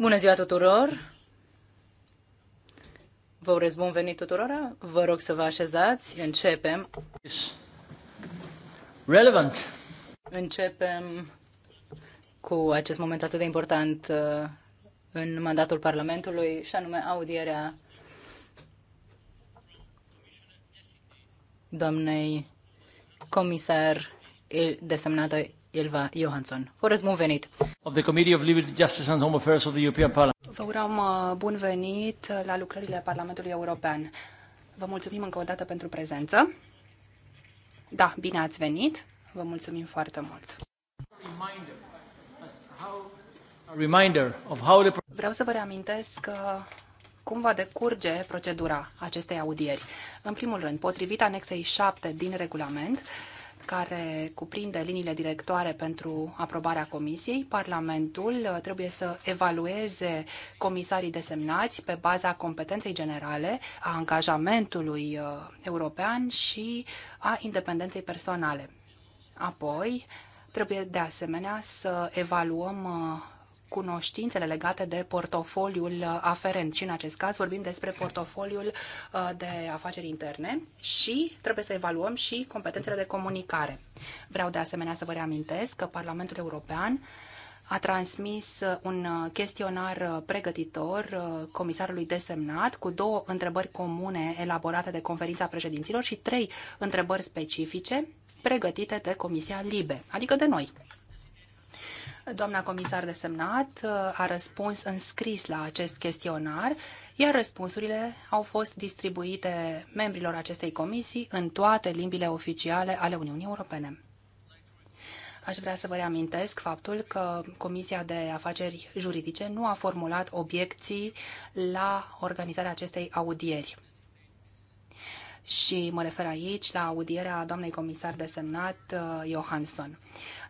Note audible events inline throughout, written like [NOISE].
Bună ziua tuturor! Vă urez bun venit tuturor. Vă rog să vă așezați. Începem. Relevant. Începem cu acest moment atât de important uh, în mandatul Parlamentului și anume audierea doamnei comisar desemnată Ilva Johansson. Urez bun venit! Of the Committee of Liberty, Justice and Home Affairs of the European Parliament. Vă urăm uh, bun venit la lucrările Parlamentului European. Vă mulțumim încă o dată pentru prezență. Da, bine ați venit. Vă mulțumim foarte mult. Vreau să vă reamintesc că cum va decurge procedura acestei audieri. În primul rând, potrivit anexei 7 din regulament, care cuprinde liniile directoare pentru aprobarea comisiei, Parlamentul uh, trebuie să evalueze comisarii desemnați pe baza competenței generale, a angajamentului uh, european și a independenței personale. Apoi, trebuie de asemenea să evaluăm uh, cunoștințele legate de portofoliul aferent și în acest caz vorbim despre portofoliul uh, de afaceri interne și trebuie să evaluăm și competențele de comunicare. Vreau de asemenea să vă reamintesc că Parlamentul European a transmis uh, un uh, chestionar pregătitor comisarului desemnat cu două întrebări comune elaborate de conferința președinților și trei întrebări specifice pregătite de Comisia Libe, adică de noi. Doamna comisar de semnat uh, a răspuns în scris la acest chestionar, iar răspunsurile au fost distribuite membrilor acestei comisii în toate limbile oficiale ale Uniunii Europene. Aș vrea să vă reamintesc faptul că Comisia de Afaceri Juridice nu a formulat obiecții la organizarea acestei audieri și mă refer aici la audierea doamnei comisar desemnat uh, Johansson.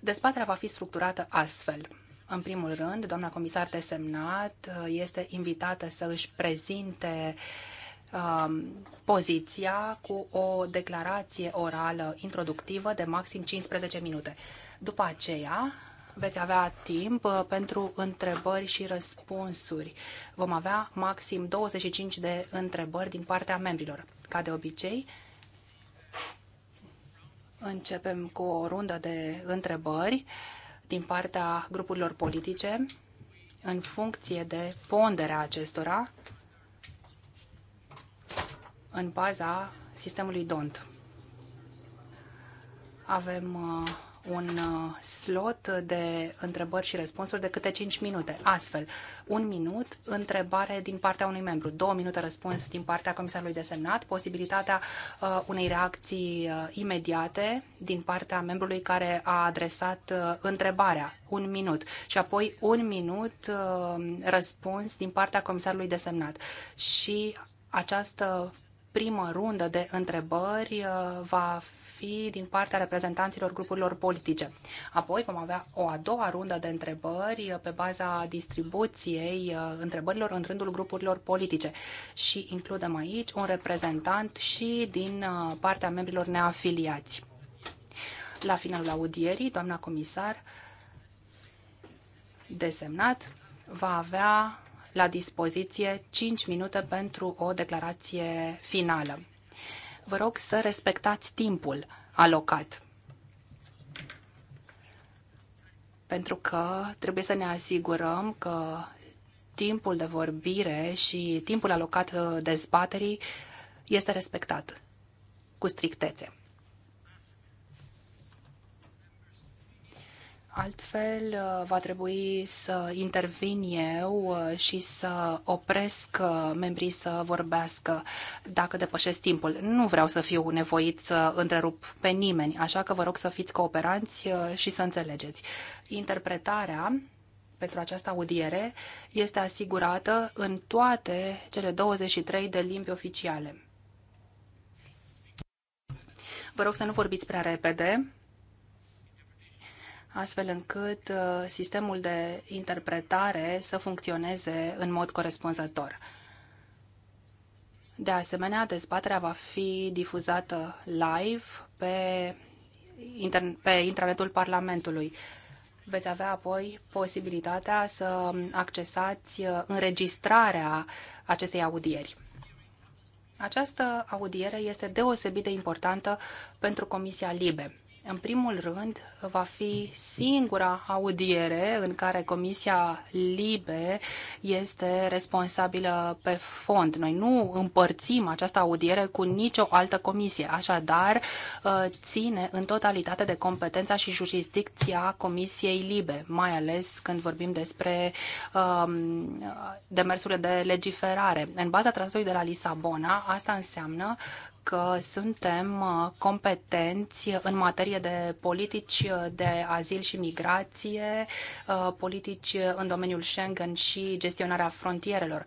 Dezbaterea va fi structurată astfel. În primul rând, doamna comisar desemnat uh, este invitată să își prezinte um, poziția cu o declarație orală introductivă de maxim 15 minute. După aceea veți avea timp uh, pentru întrebări și răspunsuri. Vom avea maxim 25 de întrebări din partea membrilor. Ca de obicei, începem cu o rundă de întrebări din partea grupurilor politice în funcție de ponderea acestora în baza sistemului DONT. Avem uh, un uh, slot de întrebări și răspunsuri de câte 5 minute. Astfel, un minut întrebare din partea unui membru, două minute răspuns din partea comisarului desemnat, posibilitatea uh, unei reacții uh, imediate din partea membrului care a adresat întrebarea, un minut, și apoi un minut răspuns din partea comisarului desemnat. Și această primă rundă de întrebări va fi din partea reprezentanților grupurilor politice. Apoi vom avea o a doua rundă de întrebări pe baza distribuției uh, întrebărilor în rândul grupurilor politice și includem aici un reprezentant și din uh, partea membrilor neafiliați. La finalul audierii, doamna comisar desemnat va avea la dispoziție 5 minute pentru o declarație finală vă rog să respectați timpul alocat. Pentru că trebuie să ne asigurăm că timpul de vorbire și timpul alocat uh, dezbaterii este respectat cu strictețe. Altfel, uh, va trebui să intervin eu uh, și să opresc uh, membrii să vorbească dacă depășesc timpul. Nu vreau să fiu nevoit să întrerup pe nimeni, așa că vă rog să fiți cooperanți și să înțelegeți. Interpretarea pentru această audiere este asigurată în toate cele 23 de limbi oficiale. Vă rog să nu vorbiți prea repede astfel încât uh, sistemul de interpretare să funcționeze în mod corespunzător. De asemenea, dezbaterea va fi difuzată live pe, inter- pe intranetul Parlamentului. Veți avea apoi posibilitatea să accesați uh, înregistrarea acestei audieri. Această audiere este deosebit de importantă pentru Comisia Libe în primul rând, va fi singura audiere în care Comisia Libe este responsabilă pe fond. Noi nu împărțim această audiere cu nicio altă comisie, așadar uh, ține în totalitate de competența și jurisdicția Comisiei Libe, mai ales când vorbim despre um, demersurile de legiferare. În baza tratatului de la Lisabona, asta înseamnă că suntem uh, competenți în materie de politici de azil și migrație, uh, politici în domeniul Schengen și gestionarea frontierelor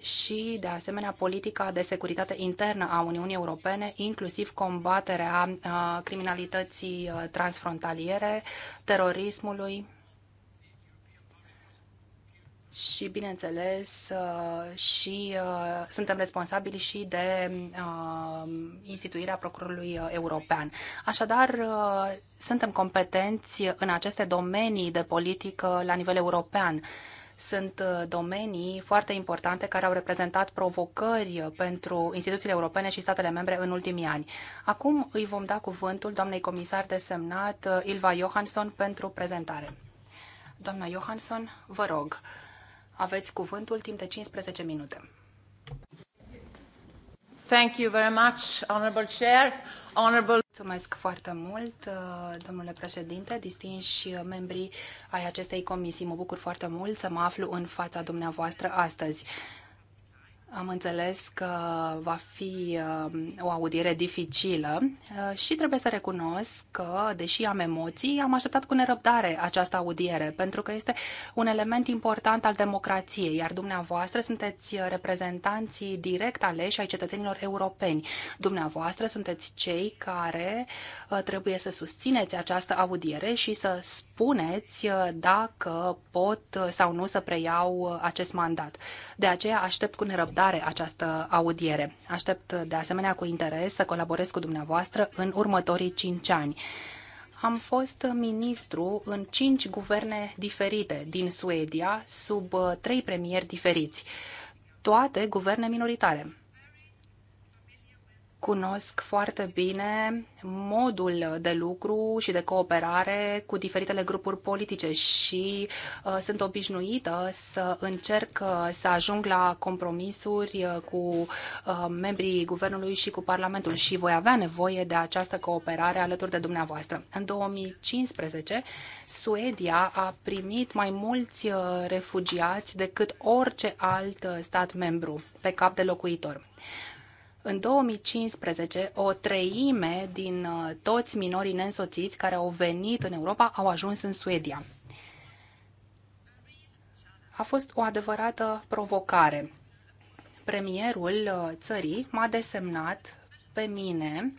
și, de asemenea, politica de securitate internă a Uniunii Europene, inclusiv combaterea uh, criminalității transfrontaliere, terorismului și, bineînțeles, uh, și uh, suntem responsabili și de uh, instituirea procurorului european. Așadar, suntem competenți în aceste domenii de politică la nivel european. Sunt domenii foarte importante care au reprezentat provocări pentru instituțiile europene și statele membre în ultimii ani. Acum îi vom da cuvântul doamnei comisar desemnat Ilva Johansson pentru prezentare. Doamna Johansson, vă rog. Uh, aveți cuvântul timp de 15 minute. Thank you very much, Honorable Chair. Honorable... Mulțumesc foarte mult, uh, domnule președinte, distinși membrii ai acestei comisii. Mă bucur foarte mult să mă aflu în fața dumneavoastră astăzi. Am înțeles că va fi um, o audiere dificilă uh, și trebuie să recunosc că, deși am emoții, am așteptat cu nerăbdare această audiere, pentru că este un element important al democrației, iar dumneavoastră sunteți reprezentanții direct aleși ai cetățenilor europeni. Dumneavoastră sunteți cei care uh, trebuie să susțineți această audiere și să spuneți uh, dacă pot sau nu să preiau uh, acest mandat. De aceea aștept cu nerăbdare această audiere. Aștept uh, de asemenea cu interes să colaborez cu dumneavoastră în următorii cinci ani. Am fost ministru în cinci guverne diferite din Suedia, sub trei premieri diferiți, toate guverne minoritare cunosc foarte bine modul de lucru și de cooperare cu diferitele grupuri politice și uh, sunt obișnuită să încerc uh, să ajung la compromisuri uh, cu uh, membrii guvernului și cu Parlamentul și voi avea nevoie de această cooperare alături de dumneavoastră. În 2015, Suedia a primit mai mulți uh, refugiați decât orice alt uh, stat membru pe cap de locuitor. În 2015, o treime din uh, toți minorii neînsoțiți care au venit în Europa au ajuns în Suedia. A fost o adevărată provocare. Premierul uh, țării m-a desemnat pe mine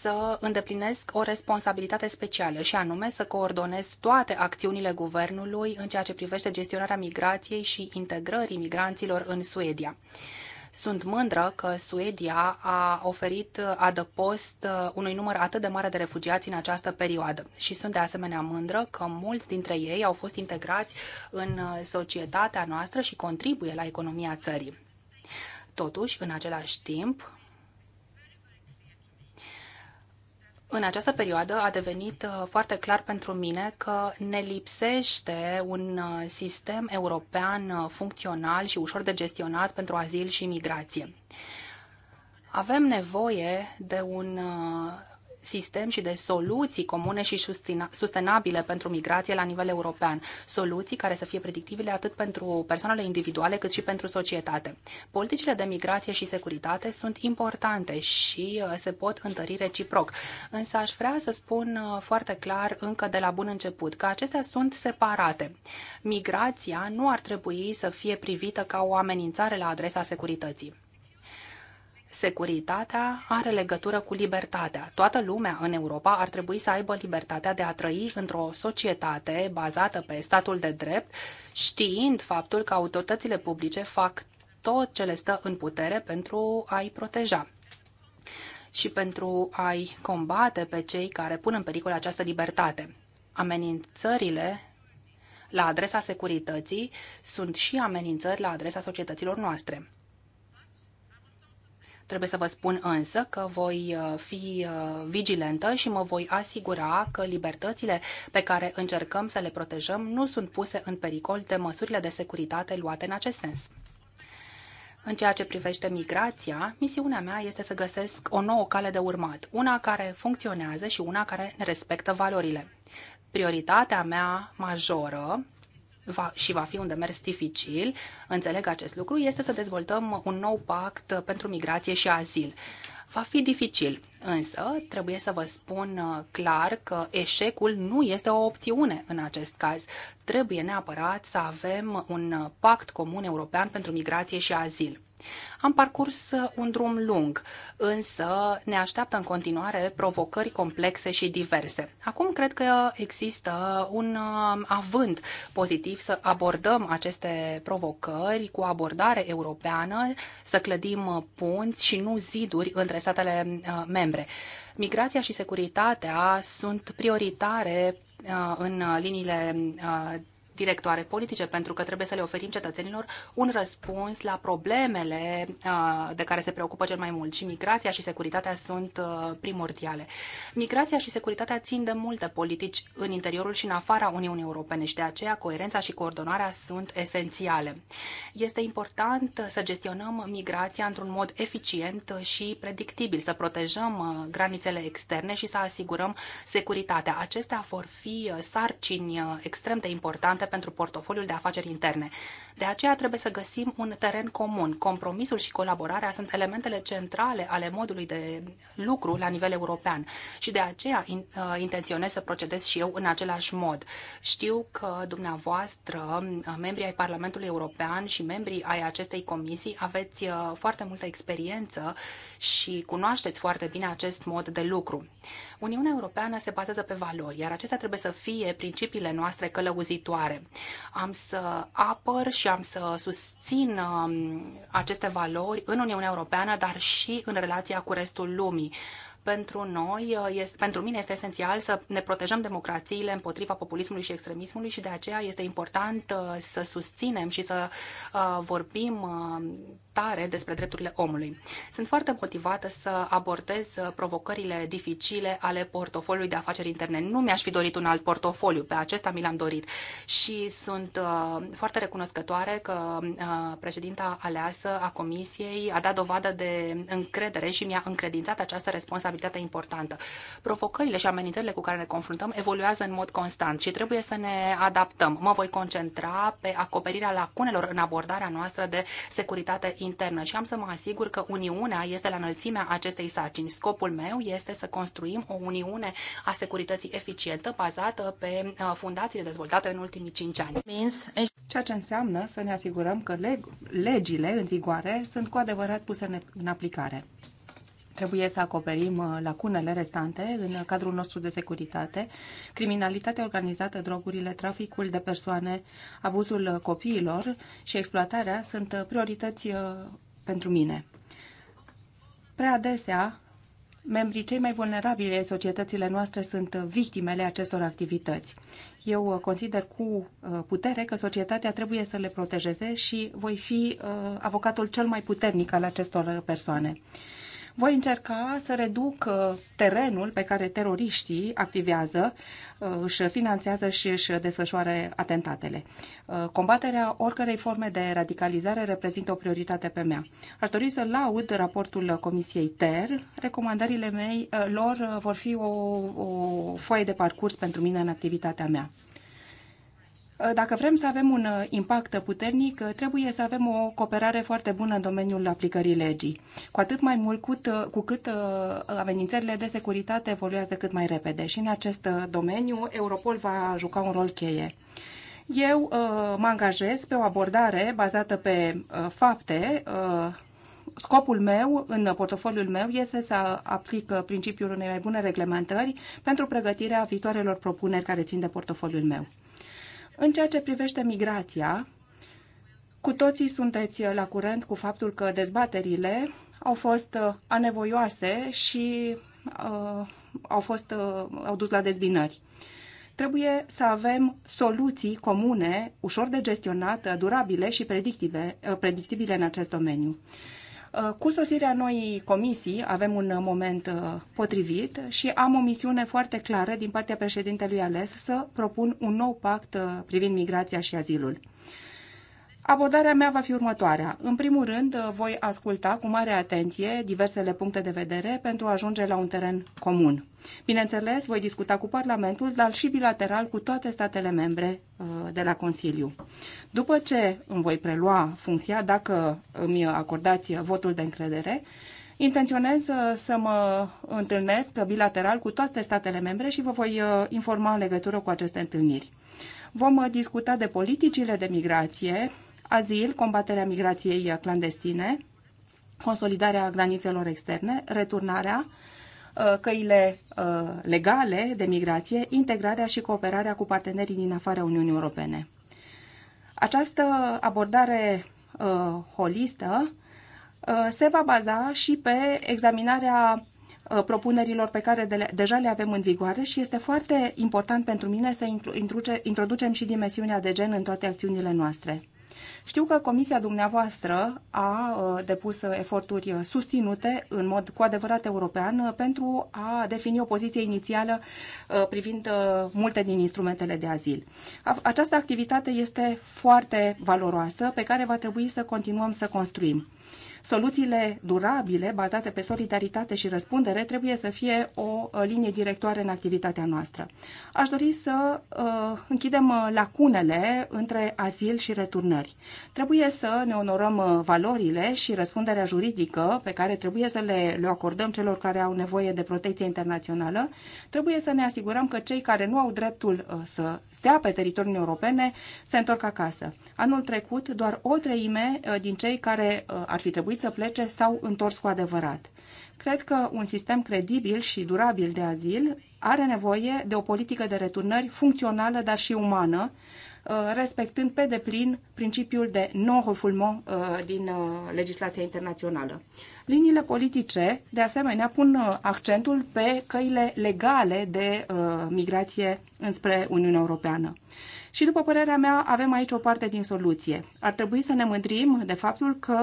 să îndeplinesc o responsabilitate specială și anume să coordonez toate acțiunile guvernului în ceea ce privește gestionarea migrației și integrării migranților în Suedia. Sunt mândră că Suedia a oferit adăpost uh, unui număr atât de mare de refugiați în această perioadă și sunt de asemenea mândră că mulți dintre ei au fost integrați în uh, societatea noastră și contribuie la economia țării. Totuși, în același timp, în această perioadă a devenit uh, foarte clar pentru mine că ne lipsește un uh, sistem european uh, funcțional și ușor de gestionat pentru azil și migrație. Avem nevoie de un sistem și de soluții comune și sustenabile pentru migrație la nivel european. Soluții care să fie predictibile atât pentru persoanele individuale cât și pentru societate. Politicile de migrație și securitate sunt importante și uh, se pot întări reciproc. Însă aș vrea să spun uh, foarte clar încă de la bun început că acestea sunt separate. Migrația nu ar trebui să fie privită ca o amenințare la adresa securității securitatea are legătură cu libertatea. Toată lumea în Europa ar trebui să aibă libertatea de a trăi într-o societate bazată pe statul de drept, știind faptul că autoritățile publice fac tot ce le stă în putere pentru a-i proteja și pentru a-i combate pe cei care pun în pericol această libertate. Amenințările la adresa securității sunt și amenințări la adresa societăților noastre. Trebuie să vă spun însă că voi uh, fi uh, vigilentă și mă voi asigura că libertățile pe care încercăm să le protejăm nu sunt puse în pericol de măsurile de securitate luate în acest sens. În ceea ce privește migrația, misiunea mea este să găsesc o nouă cale de urmat, una care funcționează și una care ne respectă valorile. Prioritatea mea majoră va, și va fi un demers dificil, înțeleg acest lucru, este să dezvoltăm un nou pact pentru migrație și azil. Va fi dificil, însă trebuie să vă spun uh, clar că eșecul nu este o opțiune în acest caz. Trebuie neapărat să avem un uh, pact comun european pentru migrație și azil. Am parcurs uh, un drum lung, însă ne așteaptă în continuare provocări complexe și diverse. Acum cred că există un uh, avânt pozitiv să abordăm aceste provocări cu abordare europeană, să clădim uh, punți și nu ziduri între statele membre. Migrația și securitatea sunt prioritare în liniile directoare politice, pentru că trebuie să le oferim cetățenilor un răspuns la problemele uh, de care se preocupă cel mai mult. Și migrația și securitatea sunt uh, primordiale. Migrația și securitatea țin de multe politici în interiorul și în afara Uniunii Europene și de aceea coerența și coordonarea sunt esențiale. Este important să gestionăm migrația într-un mod eficient și predictibil, să protejăm uh, granițele externe și să asigurăm securitatea. Acestea vor fi sarcini extrem de importante importante pentru portofoliul de afaceri interne. De aceea trebuie să găsim un teren comun. Compromisul și colaborarea sunt elementele centrale ale modului de lucru la nivel european și de aceea uh, intenționez să procedez și eu în același mod. Știu că dumneavoastră, uh, membrii ai Parlamentului European și membrii ai acestei comisii, aveți uh, foarte multă experiență și cunoașteți foarte bine acest mod de lucru. Uniunea Europeană se bazează pe valori, iar acestea trebuie să fie principiile noastre călăuzitoare. Am să apăr și am să susțin um, aceste valori în Uniunea Europeană, dar și în relația cu restul lumii pentru noi, uh, este, pentru mine este esențial să ne protejăm democrațiile împotriva populismului și extremismului și de aceea este important uh, să susținem și să uh, vorbim tare despre drepturile omului. Sunt foarte motivată să abordez provocările dificile ale portofoliului de afaceri interne. Nu mi-aș fi dorit un alt portofoliu, pe acesta mi l-am dorit și sunt uh, foarte recunoscătoare că uh, președinta aleasă a Comisiei a dat dovadă de încredere și mi-a încredințat această responsabilitate importantă. Provocările și amenințările cu care ne confruntăm evoluează în mod constant și trebuie să ne adaptăm. Mă voi concentra pe acoperirea lacunelor în abordarea noastră de securitate internă și am să mă asigur că Uniunea este la înălțimea acestei sarcini. Scopul meu este să construim o Uniune a securității eficientă bazată pe uh, fundațiile dezvoltate în ultimii 5 ani. Ceea ce înseamnă să ne asigurăm că leg legile în vigoare sunt cu adevărat puse în aplicare. Trebuie să acoperim uh, lacunele restante în cadrul nostru de securitate, criminalitatea organizată, drogurile, traficul de persoane, abuzul uh, copiilor și exploatarea sunt uh, priorități pentru mine. Prea adesea, membrii cei mai vulnerabili ai societățile noastre sunt victimele acestor activități. Eu consider cu putere că societatea trebuie să le protejeze și voi fi avocatul cel mai puternic al acestor persoane. Voi încerca să reduc uh, terenul pe care teroriștii activează, uh, își finanțează și își desfășoare atentatele. Uh, combaterea oricărei forme de radicalizare reprezintă o prioritate pe mea. Aș dori să laud raportul Comisiei TER. Recomandările mei lor vor fi o, o foaie de parcurs pentru mine în activitatea mea. Uh, dacă vrem să avem un uh, impact puternic, uh, trebuie să avem o cooperare foarte bună în domeniul aplicării legii, cu atât mai mult cât, cu cât amenințările de securitate evoluează cât mai repede și în acest domeniu Europol va juca un rol cheie. Eu mă angajez pe o abordare bazată pe fapte. Scopul meu, în portofoliul meu, este să aplic principiul unei mai bune reglementări pentru pregătirea viitoarelor propuneri care țin de portofoliul meu. În ceea ce privește migrația, cu toții sunteți la curent cu faptul că dezbaterile au fost uh, anevoioase și uh, au, fost, uh, au dus la dezbinări. Trebuie să avem soluții comune, ușor de gestionat, uh, durabile și predictive, uh, predictibile în acest domeniu. Uh, Uh, cu sosirea noii comisii avem un uh, moment uh, potrivit și am o misiune foarte clară din partea președintelui ales să propun un nou pact privind migrația și azilul. Abordarea mea va fi următoarea. În primul rând, voi asculta cu mare atenție diversele puncte de vedere pentru a ajunge la un teren comun. Bineînțeles, voi discuta cu Parlamentul, dar și bilateral cu toate statele membre uh, de la Consiliu. După ce îmi voi prelua funcția, dacă îmi acordați votul de încredere, intenționez uh, să mă întâlnesc bilateral cu toate statele membre și vă voi uh, informa în legătură cu aceste întâlniri. Vom discuta de politicile de migrație, azil, combaterea migrației clandestine, consolidarea granițelor externe, returnarea, uh, căile uh, legale de migrație, integrarea și cooperarea cu partenerii din afara Uniunii Europene. Această abordare uh, holistă se va baza și pe examinarea propunerilor pe care de, deja le avem în vigoare și este foarte important pentru mine să introducem și dimensiunea de gen în toate acțiunile noastre. Știu că comisia dumneavoastră a uh, depus eforturi susținute în mod cu adevărat european uh, pentru a defini o poziție inițială uh, privind multe din instrumentele de azil. Această activitate este foarte valoroasă pe care va trebui să continuăm să construim. Soluțiile durabile, bazate pe solidaritate și răspundere, trebuie să fie o uh, linie directoare în activitatea noastră. Aș dori să uh, închidem uh, lacunele între azil și returnări. Trebuie să ne onorăm valorile și răspunderea juridică pe care trebuie să le, le acordăm celor care au nevoie de protecție internațională. Trebuie să ne asigurăm că cei care nu au dreptul să stea pe teritoriul europene se întorc acasă. Anul trecut, doar o treime din cei care ar fi trebuit trebuit să plece sau întors cu adevărat. Cred că un sistem credibil și durabil de azil are nevoie de o politică de returnări funcțională, dar și umană, uh, respectând pe deplin principiul de non-refoulement uh, din uh, legislația internațională. Liniile politice, de asemenea, pun accentul pe căile legale de migrație înspre Uniunea Europeană. Și, după părerea mea, avem aici o parte din soluție. Ar trebui să ne mândrim de faptul că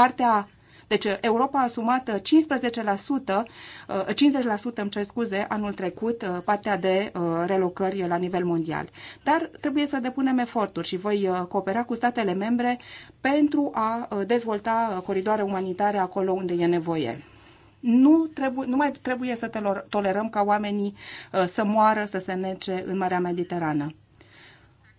partea deci Europa a asumat 15%, uh, 50% uh, îmi cer scuze, anul trecut, uh, partea de relocări la nivel mondial. Dar trebuie să depunem eforturi și voi coopera cu statele membre pentru a dezvolta coridoare umanitare acolo unde e nevoie. Nu, trebu- nu mai trebuie să tolerăm ca oamenii să moară, să se nece în Marea Mediterană.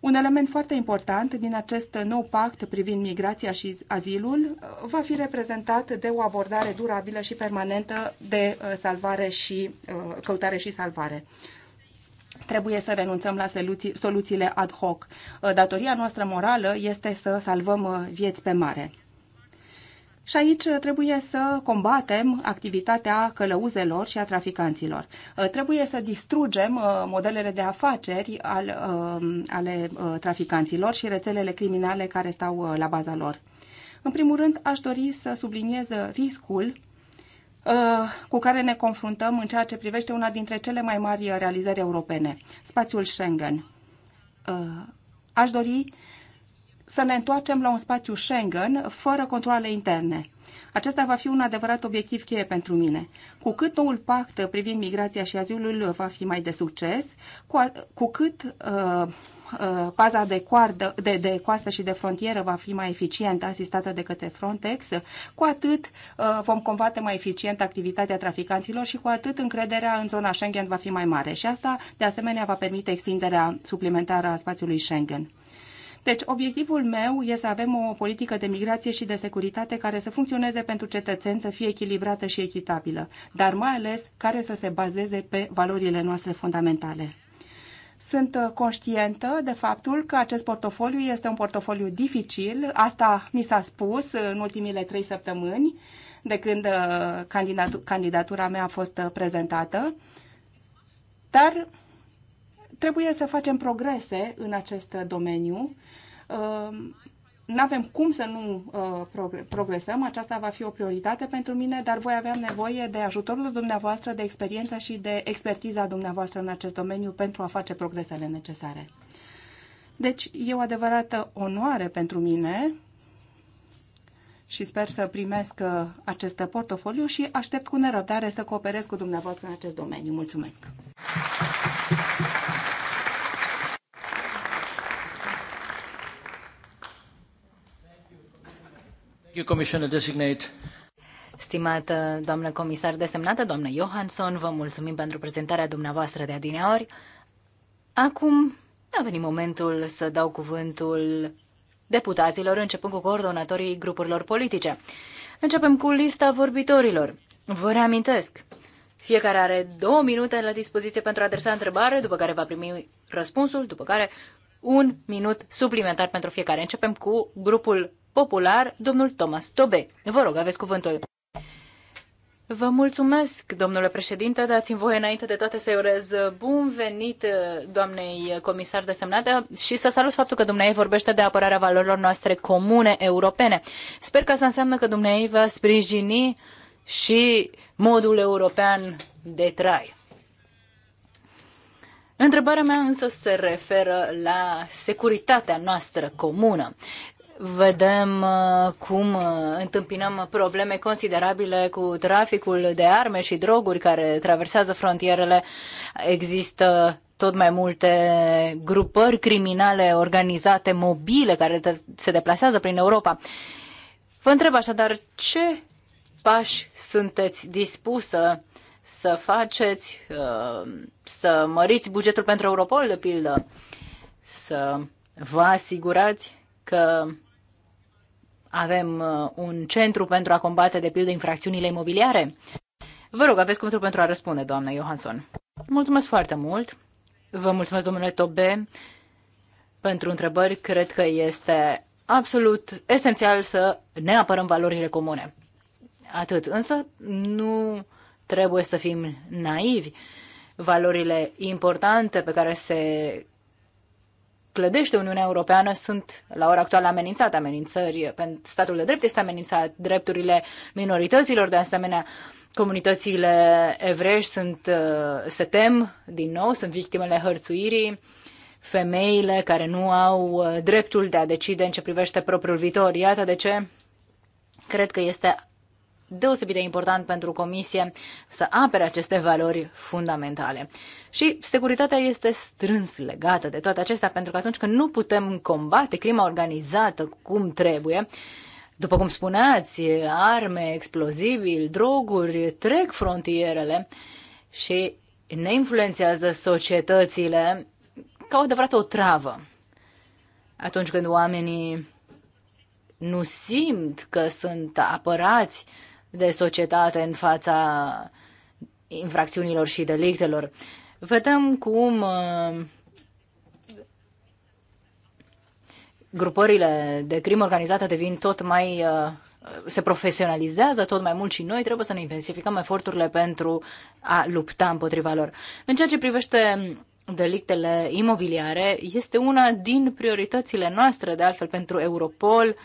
Un element foarte important din acest nou pact privind migrația și azilul uh, va fi reprezentat de o abordare durabilă și permanentă de uh, salvare și uh, căutare și salvare trebuie să renunțăm la soluțiile ad hoc. Datoria noastră morală este să salvăm vieți pe mare. Și aici uh, trebuie să combatem activitatea călăuzelor și a traficanților. Uh, trebuie să distrugem uh, modelele de afaceri ale traficanților și rețelele criminale care stau la baza lor. În primul rând, aș dori să subliniez riscul cu care ne confruntăm în ceea ce privește una dintre cele mai mari realizări europene, spațiul Schengen. Aș dori să ne întoarcem la un spațiu Schengen fără controle interne. Acesta va fi un adevărat obiectiv cheie pentru mine. Cu cât noul pact privind migrația și azilul va fi mai de succes, cu, a, cu cât uh, uh, paza de, coardă, de, de coastă și de frontieră va fi mai eficientă asistată de către Frontex, cu atât uh, vom combate mai eficient activitatea traficanților și cu atât încrederea în zona Schengen va fi mai mare. Și asta, de asemenea, va permite extinderea suplimentară a spațiului Schengen. Deci, obiectivul meu este să avem o politică de migrație și de securitate care să funcționeze pentru cetățeni, să fie echilibrată și echitabilă, dar mai ales care să se bazeze pe valorile noastre fundamentale. Sunt uh, conștientă de faptul că acest portofoliu este un portofoliu dificil. Asta mi s-a spus uh, în ultimile trei săptămâni, de când uh, candidatura mea a fost prezentată. Dar trebuie să facem progrese în acest domeniu Ehm, nu avem cum să nu uh, progresăm, aceasta va fi o prioritate pentru mine, dar voi avea nevoie de ajutorul dumneavoastră, de experiența și de expertiza dumneavoastră în acest domeniu pentru a face progresele necesare. Deci e o adevărată onoare pentru mine și sper să primesc uh, acest portofoliu și aștept cu nerăbdare să cooperez cu dumneavoastră în acest domeniu. Mulțumesc! Stimată doamnă comisar desemnată, doamnă Johansson, vă mulțumim pentru prezentarea dumneavoastră de adineori. Acum a venit momentul să dau cuvântul deputaților, începând cu coordonatorii grupurilor politice. Începem cu lista vorbitorilor. Vă reamintesc, fiecare are două minute la dispoziție pentru a adresa întrebare, după care va primi răspunsul, după care un minut suplimentar pentru fiecare. Începem cu grupul Popular, domnul Thomas Tobe. Vă rog, aveți cuvântul. Vă mulțumesc, domnule președinte, dați-mi voie înainte de toate să-i urez bun venit uh, doamnei comisar desemnată și să salut faptul că dumneai vorbește de apărarea valorilor noastre comune europene. Sper că asta înseamnă că dumneai va sprijini și modul european de trai. Întrebarea mea însă se referă la securitatea noastră comună vedem uh, cum uh, întâmpinăm probleme considerabile cu traficul de arme și droguri care traversează frontierele. Există tot mai multe grupări criminale organizate, mobile, care se deplasează prin Europa. Vă întreb așadar, ce pași sunteți dispusă să faceți, uh, să măriți bugetul pentru Europol, de pildă, să vă asigurați că avem uh, un centru pentru a combate, de pildă, infracțiunile imobiliare? Vă rog, aveți cuvântul pentru a răspunde, doamna Johansson. Mulțumesc foarte mult. Vă mulțumesc, domnule Tobe, pentru întrebări. Cred că este absolut esențial să ne apărăm valorile comune. Atât. Însă nu trebuie să fim naivi. Valorile importante pe care se clădește Uniunea Europeană sunt la ora actuală amenințate, amenințări pentru statul de drept este amenințat, drepturile minorităților de asemenea comunitățile evrești sunt, uh, se tem din nou, sunt victimele hărțuirii, femeile care nu au uh, dreptul de a decide în ce privește propriul viitor. Iată de ce cred că este deosebit de important pentru Comisie să apere aceste valori fundamentale. Și securitatea este strâns legată de toate acestea, pentru că atunci când nu putem combate crima organizată cum trebuie, după cum spuneați, arme, explozibili, droguri trec frontierele și ne influențează societățile ca o adevărată o travă. Atunci când oamenii nu simt că sunt apărați, de societate în fața infracțiunilor și delictelor. Vedem cum uh, grupările de crimă organizată devin tot mai uh, se profesionalizează tot mai mult și noi trebuie să ne intensificăm eforturile pentru a lupta împotriva lor. În ceea ce privește delictele imobiliare, este una din prioritățile noastre, de altfel, pentru Europol,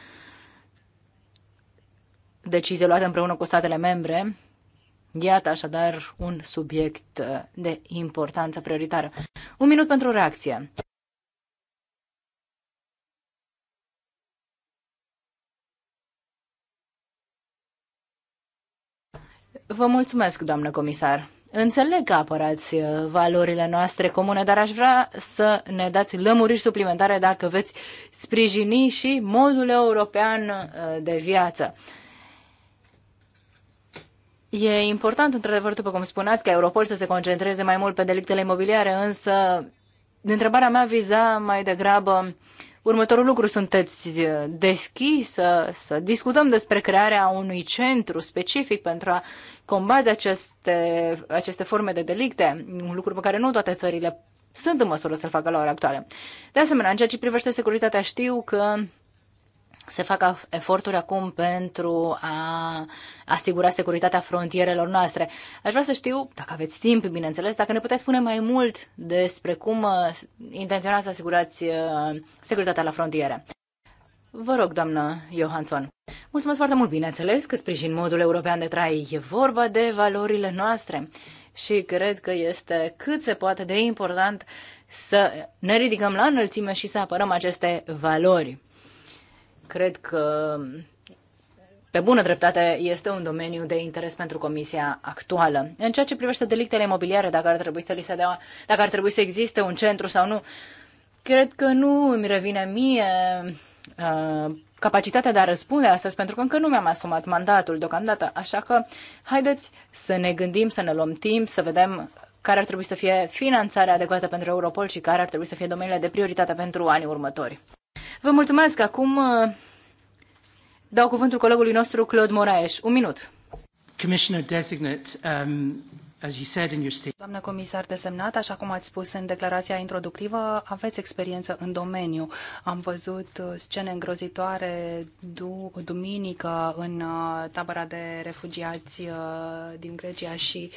decizie luată împreună cu statele membre. Iată așadar un subiect uh, de importanță prioritară. Un minut pentru reacție. Vă mulțumesc, doamnă comisar. Înțeleg că apărați uh, valorile noastre comune, dar aș vrea să ne dați lămuriri suplimentare dacă veți sprijini și modul european uh, de viață. E important, într-adevăr, după cum spuneați, ca Europol să se concentreze mai mult pe delictele imobiliare, însă întrebarea mea viza mai degrabă următorul lucru. Sunteți deschisă să discutăm despre crearea unui centru specific pentru a combate aceste, aceste forme de delicte, un lucru pe care nu toate țările sunt în măsură să-l facă la ora actuală. De asemenea, în ceea ce privește securitatea, știu că se fac eforturi acum pentru a asigura securitatea frontierelor noastre. Aș vrea să știu, dacă aveți timp, bineînțeles, dacă ne puteți spune mai mult despre cum uh, intenționați să asigurați uh, securitatea la frontiere. Vă rog, doamnă Johansson. Mulțumesc foarte mult, bineînțeles, că sprijin modul european de trai. E vorba de valorile noastre și cred că este cât se poate de important să ne ridicăm la înălțime și să apărăm aceste valori Cred că, pe bună dreptate, este un domeniu de interes pentru comisia actuală. În ceea ce privește delictele imobiliare, dacă ar trebui să, li se dea, dacă ar trebui să existe un centru sau nu, cred că nu îmi revine mie uh, capacitatea de a răspunde astăzi, pentru că încă nu mi-am asumat mandatul deocamdată. Așa că haideți să ne gândim, să ne luăm timp, să vedem care ar trebui să fie finanțarea adecvată pentru Europol și care ar trebui să fie domeniile de prioritate pentru anii următori. Vă mulțumesc. Acum uh, dau cuvântul colegului nostru Claude Moraes. Un minut. Commissioner designate, um, Doamnă comisar desemnat, așa cum ați spus în declarația introductivă, aveți experiență în domeniu. Am văzut uh, scene îngrozitoare du- duminică în uh, tabăra de refugiați uh, din Grecia și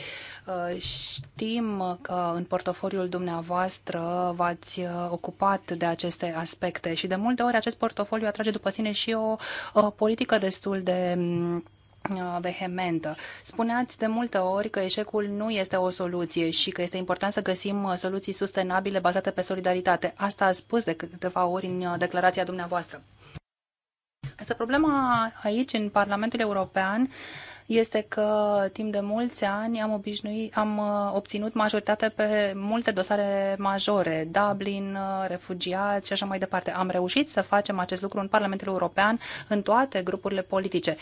știm că în portofoliul dumneavoastră v-ați ocupat de aceste aspecte și de multe ori acest portofoliu atrage după sine și o politică destul de mm, Uh, vehementă. Spuneați de multe ori că eșecul nu este o soluție și că este important să găsim uh, soluții sustenabile bazate pe solidaritate. Asta a spus de câteva ori în uh, declarația dumneavoastră. Însă problema aici, în Parlamentul European, este că timp de mulți ani am, obișnuit, am obținut majoritate pe multe dosare majore, Dublin, refugiați și așa mai departe. Am reușit să facem acest lucru în Parlamentul European, în toate grupurile politice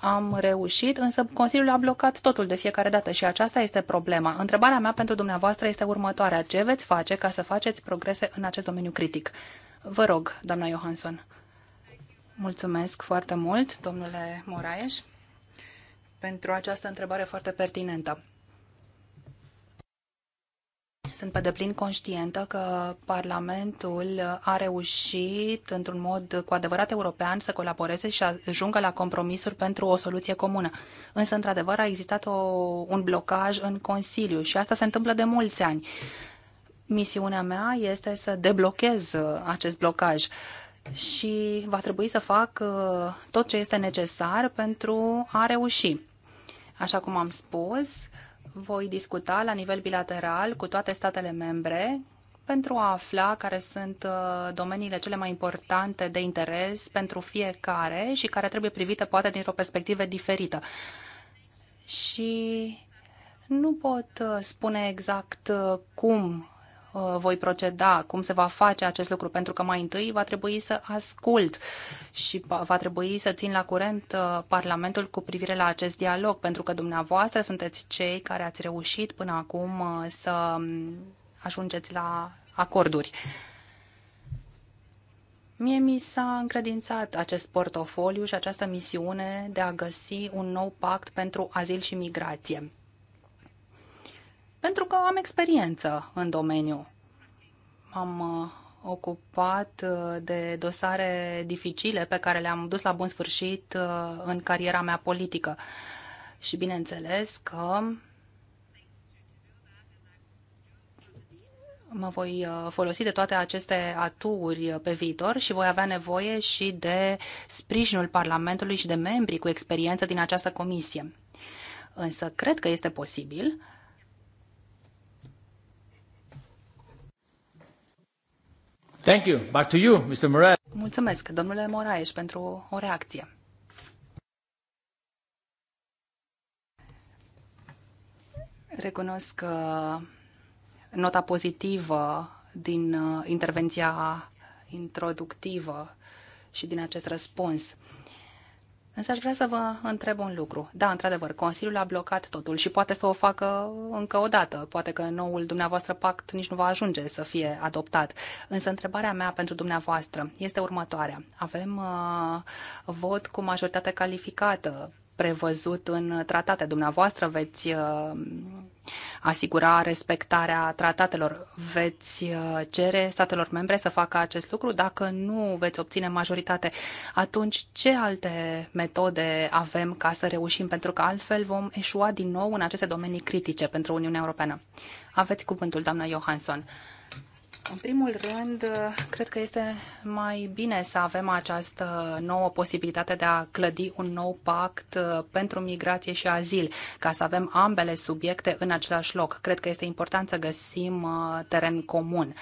am reușit, însă Consiliul a blocat totul de fiecare dată și aceasta este problema. Întrebarea mea pentru dumneavoastră este următoarea. Ce veți face ca să faceți progrese în acest domeniu critic? Vă rog, doamna Johansson. Mulțumesc foarte mult, domnule Moraes, pentru această întrebare foarte pertinentă. Sunt pe deplin conștientă că Parlamentul a reușit, într-un mod cu adevărat european, să colaboreze și să ajungă la compromisuri pentru o soluție comună. Însă, într-adevăr, a existat o, un blocaj în Consiliu și asta se întâmplă de mulți ani. Misiunea mea este să deblochez acest blocaj și va trebui să fac uh, tot ce este necesar pentru a reuși. Așa cum am spus, uh, voi discuta la nivel bilateral cu toate statele membre pentru a afla care sunt uh, domeniile cele mai importante de interes pentru fiecare și care trebuie privite poate dintr-o perspectivă diferită. Și nu pot uh, spune exact uh, cum Uh, voi proceda, cum se va face acest lucru, pentru că mai întâi va trebui să ascult și va trebui să țin la curent uh, Parlamentul cu privire la acest dialog, pentru că dumneavoastră sunteți cei care ați reușit până acum uh, să um, ajungeți la acorduri. Mie mi s-a încredințat acest portofoliu și această misiune de a găsi un nou pact pentru azil și migrație. Pentru că am experiență în domeniu. Am uh, ocupat uh, de dosare dificile pe care le-am dus la bun sfârșit uh, în cariera mea politică. Și bineînțeles că mă voi folosi de toate aceste aturi pe viitor și voi avea nevoie și de sprijinul Parlamentului și de membrii cu experiență din această comisie. Însă cred că este posibil Thank you. Back to you, Mr. Moraes. Mulțumesc, domnule Moraes, pentru o reacție. Recunosc că uh, nota pozitivă din uh, intervenția introductivă și din acest răspuns. Însă aș vrea să vă întreb un lucru. Da, într-adevăr, Consiliul a blocat totul și poate să o facă încă o dată. Poate că noul dumneavoastră pact nici nu va ajunge să fie adoptat. Însă întrebarea mea pentru dumneavoastră este următoarea. Avem uh, vot cu majoritate calificată prevăzut în tratate. Dumneavoastră veți uh, asigura respectarea tratatelor. Veți uh, cere statelor membre să facă acest lucru? Dacă nu veți obține majoritate, atunci ce alte metode avem ca să reușim? Pentru că altfel vom eșua din nou în aceste domenii critice pentru Uniunea Europeană. Aveți cuvântul, doamna Johansson. În primul rând, cred că este mai bine să avem această nouă posibilitate de a clădi un nou pact uh, pentru migrație și azil, ca să avem ambele subiecte în același loc. Cred că este important să găsim uh, teren comun.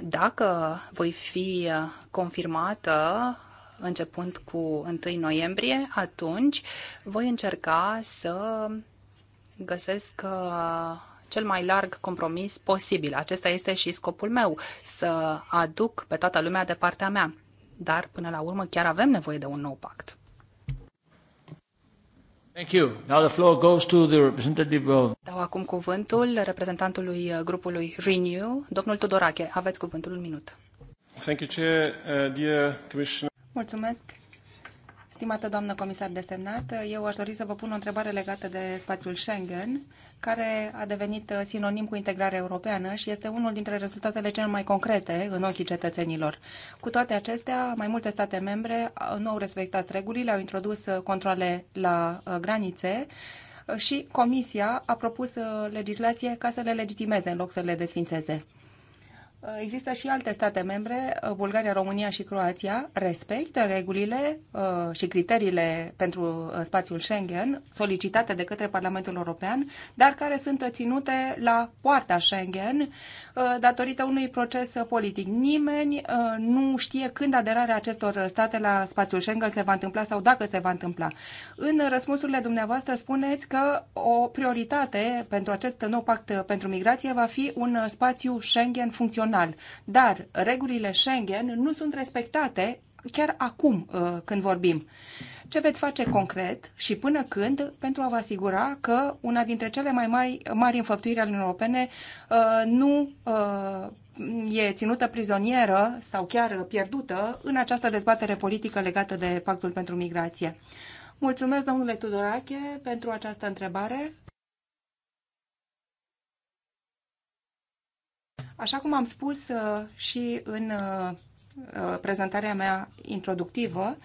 Dacă voi fi uh, confirmată începând cu 1 noiembrie, atunci voi încerca să găsesc cel mai larg compromis posibil. Acesta este și scopul meu, să aduc pe toată lumea de partea mea. Dar, până la urmă, chiar avem nevoie de un nou pact. Thank you. Now the floor goes to the representative of... Dau acum cuvântul reprezentantului uh, grupului Renew, domnul Tudorache. Aveți cuvântul un minut. Thank you, Chair. Uh, dear Commissioner. Mulțumesc, Stimată doamnă comisar desemnat, eu aș dori să vă pun o întrebare legată de spațiul Schengen, care a devenit uh, sinonim cu integrarea europeană și este unul dintre rezultatele cel mai concrete în ochii cetățenilor. Cu toate acestea, mai multe state membre uh, nu au respectat regulile, au introdus uh, controle la granițe, și Comisia a propus legislație ca să le legitimeze în loc să le desfințeze. Uh, există și alte state membre, uh, Bulgaria, România și Croația, respectă regulile uh, și criteriile pentru spațiul Schengen solicitate de către Parlamentul European, dar care sunt ținute la poarta Schengen datorită unui proces politic. Nimeni nu știe când aderarea acestor state la spațiul Schengen se va întâmpla sau dacă se va întâmpla. În răspunsurile dumneavoastră spuneți că o prioritate pentru acest nou pact pentru migrație va fi un spațiu Schengen funcțional național. Dar regulile Schengen nu sunt respectate chiar acum uh, când vorbim. Ce veți face concret și până când pentru a vă asigura că una dintre cele mai mari, mari înfăptuiri ale europene uh, nu uh, e ținută prizonieră sau chiar pierdută în această dezbatere politică legată de Pactul pentru Migrație? Mulțumesc, domnule Tudorache, pentru această întrebare. Așa cum am spus uh, și în uh, uh, prezentarea mea introductivă,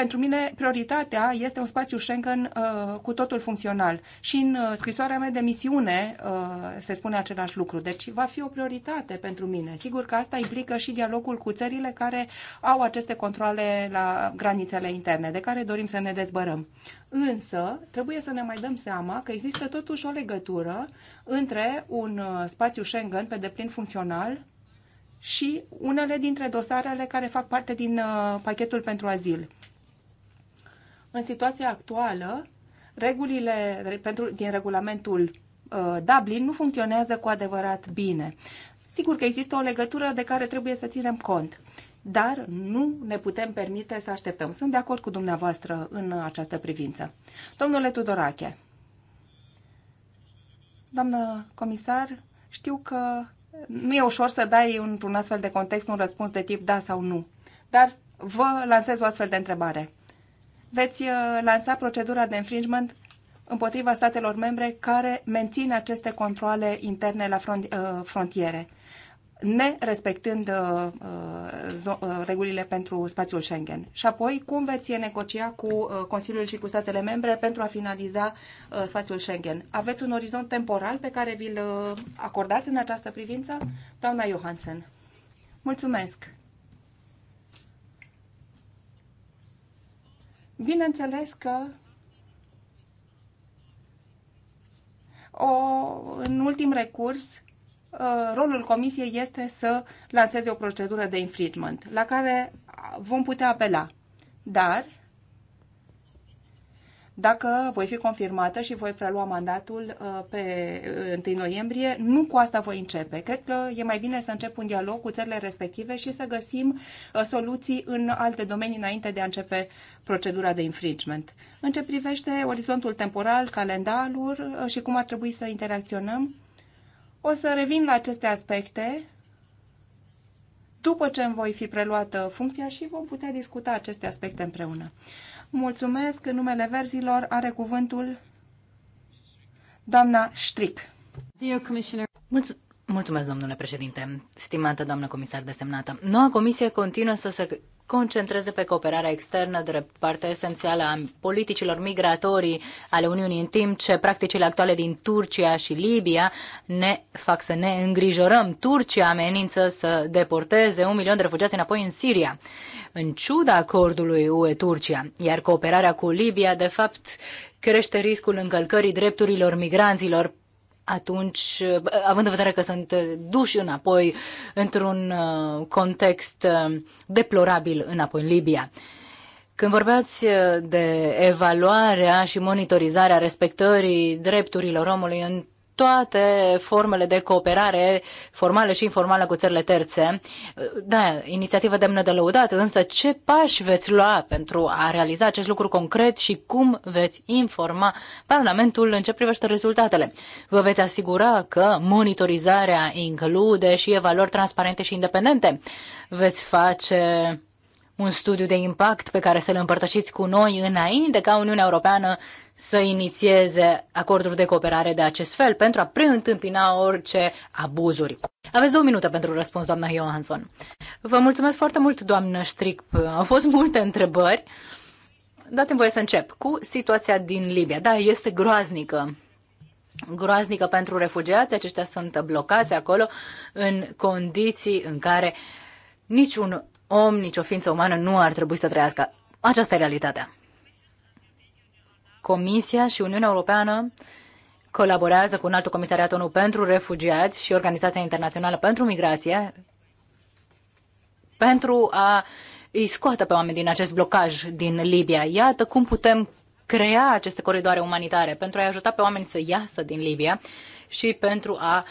pentru mine prioritatea este un spațiu Schengen uh, cu totul funcțional. Și în uh, scrisoarea mea de misiune uh, se spune același lucru. Deci va fi o prioritate pentru mine. Sigur că asta implică și dialogul cu țările care au aceste controle la granițele interne, de care dorim să ne dezbărăm. Însă, trebuie să ne mai dăm seama că există totuși o legătură între un uh, spațiu Schengen pe deplin funcțional și unele dintre dosarele care fac parte din uh, pachetul pentru azil în situația actuală, regulile pentru, din regulamentul uh, Dublin nu funcționează cu adevărat bine. Sigur că există o legătură de care trebuie să ținem cont, dar nu ne putem permite să așteptăm. Sunt de acord cu dumneavoastră în această privință. Domnule Tudorache, doamnă comisar, știu că nu e ușor să dai într-un astfel de context un răspuns de tip da sau nu, dar vă lansez o astfel de întrebare veți uh, lansa procedura de infringement împotriva statelor membre care mențin aceste controle interne la uh, frontiere, ne respectând uh, regulile pentru spațiul Schengen. Și apoi, cum veți negocia cu Consiliul și cu statele membre pentru a finaliza spațiul Schengen? Aveți un orizont temporal pe care vi-l acordați în această privință? Doamna Johansen. Mulțumesc! Bineînțeles că o, în ultim recurs, ă, rolul comisiei este să lanseze o procedură de infringement la care vom putea apela. Dar dacă voi fi confirmată și voi prelua mandatul uh, pe 1 uh, noiembrie, nu cu asta voi începe. Cred că e mai bine să încep un dialog cu țările respective și să găsim uh, soluții în alte domenii înainte de a începe procedura de infringement. În ce privește orizontul temporal, calendarul și cum ar trebui să interacționăm, o să revin la aceste aspecte după ce îmi voi fi preluată funcția și vom putea discuta aceste aspecte împreună. Mulțumesc. În numele verzilor are cuvântul doamna Stric. Mulțumesc. Mulțumesc, domnule președinte. Stimată doamnă comisar desemnată, noua comisie continuă să se concentreze pe cooperarea externă drept parte esențială a politicilor migratorii ale Uniunii, în timp ce practicile actuale din Turcia și Libia ne fac să ne îngrijorăm. Turcia amenință să deporteze un milion de refugiați înapoi în Siria, în ciuda acordului UE-Turcia, iar cooperarea cu Libia, de fapt, crește riscul încălcării drepturilor migranților atunci, având în vedere că sunt duși înapoi într-un uh, context uh, deplorabil înapoi în Libia. Când vorbeați uh, de evaluarea și monitorizarea respectării drepturilor omului în toate formele de cooperare formală și informală cu țările terțe. Da, inițiativă demnă de lăudat, însă ce pași veți lua pentru a realiza acest lucru concret și cum veți informa Parlamentul în ce privește rezultatele? Vă veți asigura că monitorizarea include și evaluări transparente și independente? Veți face un studiu de impact pe care să-l împărtășiți cu noi înainte ca Uniunea Europeană să inițieze acorduri de cooperare de acest fel pentru a preîntâmpina orice abuzuri. Aveți două minute pentru răspuns, doamna Johansson. Vă mulțumesc foarte mult, doamnă Stric. Au fost multe întrebări. Dați-mi voie să încep cu situația din Libia. Da, este groaznică groaznică pentru refugiați. Aceștia sunt blocați acolo în condiții în care niciun om, nicio ființă umană nu ar trebui să trăiască. Aceasta e realitatea. Comisia și Uniunea Europeană colaborează cu un alt comisariat ONU pentru refugiați și Organizația Internațională pentru Migrație pentru a îi scoată pe oameni din acest blocaj din Libia. Iată cum putem crea aceste coridoare umanitare pentru a-i ajuta pe oameni să iasă din Libia și pentru a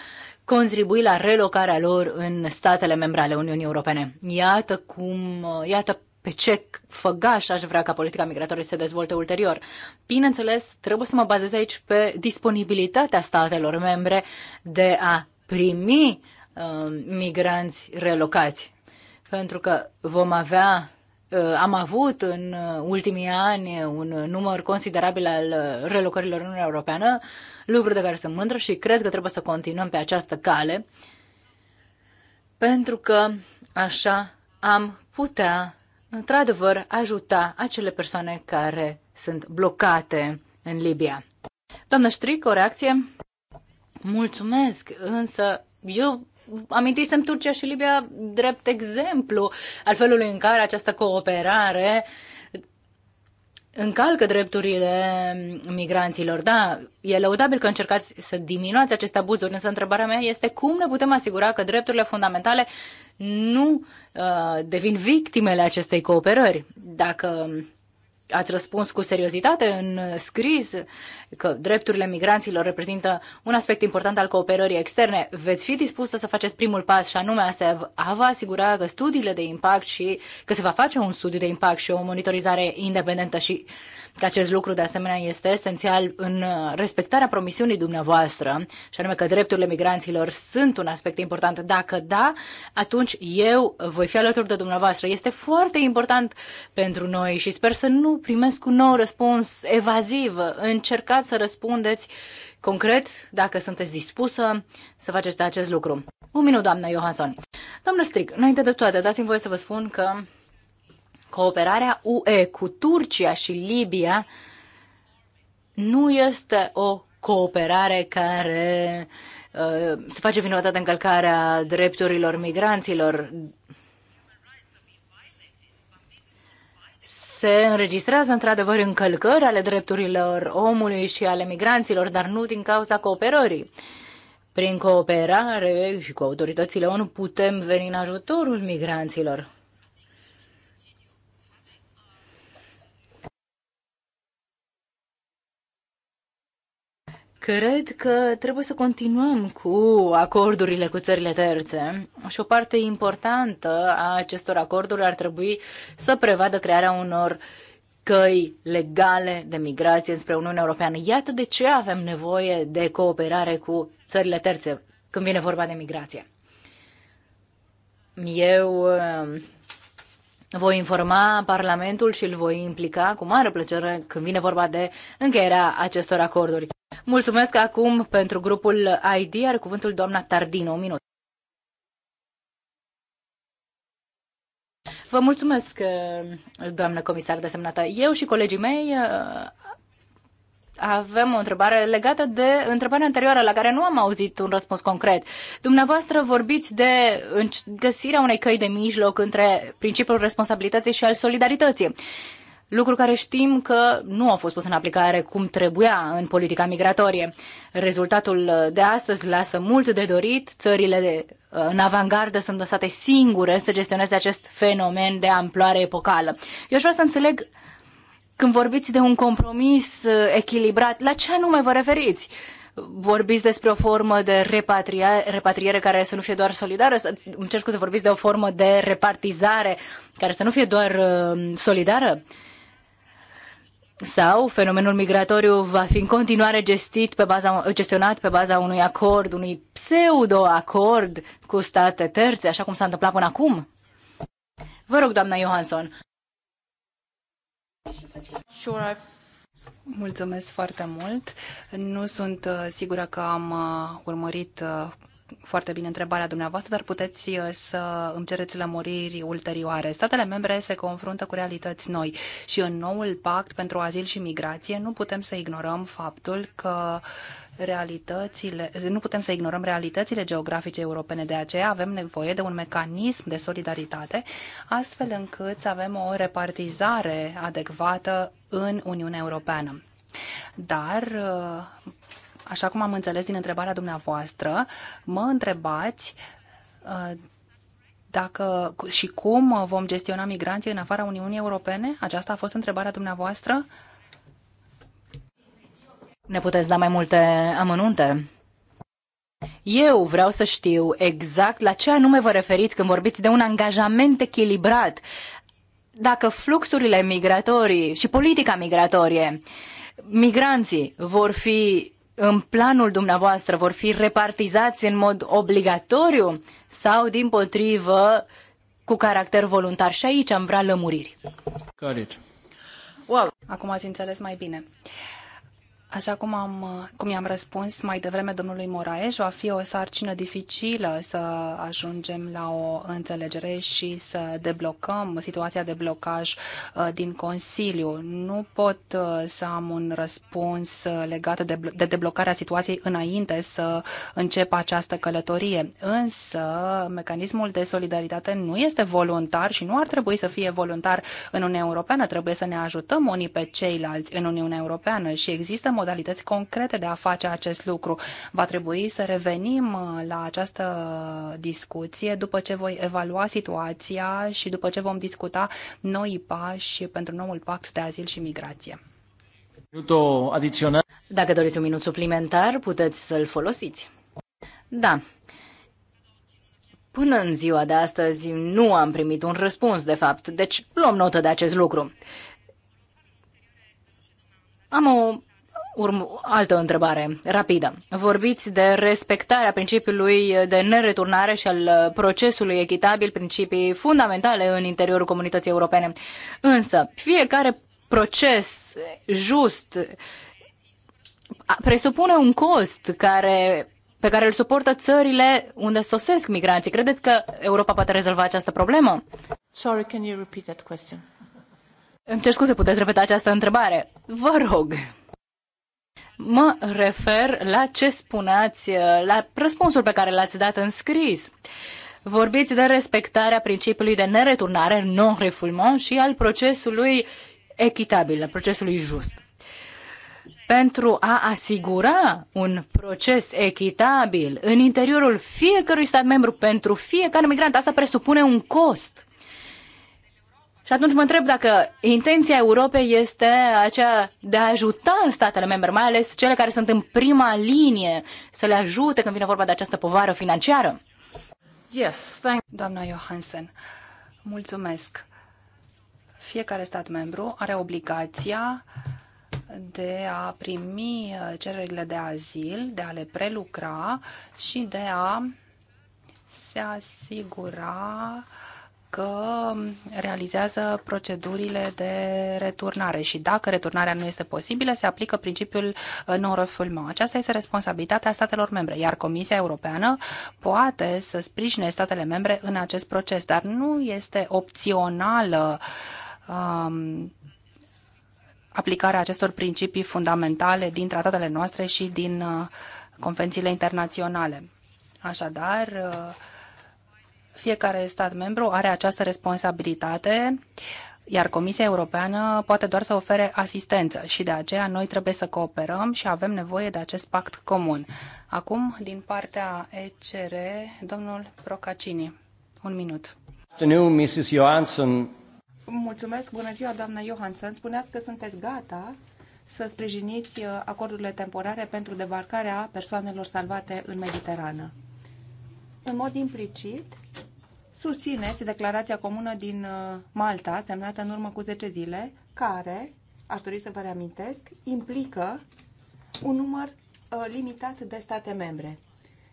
contribui la relocarea lor în statele membre ale Uniunii Europene. Iată cum, iată pe ce făgaș aș vrea ca politica migratorie să se dezvolte ulterior. Bineînțeles, trebuie să mă bazez aici pe disponibilitatea statelor membre de a primi uh, migranți relocați. Pentru că vom avea uh, am avut în uh, ultimii ani un număr considerabil al uh, relocărilor în Uniunea Europeană, lucruri de care sunt mândră și cred că trebuie să continuăm pe această cale, pentru că așa am putea într-adevăr, ajuta acele persoane care sunt blocate în Libia. Doamnă Stric, o reacție? Mulțumesc, însă eu amintisem Turcia și Libia drept exemplu al felului în care această cooperare încalcă drepturile migranților. Da, e lăudabil că încercați să diminuați aceste abuzuri, însă întrebarea mea este cum ne putem asigura că drepturile fundamentale uh, nu uh, devin victimele acestei cooperări. Dacă ați răspuns cu seriozitate în scris că drepturile migranților reprezintă un aspect important al cooperării externe, veți fi dispusă să faceți primul pas și anume a se a vă asigura că studiile de impact și că se va face un studiu de impact și o monitorizare independentă și uh, că acest lucru de asemenea este esențial în uh, respectarea promisiunii dumneavoastră, și anume că drepturile migranților sunt un aspect important. Dacă da, atunci eu voi fi alături de dumneavoastră. Este foarte important pentru noi și sper să nu primesc un nou răspuns evaziv. Încercați să răspundeți concret, dacă sunteți dispusă să faceți acest lucru. Un minut, doamna Johansson. Doamnă Stric, înainte de toate, dați-mi voie să vă spun că Cooperarea UE cu Turcia și Libia nu este o cooperare care uh, se face vinovată de încălcarea drepturilor migranților. Se înregistrează într-adevăr încălcări ale drepturilor omului și ale migranților, dar nu din cauza cooperării. Prin cooperare și cu autoritățile ONU putem veni în ajutorul migranților. Cred că trebuie să continuăm cu acordurile cu țările terțe și o parte importantă a acestor acorduri ar trebui să prevadă crearea unor căi legale de migrație spre Uniunea Europeană. Iată de ce avem nevoie de cooperare cu țările terțe când vine vorba de migrație. Eu voi informa Parlamentul și îl voi implica cu mare plăcere când vine vorba de încheierea acestor acorduri. Mulțumesc acum pentru grupul ID, are cuvântul doamna Tardino, un minut. Vă mulțumesc, doamnă comisar desemnată. Eu și colegii mei avem o întrebare legată de întrebarea anterioară la care nu am auzit un răspuns concret. Dumneavoastră vorbiți de găsirea unei căi de mijloc între principiul responsabilității și al solidarității. Lucru care știm că nu a fost pus în aplicare cum trebuia în politica migratorie. Rezultatul de astăzi lasă mult de dorit. Țările de, în avangardă sunt lăsate singure să gestioneze acest fenomen de amploare epocală. Eu aș vrea să înțeleg când vorbiți de un compromis eh, echilibrat, la ce anume vă referiți? Vorbiți despre o formă de repatriere, repatriere care să nu fie doar solidară? Îmi cer scuze, vorbiți de o formă de repartizare care să nu fie doar eh, solidară? Sau fenomenul migratoriu va fi în continuare gestit pe baza, gestionat pe baza unui acord, unui pseudo-acord cu state terțe, așa cum s-a întâmplat până acum? Vă rog, doamna Johansson. Sure, I've Mulțumesc foarte mult. Nu sunt uh, sigură că am uh, urmărit uh, foarte bine întrebarea dumneavoastră, dar puteți uh, să îmi cereți lămuriri ulterioare. Statele membre se confruntă cu realități noi și în noul pact pentru azil și migrație nu putem să ignorăm faptul că realitățile, nu putem să ignorăm realitățile geografice europene, de aceea avem nevoie de un mecanism de solidaritate, astfel încât să avem o repartizare adecvată în Uniunea Europeană. Dar uh, Așa cum am înțeles din întrebarea dumneavoastră, mă întrebați uh, dacă și cum vom gestiona migranții în afara Uniunii Europene? Aceasta a fost întrebarea dumneavoastră? Ne puteți da mai multe amănunte? Eu vreau să știu exact la ce anume vă referiți când vorbiți de un angajament echilibrat. Dacă fluxurile migratorii și politica migratorie, migranții vor fi în planul dumneavoastră vor fi repartizați în mod obligatoriu sau, din potrivă, cu caracter voluntar? Și aici am vrea lămuriri. Corect. Wow, acum ați înțeles mai bine. Uh, Așa cum, am, cum i-am răspuns mai devreme domnului Moraes, va fi o sarcină dificilă să ajungem la o înțelegere și să deblocăm situația de blocaj uh, din Consiliu. Nu pot uh, să am un răspuns uh, legat de, de deblocarea situației înainte să încep această călătorie. Însă, mecanismul de solidaritate nu este voluntar și nu ar trebui să fie voluntar în Uniunea Europeană. Trebuie să ne ajutăm unii pe ceilalți în Uniunea Europeană și există modalități concrete de a face acest lucru. Va trebui să revenim uh, la această discuție după ce voi evalua situația și după ce vom discuta noi pași pentru noul pact de azil și migrație. Dacă doriți un minut suplimentar, puteți să-l folosiți. Da. Până în ziua de astăzi nu am primit un răspuns, de fapt, deci luăm notă de acest lucru. Am o Urm- altă întrebare rapidă. Vorbiți de respectarea principiului de nereturnare și al uh, procesului echitabil, principii fundamentale în interiorul comunității europene. Însă, fiecare proces just presupune un cost care pe care îl suportă țările unde sosesc migranții. Credeți că Europa poate rezolva această problemă? Sorry, can you repeat that question? Îmi cer scuze, puteți repeta această întrebare? Vă rog. Mă refer la ce spuneați, uh, la răspunsul pe care l-ați dat în scris. Vorbiți de respectarea principiului de nereturnare, non-refoulement și al procesului echitabil, al procesului just. Pentru a asigura un proces echitabil în interiorul fiecărui stat membru pentru fiecare migrant, asta presupune un cost. Și atunci mă întreb dacă intenția Europei este aceea de a ajuta statele membre, mai ales cele care sunt în prima linie, să le ajute când vine vorba de această povară financiară. Yes, thank Doamna Johansen, mulțumesc. Fiecare stat membru are obligația de a primi uh, cererile de azil, de a le prelucra și de a se asigura că realizează procedurile de returnare și dacă returnarea nu este posibilă, se aplică principiul non-refoulement. Aceasta este responsabilitatea statelor membre, iar Comisia Europeană poate să sprijine statele membre în acest proces, dar nu este opțională um, aplicarea acestor principii fundamentale din tratatele noastre și din uh, convențiile internaționale. Așadar, uh, fiecare stat membru are această responsabilitate, iar Comisia Europeană poate doar să ofere asistență și de aceea noi trebuie să cooperăm și avem nevoie de acest pact comun. Acum, din partea ECR, domnul Procacini. Un minut. Afternoon, Mrs. Johansson. Mulțumesc, bună ziua, doamna Johansson. Spuneați că sunteți gata să sprijiniți uh, acordurile temporare pentru debarcarea persoanelor salvate în Mediterană. În mod implicit, susțineți declarația comună din uh, Malta, semnată în urmă cu 10 zile, care, aș dori să vă reamintesc, implică un număr uh, limitat de state membre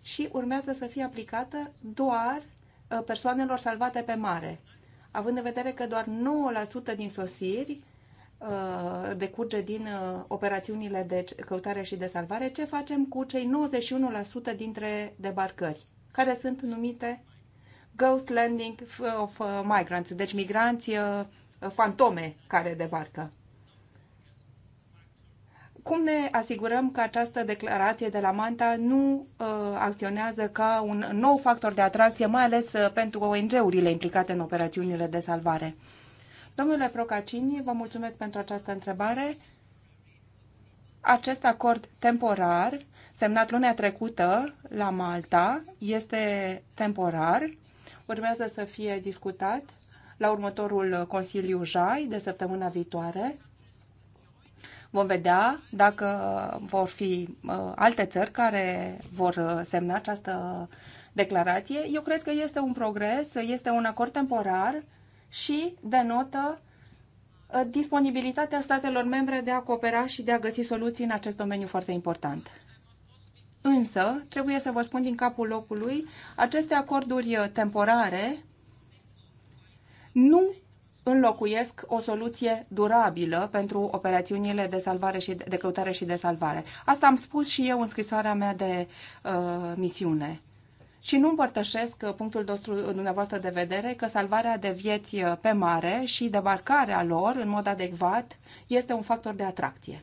și urmează să fie aplicată doar uh, persoanelor salvate pe mare, având în vedere că doar 9% din sosiri uh, decurge din uh, operațiunile de căutare și de salvare, ce facem cu cei 91% dintre debarcări, care sunt numite Ghost Landing of uh, Migrants, deci migranți uh, fantome care debarcă. Cum ne asigurăm că această declarație de la Manta nu uh, acționează ca un nou factor de atracție, mai ales uh, pentru ONG-urile implicate în operațiunile de salvare? Domnule Procacini, vă mulțumesc pentru această întrebare. Acest acord temporar, semnat lunea trecută la Malta, este temporar urmează să fie discutat la următorul Consiliu JAI de săptămâna viitoare. Vom vedea dacă vor fi uh, alte țări care vor uh, semna această declarație. Eu cred că este un progres, este un acord temporar și denotă uh, disponibilitatea statelor membre de a coopera și de a găsi soluții în acest domeniu foarte important. Însă, trebuie să vă spun din capul locului, aceste acorduri uh, temporare nu înlocuiesc o soluție durabilă pentru operațiunile de salvare și de, căutare și de salvare. Asta am spus și eu în scrisoarea mea de uh, misiune. Și nu împărtășesc uh, punctul nostru, uh, dumneavoastră de vedere că salvarea de vieți pe mare și debarcarea lor în mod adecvat este un factor de atracție.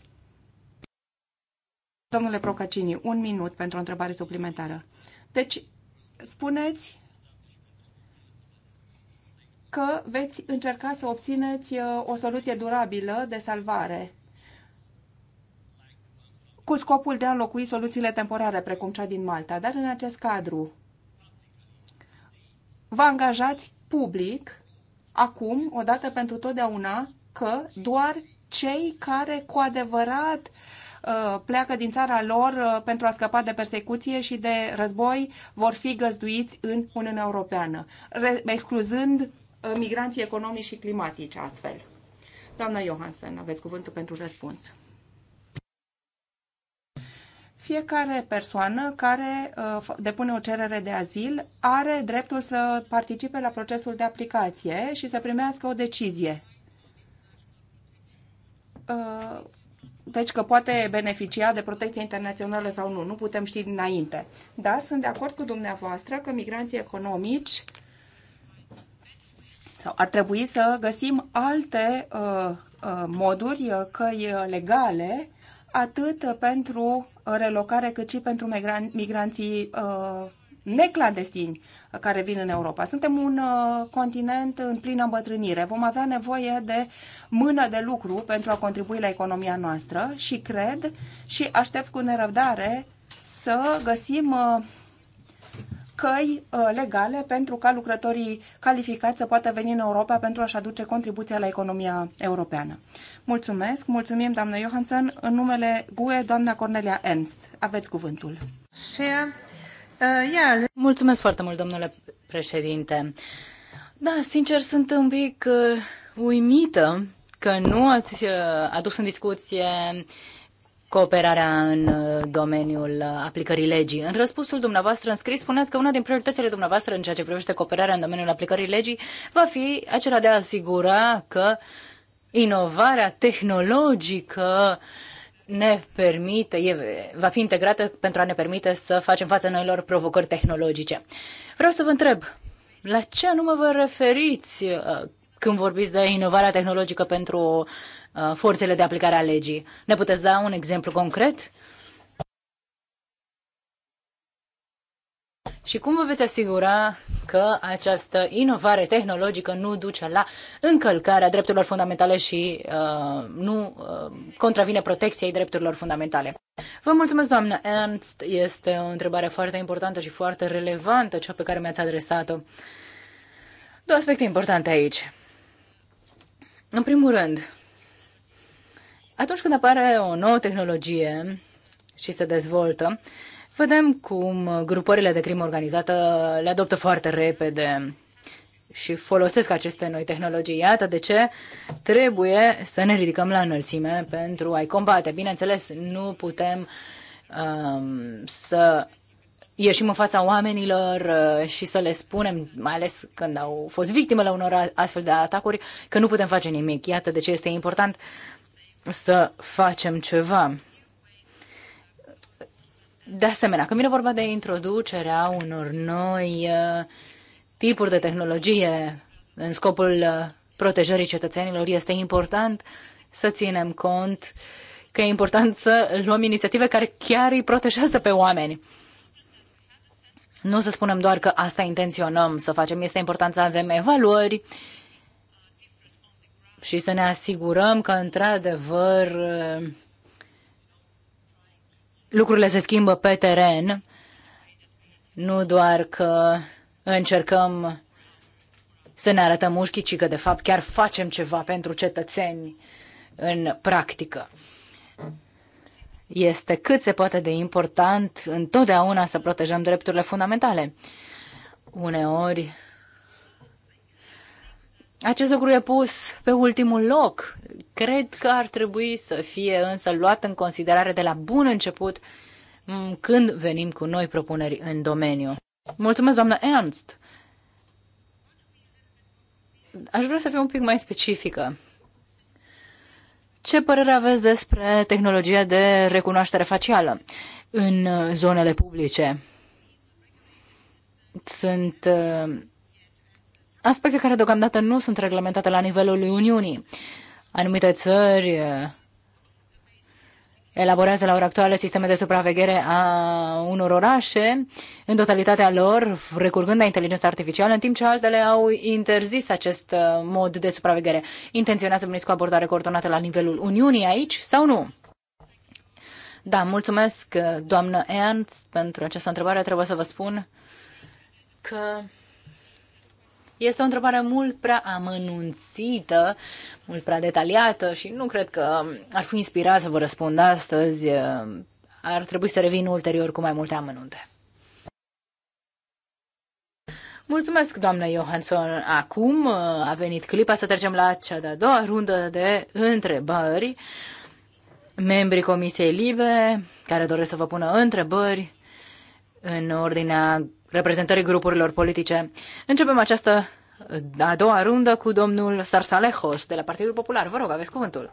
Domnule Procacini, un minut pentru o întrebare suplimentară. Deci, spuneți că veți încerca să obțineți uh, o soluție durabilă de salvare cu scopul de a înlocui soluțiile temporare, precum cea din Malta. Dar în acest cadru, vă angajați public, acum, odată pentru totdeauna, că doar cei care cu adevărat uh, Uh, pleacă din țara lor uh, pentru a scăpa de persecuție și de război, vor fi găzduiți în Uniunea Europeană, excluzând uh, migranții economici și climatici astfel. Doamna Johansen, aveți cuvântul pentru răspuns fiecare persoană care depune o cerere de azil are dreptul să participe la procesul de aplicație și să primească o decizie deci că poate beneficia de protecție internațională sau nu. Nu putem ști dinainte. Dar sunt de acord cu dumneavoastră că migranții economici sau ar trebui să găsim alte uh, uh, moduri, uh, căi uh, legale, atât pentru relocare cât și pentru migran- migranții uh, neclandestini care vin în Europa. Suntem un uh, continent în plină îmbătrânire. Vom avea nevoie de mână de lucru pentru a contribui la economia noastră și cred și aștept cu nerăbdare să găsim uh, căi uh, legale pentru ca lucrătorii calificați să poată veni în Europa pentru a-și aduce contribuția la economia europeană. Mulțumesc, mulțumim doamnă Johansson. În numele GUE, doamna Cornelia Ernst. Aveți cuvântul. Share. Uh, Mulțumesc foarte mult, domnule președinte. Da, sincer, sunt un pic uh, uimită că nu ați uh, adus în discuție cooperarea în uh, domeniul uh, aplicării legii. În răspunsul dumneavoastră în scris spuneați că una din prioritățile dumneavoastră în ceea ce privește cooperarea în domeniul aplicării legii va fi acela de a asigura că inovarea tehnologică uh, ne permite, e, va fi integrată pentru a ne permite să facem față noilor provocări tehnologice. Vreau să vă întreb, la ce anume vă referiți uh, când vorbiți de inovarea tehnologică pentru uh, forțele de aplicare a legii? Ne puteți da un exemplu concret? Uh, Și cum vă veți asigura că această inovare tehnologică nu duce la încălcarea drepturilor fundamentale și uh, nu uh, contravine protecției drepturilor fundamentale? Vă mulțumesc, doamnă Ernst. Este o întrebare foarte importantă și foarte relevantă, cea pe care mi-ați adresat-o. Două aspecte importante aici. În primul rând, atunci când apare o nouă tehnologie și se dezvoltă, uh, Vedem cum uh, grupările de crimă organizată le adoptă foarte repede și folosesc aceste noi tehnologii. Iată de ce trebuie să ne ridicăm la înălțime pentru a-i combate. Bineînțeles, nu putem um, să ieșim în fața oamenilor uh, și să le spunem, mai ales când au fost victime la unor astfel de atacuri, că nu putem face nimic. Iată de ce este important să facem ceva. De asemenea, când vine vorba de introducerea unor noi uh, tipuri de tehnologie în scopul uh, protejării cetățenilor, este important să ținem cont că e important să luăm inițiative care chiar îi protejează pe oameni. Nu să spunem doar că asta intenționăm să facem, este important să avem evaluări și să ne asigurăm că, într-adevăr, uh, lucrurile se schimbă pe teren, nu doar că încercăm să ne arătăm mușchii, ci că de fapt chiar facem ceva pentru cetățeni în practică. Este cât se poate de important întotdeauna să protejăm drepturile fundamentale. Uneori acest lucru e pus pe ultimul loc. Cred că ar trebui să fie însă luat în considerare de la bun început când venim cu noi propuneri în domeniu. Mulțumesc, doamnă Ernst! Aș vrea să fiu un pic mai specifică. Ce părere aveți despre tehnologia de recunoaștere facială în uh, zonele publice? Sunt uh, aspecte care deocamdată nu sunt reglementate la nivelul Uniunii. Anumite țări eh, elaborează la ora actuală sisteme de supraveghere a unor orașe, în totalitatea lor, recurgând la inteligența artificială, în timp ce altele au interzis acest eh, mod de supraveghere. Intenționează veniți cu abordare coordonată la nivelul Uniunii aici sau nu? Da, mulțumesc, eh, doamnă Ernst, pentru această întrebare. Trebuie să vă spun că este o întrebare mult prea amănunțită, mult prea detaliată și nu cred că ar fi inspirat să vă răspund astăzi. Ar trebui să revin ulterior cu mai multe amănunte. Mulțumesc, doamnă Johansson. Acum uh, a venit clipa să trecem la cea de-a doua rundă de întrebări. Membrii Comisiei Libe care doresc să vă pună întrebări în ordinea reprezentării grupurilor politice. Începem această a doua rundă cu domnul Sarsalejos de la Partidul Popular. Vă rog, aveți cuvântul.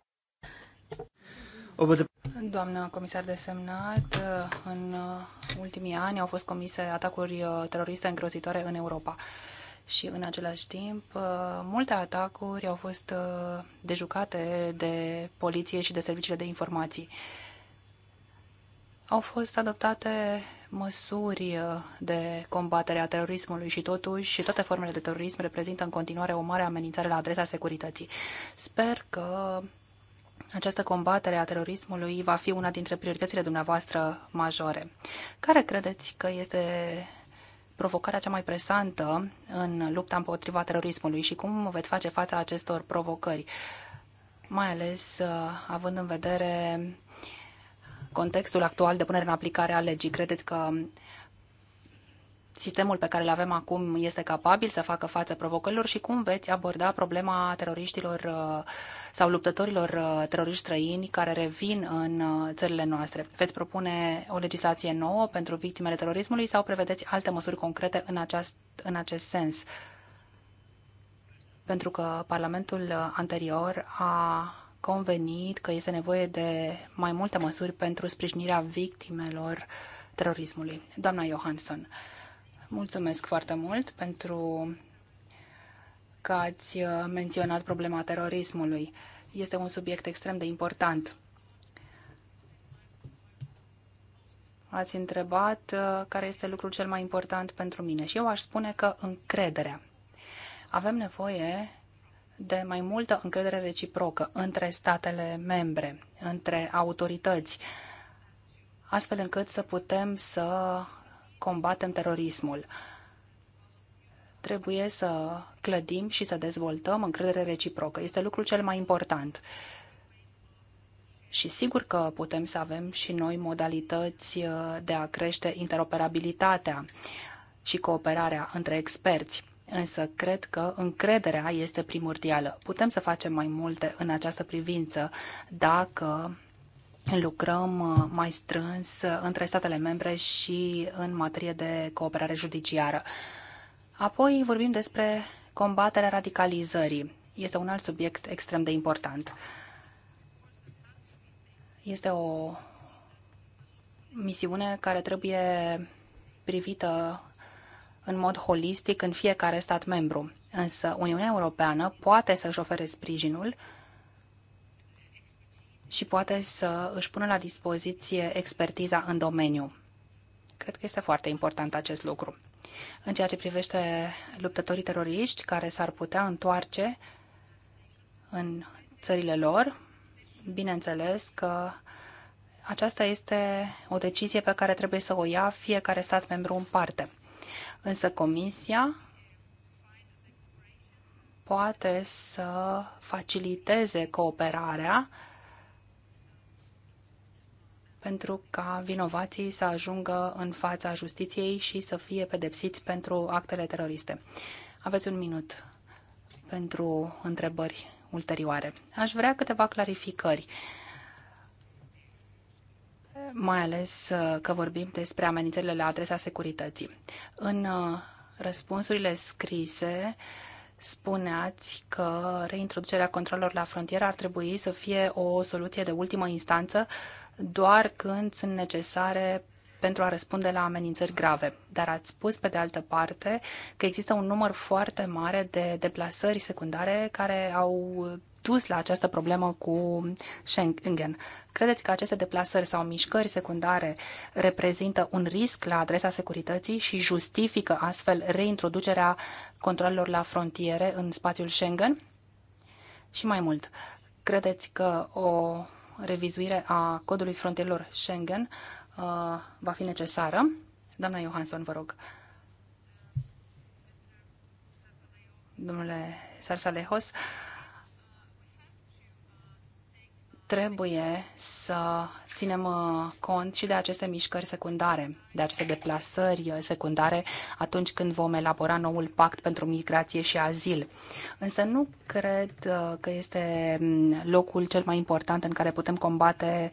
Doamnă comisar de Semnat, în ultimii ani au fost comise atacuri uh, teroriste îngrozitoare în Europa. Și în același timp, uh, multe atacuri au fost uh, dejucate de poliție și de serviciile de informații au fost adoptate măsuri uh, de combatere a terorismului și totuși toate formele de terorism reprezintă în continuare o mare amenințare la adresa securității. Sper că această combatere a terorismului va fi una dintre prioritățile dumneavoastră majore. Care credeți că este provocarea cea mai presantă în lupta împotriva terorismului și cum veți face fața acestor provocări, mai ales uh, având în vedere uh, contextul actual de punere în aplicare a legii, credeți că sistemul pe care îl avem acum este capabil să facă față provocărilor și cum veți aborda problema teroriștilor uh, sau luptătorilor uh, teroriști străini care revin în uh, țările noastre? Veți propune o legislație nouă pentru victimele terorismului sau prevedeți alte măsuri concrete în, aceast, în acest sens? Pentru că Parlamentul anterior a convenit că este nevoie de mai multe măsuri pentru sprijinirea victimelor terorismului. Doamna Johansson, mulțumesc foarte mult pentru că ați menționat problema terorismului. Este un subiect extrem de important. Ați întrebat uh, care este lucrul cel mai important pentru mine și eu aș spune că încrederea. Avem nevoie de mai multă încredere reciprocă între statele membre, între autorități, astfel încât să putem să combatem terorismul. Trebuie să clădim și să dezvoltăm încredere reciprocă. Este lucrul cel mai important. Și sigur că putem să avem și noi modalități uh, de a crește interoperabilitatea și cooperarea între experți. Însă cred că încrederea este primordială. Putem să facem mai multe în această privință dacă lucrăm uh, mai strâns uh, între statele membre și în materie de cooperare judiciară. Apoi vorbim despre combaterea radicalizării. Este un alt subiect extrem de important. Este o misiune care trebuie privită în mod holistic în fiecare stat membru. Însă Uniunea Europeană poate să-și ofere sprijinul și poate să își pună la dispoziție expertiza în domeniu. Cred că este foarte important acest lucru. În ceea ce privește luptătorii teroriști care s-ar putea întoarce în țările lor, bineînțeles că aceasta este o decizie pe care trebuie să o ia fiecare stat membru în parte. Însă Comisia poate să faciliteze cooperarea pentru ca vinovații să ajungă în fața justiției și să fie pedepsiți pentru actele teroriste. Aveți un minut pentru întrebări ulterioare. Aș vrea câteva clarificări mai ales uh, că vorbim despre amenințările la adresa securității. În uh, răspunsurile scrise, spuneați că reintroducerea controlelor la frontieră ar trebui să fie o soluție de ultimă instanță doar când sunt necesare pentru a răspunde la amenințări grave. Dar ați spus, pe de altă parte, că există un număr foarte mare de deplasări secundare care au dus la această problemă cu Schengen. Credeți că aceste deplasări sau mișcări secundare reprezintă un risc la adresa securității și justifică astfel reintroducerea controlelor la frontiere în spațiul Schengen? Și mai mult, credeți că o revizuire a codului frontierilor Schengen uh, va fi necesară? Doamna Johansson, vă rog. Domnule Sarsalehos, uh, trebuie să ținem uh, cont și de aceste mișcări secundare, de aceste deplasări uh, secundare atunci când vom elabora noul pact pentru migrație și azil. Însă nu cred uh, că este mm, locul cel mai important în care putem combate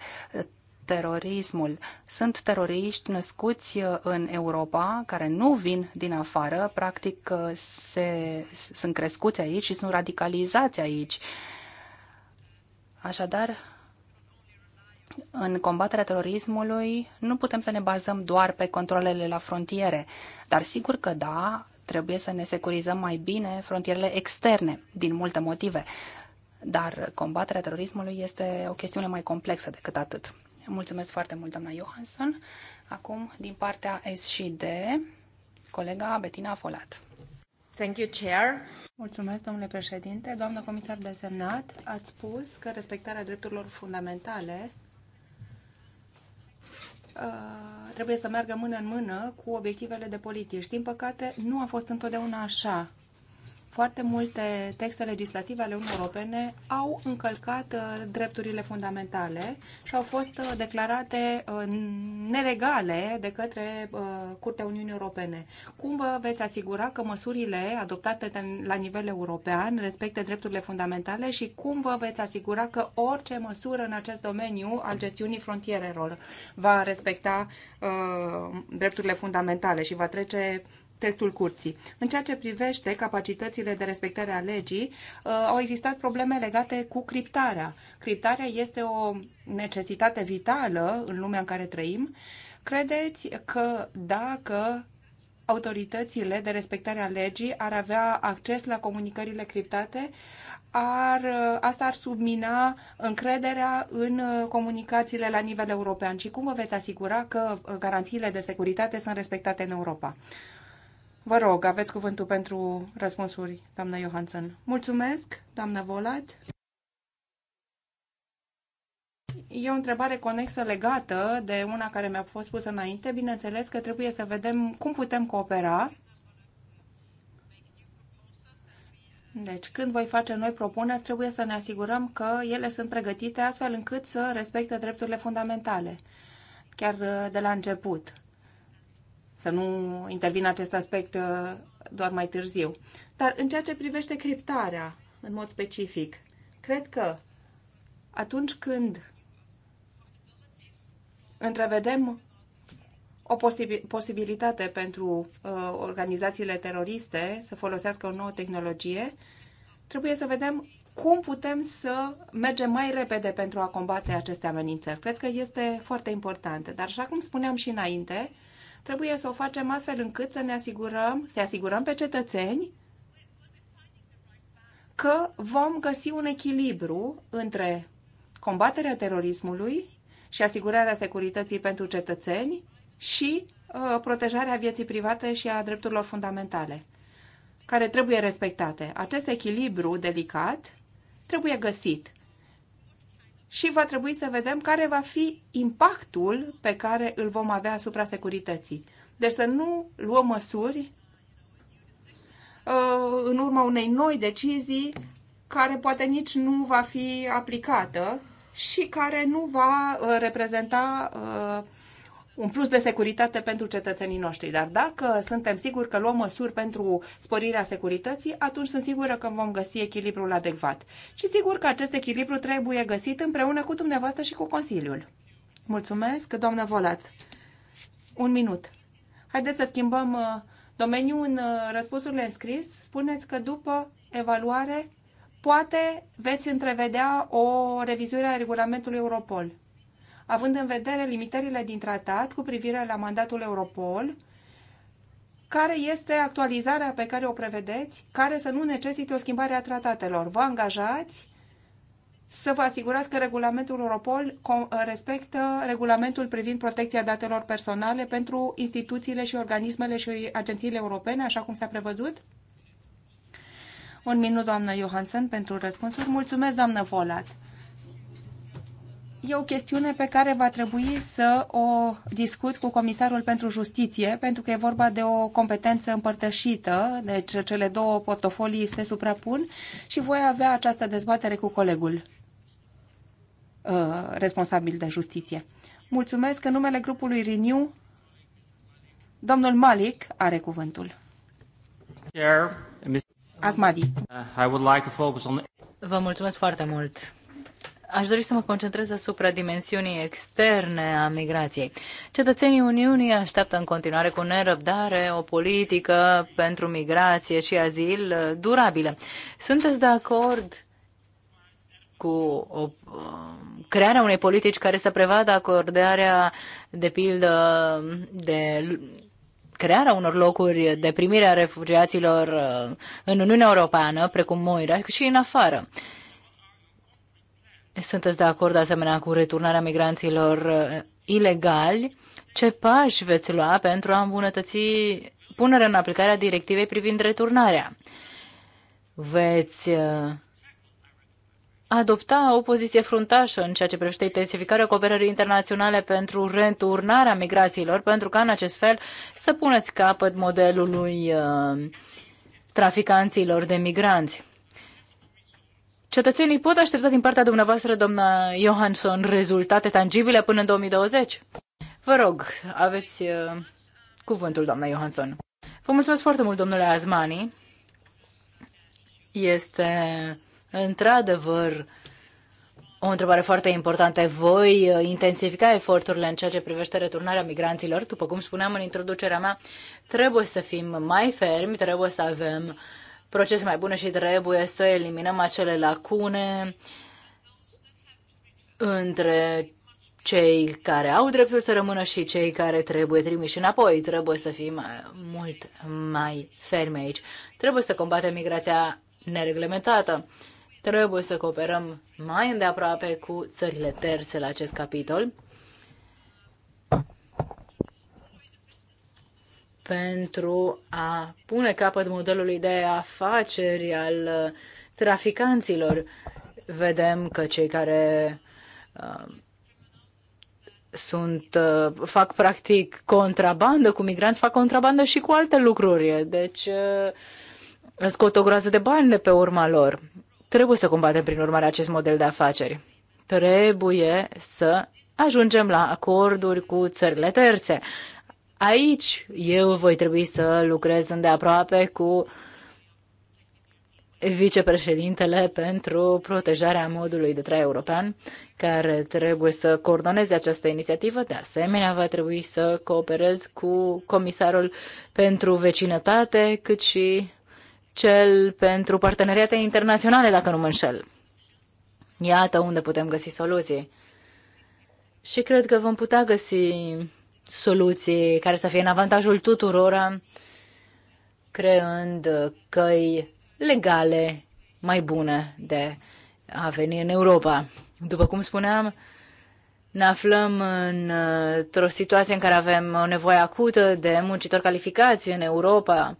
terorismul. Sunt teroriști născuți în Europa, care nu vin din afară, practic se, sunt crescuți aici și sunt radicalizați aici. Uh, Așadar, în combaterea terorismului nu putem să ne bazăm doar pe controlele la frontiere, dar sigur că da, trebuie să ne securizăm mai bine frontierele externe, din multe motive. Dar combaterea terorismului este o chestiune mai complexă decât atât. Mulțumesc foarte mult, doamna Johansson. Acum, din partea S&D, colega Betina Folat. Thank you, Chair. Mulțumesc, domnule președinte. Doamnă comisar de semnat, ați spus că respectarea drepturilor fundamentale uh, trebuie să meargă mână în mână cu obiectivele de politici. Din păcate, nu a fost întotdeauna așa foarte multe texte legislative ale Uniunii Europene au încălcat uh, drepturile fundamentale și au fost uh, declarate uh, nelegale de către Curtea Uniunii Europene. Cum vă veți asigura că măsurile adoptate la nivel european respectă drepturile fundamentale și cum vă veți asigura că orice măsură în acest domeniu al gestiunii frontierelor va respecta drepturile fundamentale și va trece Testul curții. În ceea ce privește capacitățile de respectare a legii, uh, au existat probleme legate cu criptarea. Criptarea este o necesitate vitală în lumea în care trăim. Credeți că dacă autoritățile de respectare a legii ar avea acces la comunicările criptate, ar, uh, asta ar submina încrederea în uh, comunicațiile la nivel european. Și cum vă veți asigura că garanțiile de securitate sunt respectate în Europa? Vă rog, aveți cuvântul pentru răspunsuri, doamna Johansson. Mulțumesc, doamna Volat. E o întrebare conexă legată de una care mi-a fost pusă înainte. Bineînțeles că trebuie să vedem cum putem coopera. Deci, când voi face noi propuneri, trebuie să ne asigurăm că ele sunt pregătite astfel încât să respecte drepturile fundamentale, chiar de la început să nu intervină acest aspect uh, doar mai târziu. Dar în ceea ce privește criptarea, în mod specific, cred că atunci când întrevedem o posibilitate pentru uh, organizațiile teroriste să folosească o nouă tehnologie, trebuie să vedem cum putem să mergem mai repede pentru a combate aceste amenințări. Cred că este foarte important. Dar, așa cum spuneam și înainte, uh, trebuie să o facem astfel încât să ne asigurăm, să asigurăm pe cetățeni că vom găsi un echilibru între combaterea terorismului și asigurarea securității pentru cetățeni și uh, protejarea vieții private și a drepturilor fundamentale, care trebuie respectate. Acest echilibru delicat trebuie găsit și va trebui să vedem care va fi impactul pe care îl vom avea asupra securității. Deci să nu luăm măsuri uh, în urma unei noi decizii care poate nici nu va fi aplicată și care nu va uh, reprezenta uh, un plus de securitate pentru cetățenii noștri. Dar dacă suntem siguri că luăm măsuri pentru sporirea securității, atunci sunt sigură că vom găsi echilibrul adecvat. Și sigur că acest echilibru trebuie găsit împreună cu dumneavoastră și cu Consiliul. Mulțumesc, doamnă Volat. Un minut. Haideți să schimbăm uh, domeniul în uh, răspunsurile înscris. Spuneți că după evaluare poate veți întrevedea o revizuire a regulamentului Europol având în vedere limitările din tratat cu privire la mandatul Europol, care este actualizarea pe care o prevedeți, care să nu necesite o schimbare a tratatelor. Vă angajați să vă asigurați că regulamentul Europol respectă regulamentul privind protecția datelor personale pentru instituțiile și organismele și agențiile europene, așa cum s-a prevăzut? Un minut, doamnă Johansen, pentru răspunsuri. Mulțumesc, doamnă Volat e o chestiune pe care va trebui să o discut cu Comisarul pentru Justiție, pentru că e vorba de o competență împărtășită, deci cele două portofolii se suprapun și voi avea această dezbatere cu colegul uh, responsabil de justiție. Mulțumesc în numele grupului Renew. Domnul Malik are cuvântul. Asmadi. Uh, Vă mulțumesc foarte mult. Aș dori să mă concentrez asupra dimensiunii externe a migrației. Cetățenii Uniunii așteaptă în continuare cu nerăbdare o politică pentru migrație și azil uh, durabilă. Sunteți de acord cu o, uh, crearea unei politici care să prevadă acordarea, de pildă, de crearea unor locuri de primire a refugiaților uh, în Uniunea Europeană, precum Moira, și în afară. Uh, sunteți de acord de asemenea cu returnarea migranților uh, ilegali? Ce pași veți lua pentru a îmbunătăți punerea în aplicare a directivei privind returnarea? Veți uh, adopta o poziție fruntașă în ceea ce privește intensificarea cooperării internaționale pentru returnarea migrațiilor, pentru ca în acest fel să puneți capăt modelului uh, traficanților de migranți. Cetățenii pot aștepta din partea dumneavoastră, doamna Johansson, rezultate tangibile până în 2020? Vă rog, aveți uh, cuvântul, doamna Johansson. Vă mulțumesc foarte mult, domnule Azmani. Este într-adevăr o întrebare foarte importantă. Voi uh, intensifica eforturile în ceea ce privește returnarea migranților? După cum spuneam în introducerea mea, trebuie să fim mai fermi, trebuie să avem uh, proces mai bune și trebuie să eliminăm acele lacune între cei care au dreptul să rămână și cei care trebuie trimiși înapoi. Trebuie să fim mult mai fermi aici. Trebuie să combatem migrația nereglementată. Trebuie să cooperăm mai îndeaproape cu țările terțe la acest capitol pentru a pune capăt modelului de afaceri al uh, traficanților. Vedem că cei care uh, sunt, uh, fac practic contrabandă cu migranți, fac contrabandă și cu alte lucruri. Deci scot o groază de bani de pe urma lor. Trebuie să combatem prin urmare acest model de afaceri. Trebuie să ajungem la acorduri cu țările terțe. Aici eu voi trebui să lucrez îndeaproape cu vicepreședintele pentru protejarea modului de trai european, care trebuie să coordoneze această inițiativă. De asemenea, va trebui să cooperez cu comisarul pentru vecinătate, cât și cel pentru parteneriate internaționale, dacă nu mă înșel. Iată unde putem găsi soluții. Și cred că vom putea găsi soluții care să fie în avantajul tuturor, creând căi legale mai bune de a veni în Europa. După cum spuneam, ne aflăm într-o situație în care avem o nevoie acută de muncitori calificați în Europa.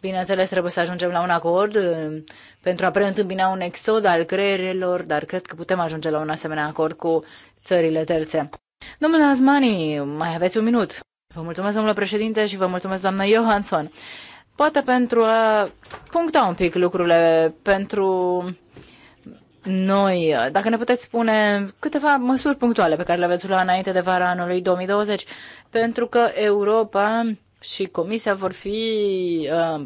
Bineînțeles, trebuie să ajungem la un acord uh, pentru a preîntâmpina un exod al creierilor, dar cred că putem ajunge la un asemenea acord cu țările terțe. Domnule Azmani, mai aveți un minut. Vă mulțumesc, domnule președinte, și vă mulțumesc, doamna Johansson. Poate pentru a puncta un pic lucrurile, pentru noi, dacă ne puteți spune câteva măsuri punctuale pe care le veți lua înainte de vara anului 2020, pentru că Europa și Comisia vor fi uh,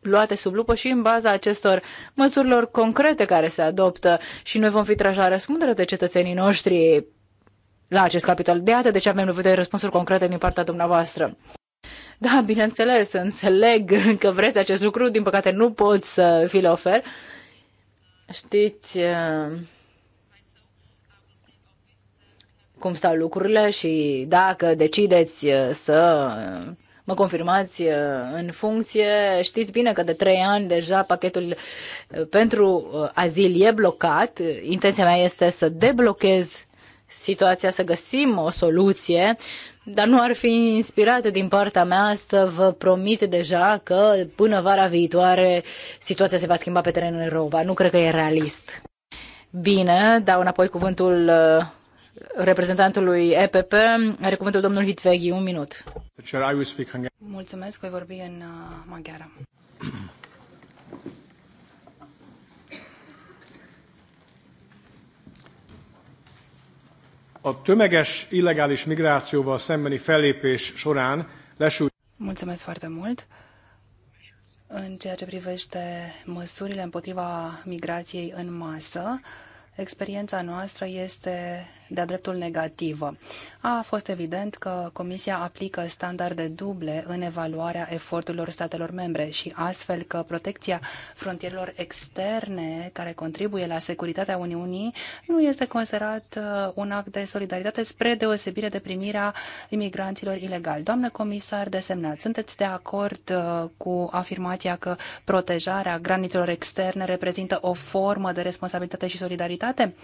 luate sub lupă și în baza acestor măsurilor concrete care se adoptă și noi vom fi trași la răspundere de cetățenii noștri la acest capitol. De atât de deci ce avem nevoie de răspunsuri concrete din partea dumneavoastră. Da, bineînțeles, înțeleg că vreți acest lucru, din păcate nu pot să vi-l ofer. Știți uh, cum stau lucrurile și dacă decideți uh, să mă confirmați uh, în funcție. Știți bine că de trei ani deja pachetul pentru azil e blocat. Intenția mea este să deblochez situația să găsim o soluție, dar nu ar fi inspirată din partea mea să vă promit deja că până vara viitoare situația se va schimba pe terenul Europa. Nu cred că e realist. Bine, dau înapoi cuvântul uh, reprezentantului EPP. Are cuvântul domnul Hitveghi, un minut. Mulțumesc, voi vorbi în uh, maghiară. a tömeges illegális migrációval szembeni fellépés során lesújt. Mulțumesc foarte mult! În ceea ce privește măsurile împotriva migrației în masă, experiența noastră este de-a dreptul negativă. A fost evident că Comisia aplică standarde duble în evaluarea eforturilor statelor membre și astfel că protecția frontierelor externe care contribuie la securitatea Uniunii nu este considerat uh, un act de solidaritate spre deosebire de primirea imigranților ilegali. Doamnă comisar desemnat, sunteți de acord uh, cu afirmația că protejarea granițelor externe reprezintă o formă de responsabilitate și solidaritate?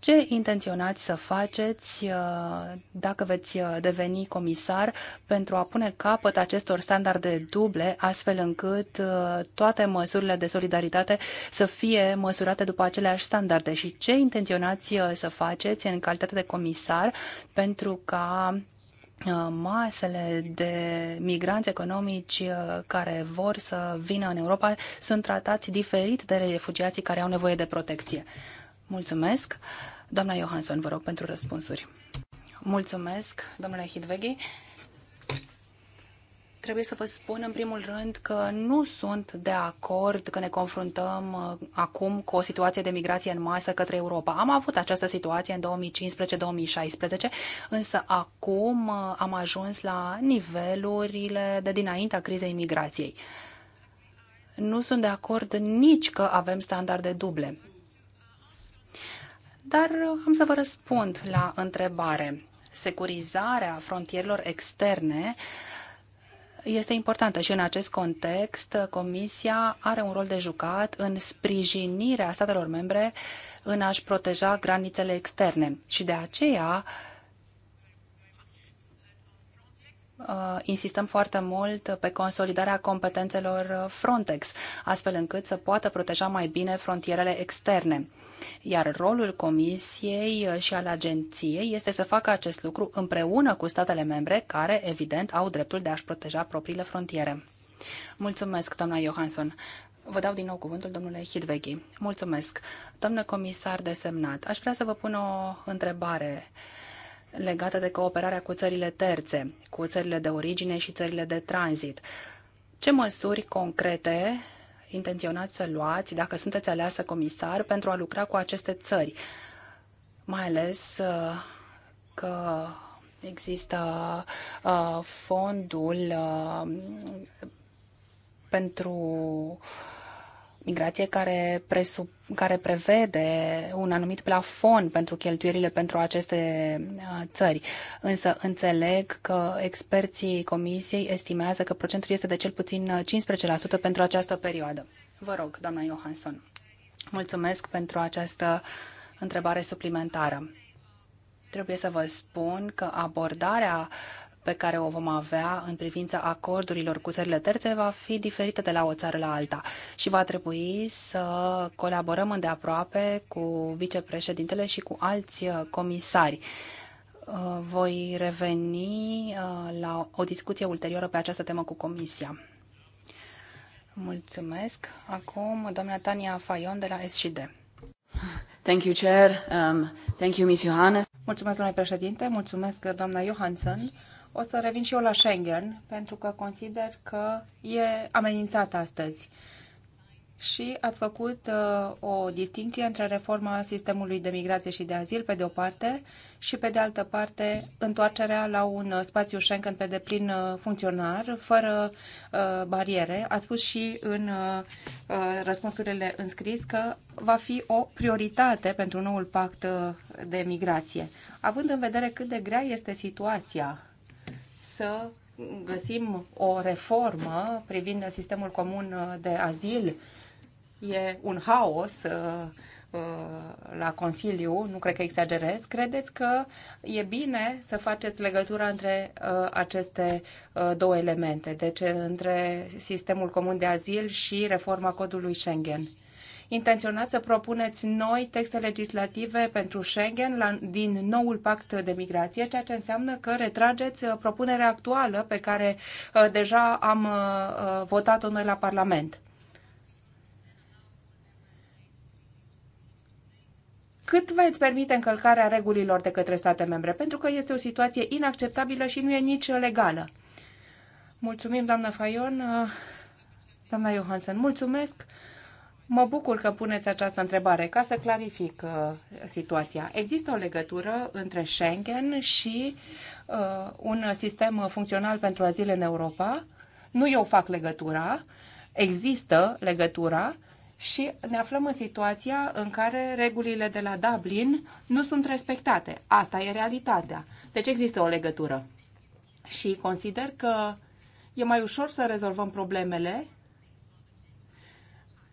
Ce intenționați să faceți uh, dacă veți uh, deveni comisar pentru a pune capăt acestor standarde duble, astfel încât uh, toate măsurile de solidaritate să fie măsurate după aceleași standarde? Și ce intenționați să faceți în calitate de comisar pentru ca masele de migranți economici care vor să vină în Europa sunt tratați diferit de refugiații care au nevoie de protecție. Mulțumesc. Doamna Johansson, vă rog pentru răspunsuri. Mulțumesc, domnule Hidveghi. Trebuie să vă spun în primul rând că nu sunt de acord că ne confruntăm uh, acum cu o situație de migrație în masă către Europa. Am avut această situație în 2015-2016, însă acum uh, am ajuns la nivelurile de dinaintea crizei migrației. Nu sunt de acord nici că avem standarde duble. Dar uh, am să vă răspund la întrebare. Securizarea frontierelor externe este importantă și în acest context uh, Comisia are un rol de jucat în sprijinirea statelor membre în a-și proteja granițele externe și de aceea uh, insistăm foarte mult pe consolidarea competențelor Frontex, astfel încât să poată proteja mai bine frontierele externe iar rolul Comisiei uh, și al Agenției este să facă acest lucru împreună cu statele membre care, evident, au dreptul de a-și proteja propriile frontiere. Mulțumesc, doamna Johansson. Vă dau din nou cuvântul domnule Hidveghi. Mulțumesc. Domnule comisar desemnat, aș vrea să vă pun o întrebare legată de cooperarea cu țările terțe, cu țările de origine și țările de tranzit. Ce măsuri concrete intenționați să luați dacă sunteți aleasă comisar pentru a lucra cu aceste țări, mai ales uh, că există uh, fondul uh, pentru uh, migrație care, presup, care prevede un anumit plafon pentru cheltuielile pentru aceste uh, țări. Însă înțeleg că experții Comisiei estimează că procentul este de cel puțin 15% uh, pentru această perioadă. Vă rog, doamna Johansson. Mulțumesc pentru această întrebare suplimentară. Trebuie să vă spun că abordarea pe care o vom avea în privința acordurilor cu țările terțe va fi diferită de la o țară la alta și va trebui să colaborăm îndeaproape cu vicepreședintele și cu alți uh, comisari. Uh, voi reveni uh, la o discuție ulterioară pe această temă cu Comisia. Mulțumesc. Acum, doamna Tania Fayon de la SCD. Thank you, Chair. Um, thank you, Miss Johannes. Mulțumesc, domnule președinte. Mulțumesc, doamna Johansson, o să revin și eu la Schengen, pentru că consider că e amenințat astăzi. Și ați făcut uh, o distinție între reforma sistemului de migrație și de azil, pe de o parte, și pe de altă parte, întoarcerea la un uh, spațiu Schengen pe deplin uh, funcționar, fără uh, bariere. Ați spus și în uh, uh, răspunsurile înscris că va fi o prioritate pentru noul pact uh, de migrație. Având în vedere cât de grea este situația să găsim o reformă privind sistemul comun de azil. E un haos uh, uh, la Consiliu, nu cred că exagerez, credeți că e bine să faceți legătura între uh, aceste două elemente, deci între sistemul comun de azil și reforma codului Schengen intenționați să propuneți noi texte legislative pentru Schengen la, din noul pact de migrație, ceea ce înseamnă că retrageți uh, propunerea actuală pe care uh, deja am uh, votat-o noi la Parlament. cât veți permite încălcarea regulilor de către state membre, pentru că este o situație inacceptabilă și nu e nici legală. Mulțumim, doamnă Fayon, doamna Johansen, mulțumesc. Mă bucur că puneți această întrebare ca să clarific uh, situația. Există o legătură între Schengen și uh, un sistem funcțional pentru azil în Europa? Nu eu fac legătura, există legătura și ne aflăm în situația în care regulile de la Dublin nu sunt respectate. Asta e realitatea. Deci există o legătură. Și consider că e mai ușor să rezolvăm problemele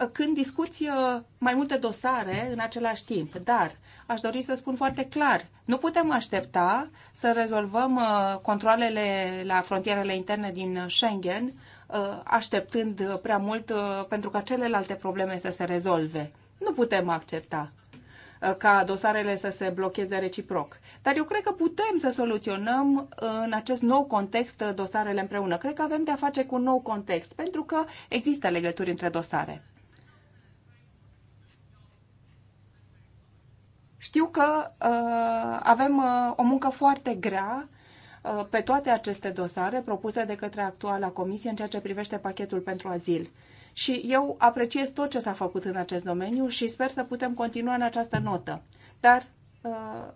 când discuți uh, mai multe dosare în același timp. Dar aș dori să spun foarte clar, nu putem aștepta să rezolvăm uh, controlele la frontierele interne din Schengen uh, așteptând prea mult pentru ca celelalte probleme să se rezolve. Nu putem accepta ca dosarele să se blocheze reciproc. Dar eu cred că putem să soluționăm în acest nou context dosarele împreună. Cred că avem de-a face cu un nou context, pentru că există legături între dosare. Știu că uh, avem uh, o muncă foarte grea uh, pe toate aceste dosare propuse de către actuala comisie în ceea ce privește pachetul pentru azil. Și eu apreciez tot ce s-a făcut în acest domeniu și sper să putem continua în această notă. Dar uh,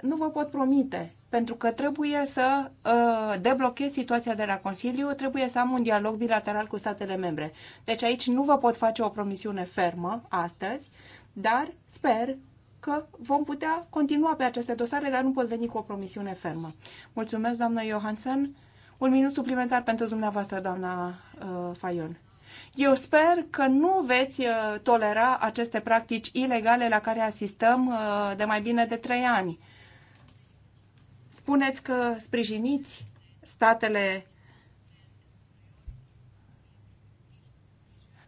nu vă pot promite, pentru că trebuie să uh, deblochez situația de la Consiliu, trebuie să am un dialog bilateral cu statele membre. Deci aici nu vă pot face o promisiune fermă astăzi, dar sper că vom putea continua pe aceste dosare, dar nu pot veni cu o promisiune fermă. Mulțumesc, doamnă Johansen. Un minut suplimentar pentru dumneavoastră, doamna uh, Fayon. Eu sper că nu veți uh, tolera aceste practici ilegale la care asistăm uh, de mai bine de trei ani. Spuneți că sprijiniți statele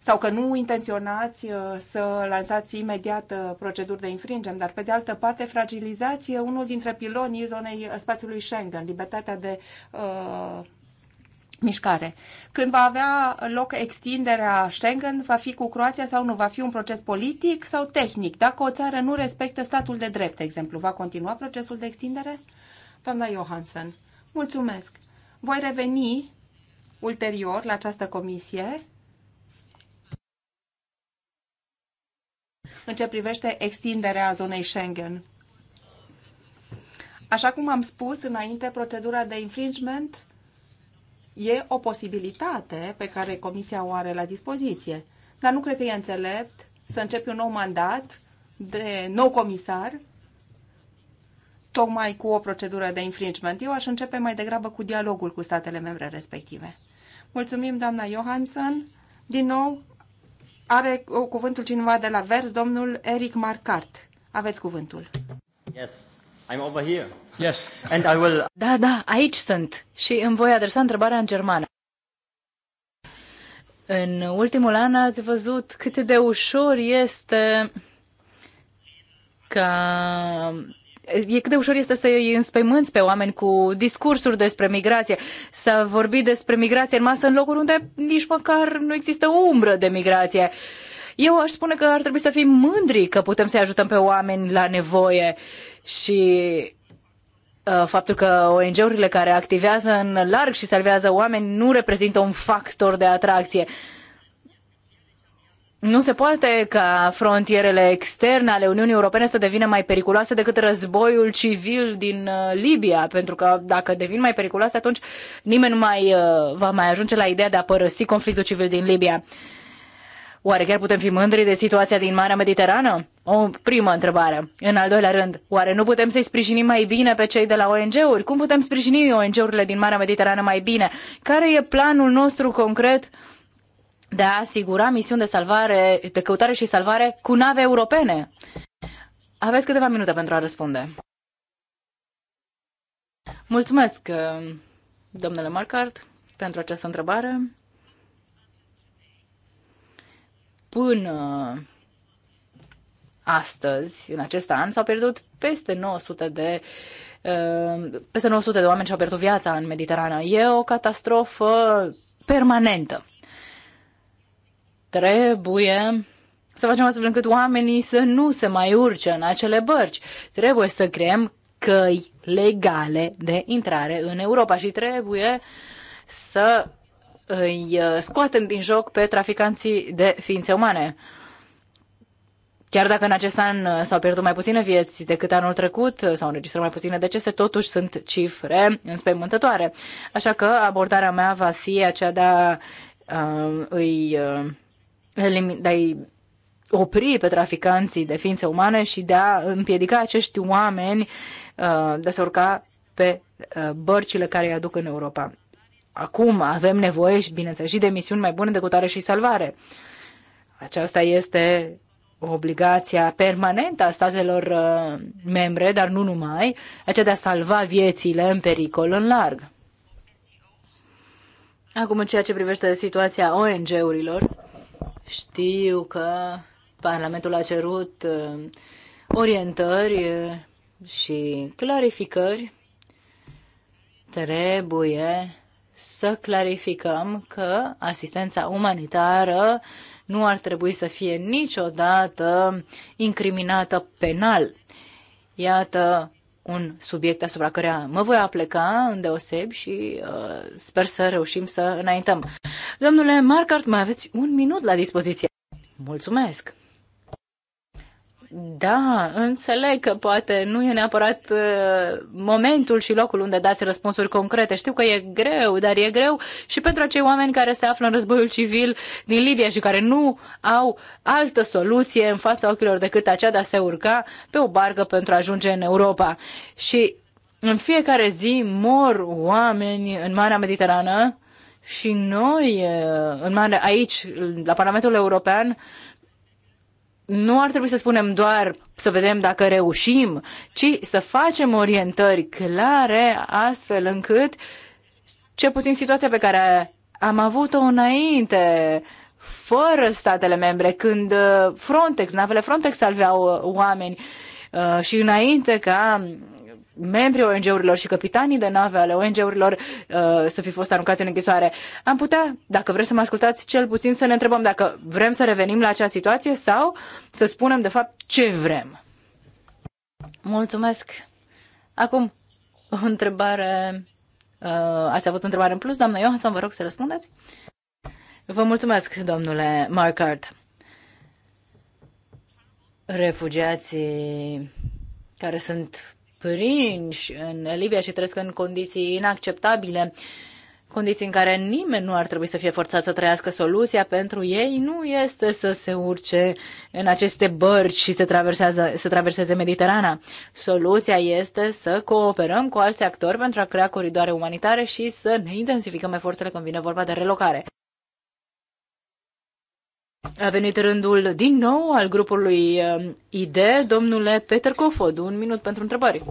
sau că nu intenționați uh, să lansați imediat uh, proceduri de infringem, dar pe de altă parte fragilizați uh, unul dintre pilonii zonei spațiului Schengen, libertatea de uh, mișcare. Când va avea loc extinderea Schengen, va fi cu Croația sau nu? Va fi un proces politic sau tehnic? Dacă o țară nu respectă statul de drept, de exemplu, va continua procesul de extindere? Doamna Johansen, mulțumesc. Voi reveni ulterior la această comisie în ce privește extinderea zonei Schengen. Așa cum am spus înainte, procedura de infringement e o posibilitate pe care Comisia o are la dispoziție. Dar nu cred că e înțelept să începi un nou mandat de nou comisar tocmai cu o procedură de infringement. Eu aș începe mai degrabă cu dialogul cu statele membre respective. Mulțumim, doamna Johansson. Din nou, are cuvântul cineva de la Vers, domnul Eric Marcart. Aveți cuvântul. Yes, I'm over here. Yes. And I will... Da, da, aici sunt și îmi voi adresa întrebarea în germană. În ultimul an ați văzut cât de ușor este ca E cât de ușor este să îi înspăimânți pe oameni cu discursuri despre migrație, să vorbi despre migrație în masă în locuri unde nici măcar nu există umbră de migrație. Eu aș spune că ar trebui să fim mândri că putem să-i ajutăm pe oameni la nevoie și uh, faptul că ONG-urile care activează în larg și salvează oameni nu reprezintă un factor de atracție. Nu se poate ca frontierele externe ale Uniunii Europene să devină mai periculoase decât războiul civil din uh, Libia, pentru că dacă devin mai periculoase, atunci nimeni nu mai uh, va mai ajunge la ideea de a părăsi conflictul civil din Libia. Oare chiar putem fi mândri de situația din Marea Mediterană? O primă întrebare. În al doilea rând, oare nu putem să-i sprijinim mai bine pe cei de la ONG-uri? Cum putem sprijini ONG-urile din Marea Mediterană mai bine? Care e planul nostru concret de a asigura misiuni de salvare, de căutare și salvare cu nave europene? Aveți câteva minute pentru a răspunde. Mulțumesc, domnule Marcard, pentru această întrebare. Până astăzi, în acest an, s-au pierdut peste 900 de uh, peste 900 de oameni și-au pierdut viața în Mediterana. E o catastrofă permanentă. Trebuie să facem astfel încât oamenii să nu se mai urce în acele bărci. Trebuie să creăm căi legale de intrare în Europa și trebuie să îi uh, scoatem din joc pe traficanții de ființe umane. Chiar dacă în acest an uh, s-au pierdut mai puține vieți decât anul trecut, uh, s-au înregistrat mai puține decese, totuși sunt cifre înspăimântătoare. Așa că abordarea mea va fi aceea de a uh, îi uh, de a-i opri pe traficanții de ființe umane și de a împiedica acești oameni uh, de a se urca pe uh, bărcile care îi aduc în Europa. Acum avem nevoie, și bineînțeles, și de misiuni mai bune de cutare și salvare. Aceasta este obligația permanentă a statelor uh, membre, dar nu numai, aceea de a salva viețile în pericol în larg. Acum, în ceea ce privește situația ONG-urilor, știu că Parlamentul a cerut uh, orientări uh, și clarificări. Trebuie să clarificăm că asistența umanitară nu ar trebui să fie niciodată incriminată penal. Iată un subiect asupra căreia mă voi apleca îndeoseb și uh, sper să reușim să înaintăm. Domnule Marcart, mai aveți un minut la dispoziție. Mulțumesc! Da, înțeleg că poate nu e neapărat uh, momentul și locul unde dați răspunsuri concrete. Știu că e greu, dar e greu și pentru acei oameni care se află în războiul civil din Libia și care nu au altă soluție în fața ochilor decât aceea de a se urca pe o barcă pentru a ajunge în Europa. Și în fiecare zi mor oameni în Marea Mediterană și noi, uh, în mare, aici, la Parlamentul European, nu ar trebui să spunem doar să vedem dacă reușim, ci să facem orientări clare astfel încât ce puțin situația pe care am avut-o înainte fără statele membre, când uh, Frontex, navele Frontex salveau uh, oameni uh, și înainte ca membrii ONG-urilor și capitanii de nave ale ONG-urilor uh, să fi fost aruncați în închisoare. Am putea, dacă vreți să mă ascultați, cel puțin să ne întrebăm dacă vrem să revenim la acea situație sau să spunem de fapt ce vrem. Mulțumesc. Acum, o întrebare. Uh, ați avut o întrebare în plus, doamna Johansson, vă rog să răspundeți. Vă mulțumesc, domnule Markard. Refugiații care sunt prinși în Libia și trăiesc în condiții inacceptabile, condiții în care nimeni nu ar trebui să fie forțat să trăiască soluția pentru ei, nu este să se urce în aceste bărci și să, să traverseze Mediterana. Soluția este să cooperăm cu alți actori pentru a crea coridoare umanitare și să ne intensificăm eforturile când vine vorba de relocare. A venit rândul din nou al grupului um, ID, domnule Peter Kofod. Un minut pentru întrebări.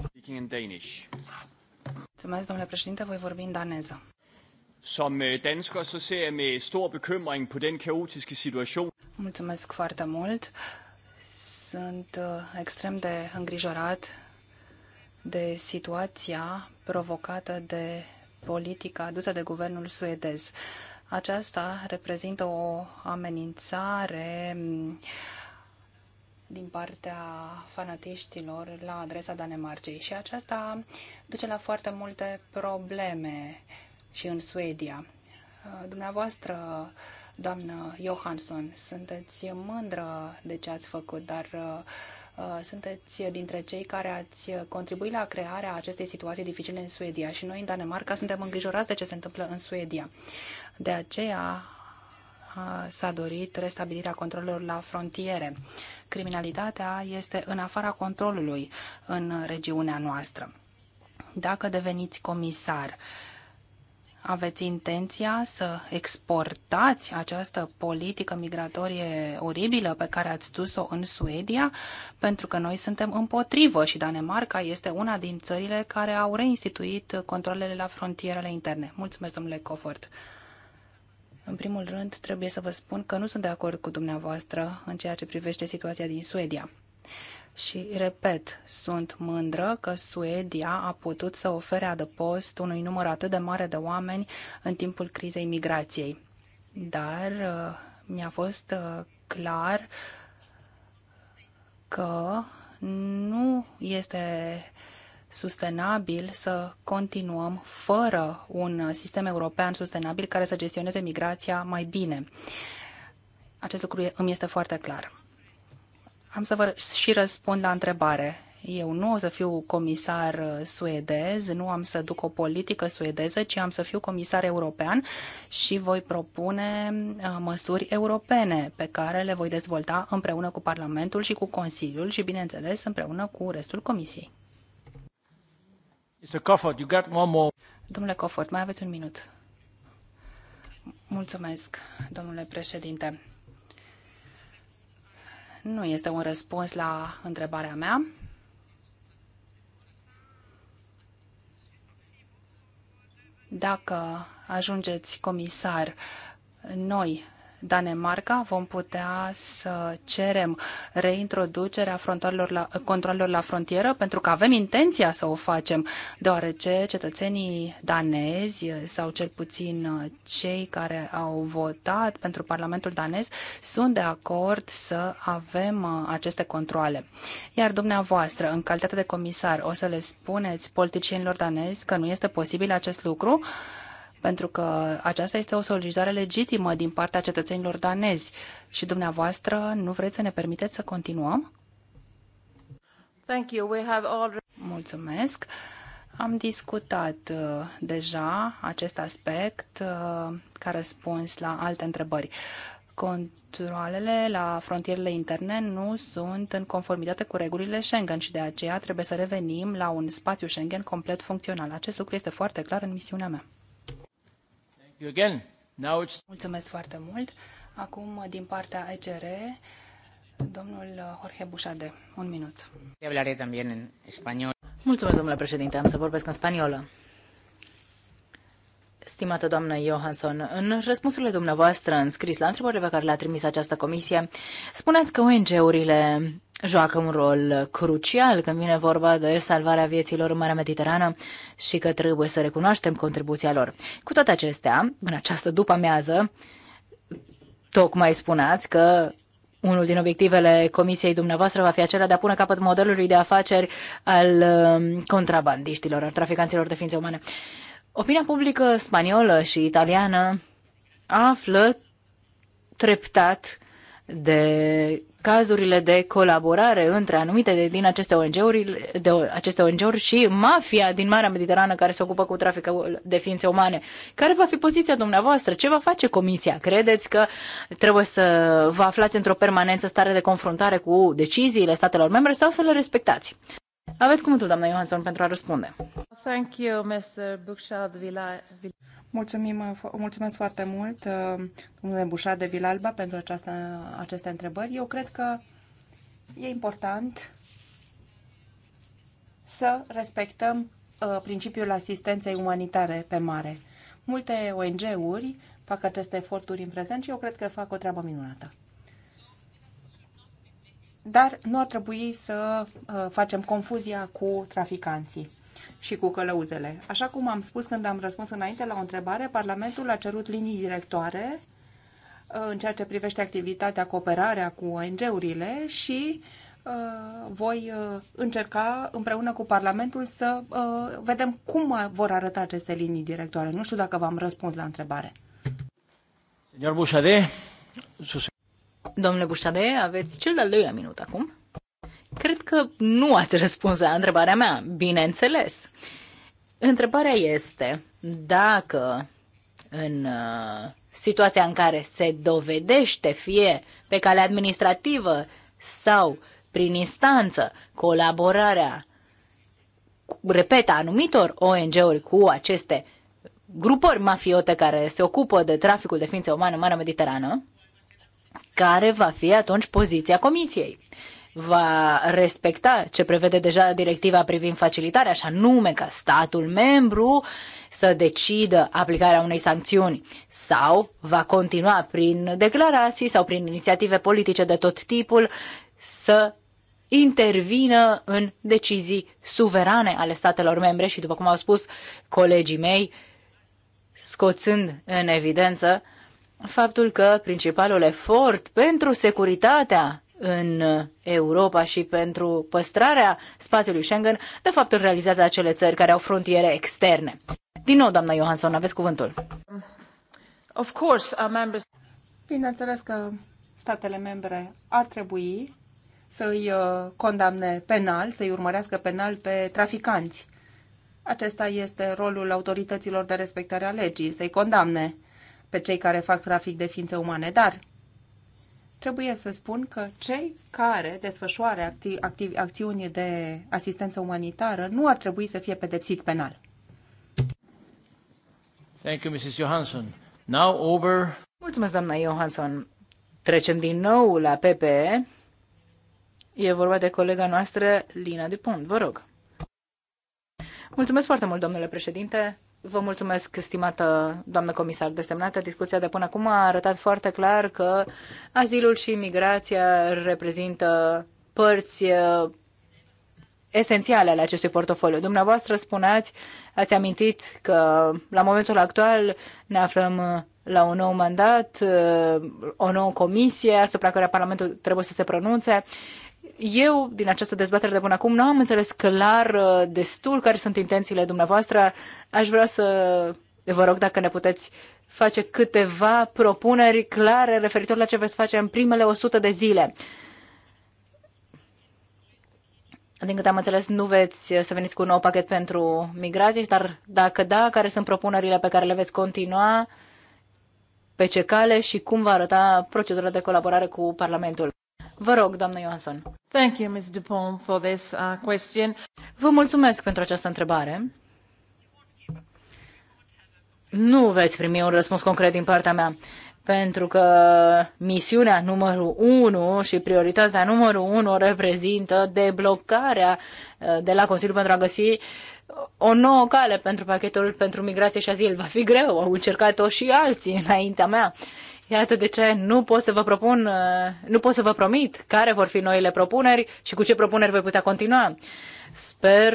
Mulțumesc, domnule președinte, voi vorbi în daneză. Som øh, dansker så ser jeg med stor bekymring på den kaotiske situation. Mulțumesc foarte mult. Sunt uh, extrem de îngrijorat de situația provocată de politica adusă de guvernul suedez. Aceasta reprezintă o amenințare mm, din partea fanatiștilor la adresa Danemarcei și aceasta duce la foarte multe probleme și în Suedia. Uh, dumneavoastră, doamnă Johansson, sunteți mândră de ce ați făcut, dar uh, uh, sunteți dintre cei care ați contribuit la crearea acestei situații dificile în Suedia și noi în Danemarca suntem îngrijorați de ce se întâmplă în Suedia. De aceea s-a dorit restabilirea controlelor la frontiere. Criminalitatea este în afara controlului în regiunea noastră. Dacă deveniți comisar, aveți intenția să exportați această politică migratorie oribilă pe care ați dus-o în Suedia? Pentru că noi suntem împotrivă și Danemarca este una din țările care au reinstituit controlele la frontierele interne. Mulțumesc, domnule Cofort. În primul rând, trebuie să vă spun că nu sunt de acord cu dumneavoastră în ceea ce privește situația din Suedia. Și, repet, sunt mândră că Suedia a putut să ofere adăpost unui număr atât de mare de oameni în timpul crizei migrației. Dar uh, mi-a fost uh, clar că nu este uh, sustenabil să continuăm fără un sistem european sustenabil care să gestioneze migrația mai bine. Acest lucru îmi este foarte clar. Am să vă și răspund la întrebare. Eu nu o să fiu comisar suedez, nu am să duc o politică suedeză, ci am să fiu comisar european și voi propune uh, măsuri europene pe care le voi dezvolta împreună cu Parlamentul și cu Consiliul și, bineînțeles, împreună cu restul Comisiei. Mr. Cofford, you got one more. Domnule Cofford, mai aveți un minut. Mulțumesc, domnule președinte. Nu este un răspuns la întrebarea mea. Dacă ajungeți comisar, noi Danemarca vom putea să cerem reintroducerea controlelor la, controlelor la frontieră pentru că avem intenția să o facem, deoarece cetățenii danezi sau cel puțin uh, cei care au votat pentru Parlamentul danez sunt de acord să avem uh, aceste controle. Iar dumneavoastră, în calitate de comisar, o să le spuneți politicienilor danezi că nu este posibil acest lucru? pentru că aceasta este o solicitare legitimă din partea cetățenilor danezi și dumneavoastră nu vreți să ne permiteți să continuăm? Thank you. We have already... Mulțumesc. Am discutat uh, deja acest aspect uh, ca răspuns la alte întrebări controlele la frontierele interne nu sunt în conformitate cu regulile Schengen și de aceea trebuie să revenim la un spațiu Schengen complet funcțional. Acest lucru este foarte clar în misiunea mea. Mulțumesc foarte mult. Acum, din partea ECR, domnul Jorge Bușade. Un minut. Mulțumesc, domnule președinte. Am să vorbesc în spaniolă. Stimată doamnă Johansson, în răspunsurile dumneavoastră înscris la întrebările pe care le-a trimis această comisie, spuneți că ONG-urile joacă un rol crucial când vine vorba de salvarea vieților în Marea Mediterană și că trebuie să recunoaștem contribuția lor. Cu toate acestea, în această după-amiază, tocmai spuneați că unul din obiectivele comisiei dumneavoastră va fi acela de a pune capăt modelului de afaceri al um, contrabandiștilor, al traficanților de ființe umane. Opinia publică spaniolă și italiană află treptat de cazurile de colaborare între anumite din aceste ONG-uri, de aceste ONG-uri și mafia din Marea Mediterană care se ocupă cu traficul de ființe umane. Care va fi poziția dumneavoastră? Ce va face comisia? Credeți că trebuie să vă aflați într-o permanență stare de confruntare cu deciziile statelor membre sau să le respectați? Aveți cuvântul, doamna Johansson, pentru a răspunde. Thank you, Mr. Buchshad Mulțumim, uh, mulțumesc foarte mult, uh, domnule Bușad de Vilalba, pentru această, aceste întrebări. Eu cred că e important să respectăm uh, principiul asistenței umanitare pe mare. Multe ONG-uri fac aceste eforturi în prezent și eu cred că fac o treabă minunată dar nu ar trebui să uh, facem confuzia cu traficanții și cu călăuzele. Așa cum am spus când am răspuns înainte la o întrebare, Parlamentul a cerut linii directoare uh, în ceea ce privește activitatea, cooperarea cu ONG-urile și uh, voi încerca împreună cu Parlamentul să vedem cum vor arăta aceste linii directoare. Nu știu dacă v-am răspuns la întrebare. Señor Bouchardet, sus... Domnule Bușade, aveți cel de-al doilea minut acum. Cred că nu ați răspuns la întrebarea mea, bineînțeles. Întrebarea este dacă în uh, situația în care se dovedește fie pe cale administrativă sau prin instanță colaborarea, repet, a anumitor ONG-uri cu aceste grupări mafiote care se ocupă de traficul de ființe umane în Marea Mediterană, care va fi atunci poziția Comisiei va respecta ce prevede deja directiva privind facilitarea, așa nume ca statul membru să decidă aplicarea unei sancțiuni sau va continua prin declarații sau prin inițiative politice de tot tipul să intervină în decizii suverane ale statelor membre și, după cum au spus colegii mei, scoțând în evidență faptul că principalul efort pentru securitatea în Europa și pentru păstrarea spațiului Schengen, de fapt îl realizează acele țări care au frontiere externe. Din nou, doamna Johansson, aveți cuvântul. Of course, members... Bineînțeles că statele membre ar trebui să îi uh, condamne penal, să îi urmărească penal pe traficanți. Acesta este rolul autorităților de respectare a legii, să-i condamne pe cei care fac trafic de ființe umane, dar trebuie să spun că cei care desfășoară acti- acti- acțiuni de asistență umanitară nu ar trebui să fie pedepsiți penal. Thank you, Mrs. Johansson. Now over... Mulțumesc, doamna Johansson. Trecem din nou la PPE. E vorba de colega noastră, Lina Dupont. Vă rog. Mulțumesc foarte mult, domnule președinte. Vă mulțumesc, stimată doamnă comisar desemnată. Discuția de până acum a arătat foarte clar că azilul și migrația reprezintă părți uh, esențiale ale acestui portofoliu. Dumneavoastră spuneați, ați amintit că la momentul actual ne aflăm uh, la un nou mandat, uh, o nouă comisie asupra care Parlamentul trebuie să se pronunțe eu, din această dezbatere de până acum, nu am înțeles clar uh, destul care sunt intențiile dumneavoastră. Aș vrea să vă rog dacă ne puteți face câteva propuneri clare referitor la ce veți face în primele 100 de zile. Din câte am înțeles, nu veți să veniți cu un nou pachet pentru migrații, dar dacă da, care sunt propunerile pe care le veți continua, pe ce cale și cum va arăta procedura de colaborare cu Parlamentul? Vă rog, doamnă Johansson. Thank you, Ms. Dupont, for this uh, question. Vă mulțumesc pentru această întrebare. Nu veți primi un răspuns concret din partea mea, pentru că misiunea numărul 1 și prioritatea numărul 1 reprezintă deblocarea uh, de la Consiliu pentru a găsi o nouă cale pentru pachetul pentru migrație și azil. Va fi greu, au încercat-o și alții înaintea mea. Iată de ce nu pot să vă propun, uh, nu pot să vă promit care vor fi noile propuneri și cu ce propuneri voi putea continua. Sper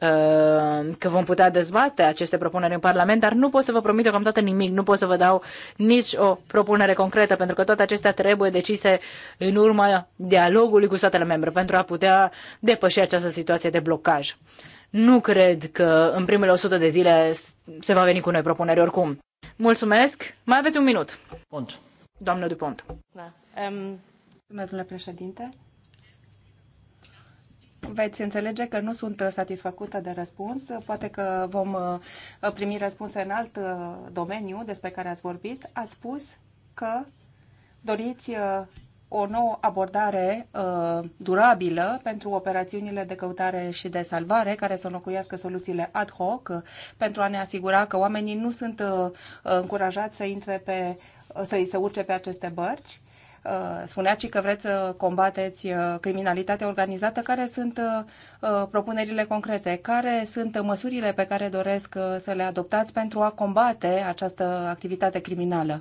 uh, că vom putea dezbate aceste propuneri în Parlament, dar nu pot să vă promit deocamdată nimic, nu pot să vă dau nici o propunere concretă, pentru că toate acestea trebuie decise în urma dialogului cu statele membre pentru a putea depăși această situație de blocaj. Nu cred că în primele 100 de zile se va veni cu noi propuneri oricum. Mulțumesc. Mai aveți un minut. Pont. Doamnă Dupont. Da. Um... Mulțumesc, domnule președinte. Veți înțelege că nu sunt satisfăcută de răspuns. Poate că vom uh, primi răspunse în alt uh, domeniu despre care ați vorbit. Ați spus că doriți uh, o nouă abordare uh, durabilă pentru operațiunile de căutare și de salvare, care să înlocuiască soluțiile ad hoc, uh, pentru a ne asigura că oamenii nu sunt uh, uh încurajați să intre pe, uh, să, să urce pe aceste bărci. Uh, spuneați și că vreți să combateți uh, criminalitatea organizată. Care sunt propunerile concrete? Care sunt măsurile pe care doresc să le adoptați pentru a combate această activitate criminală?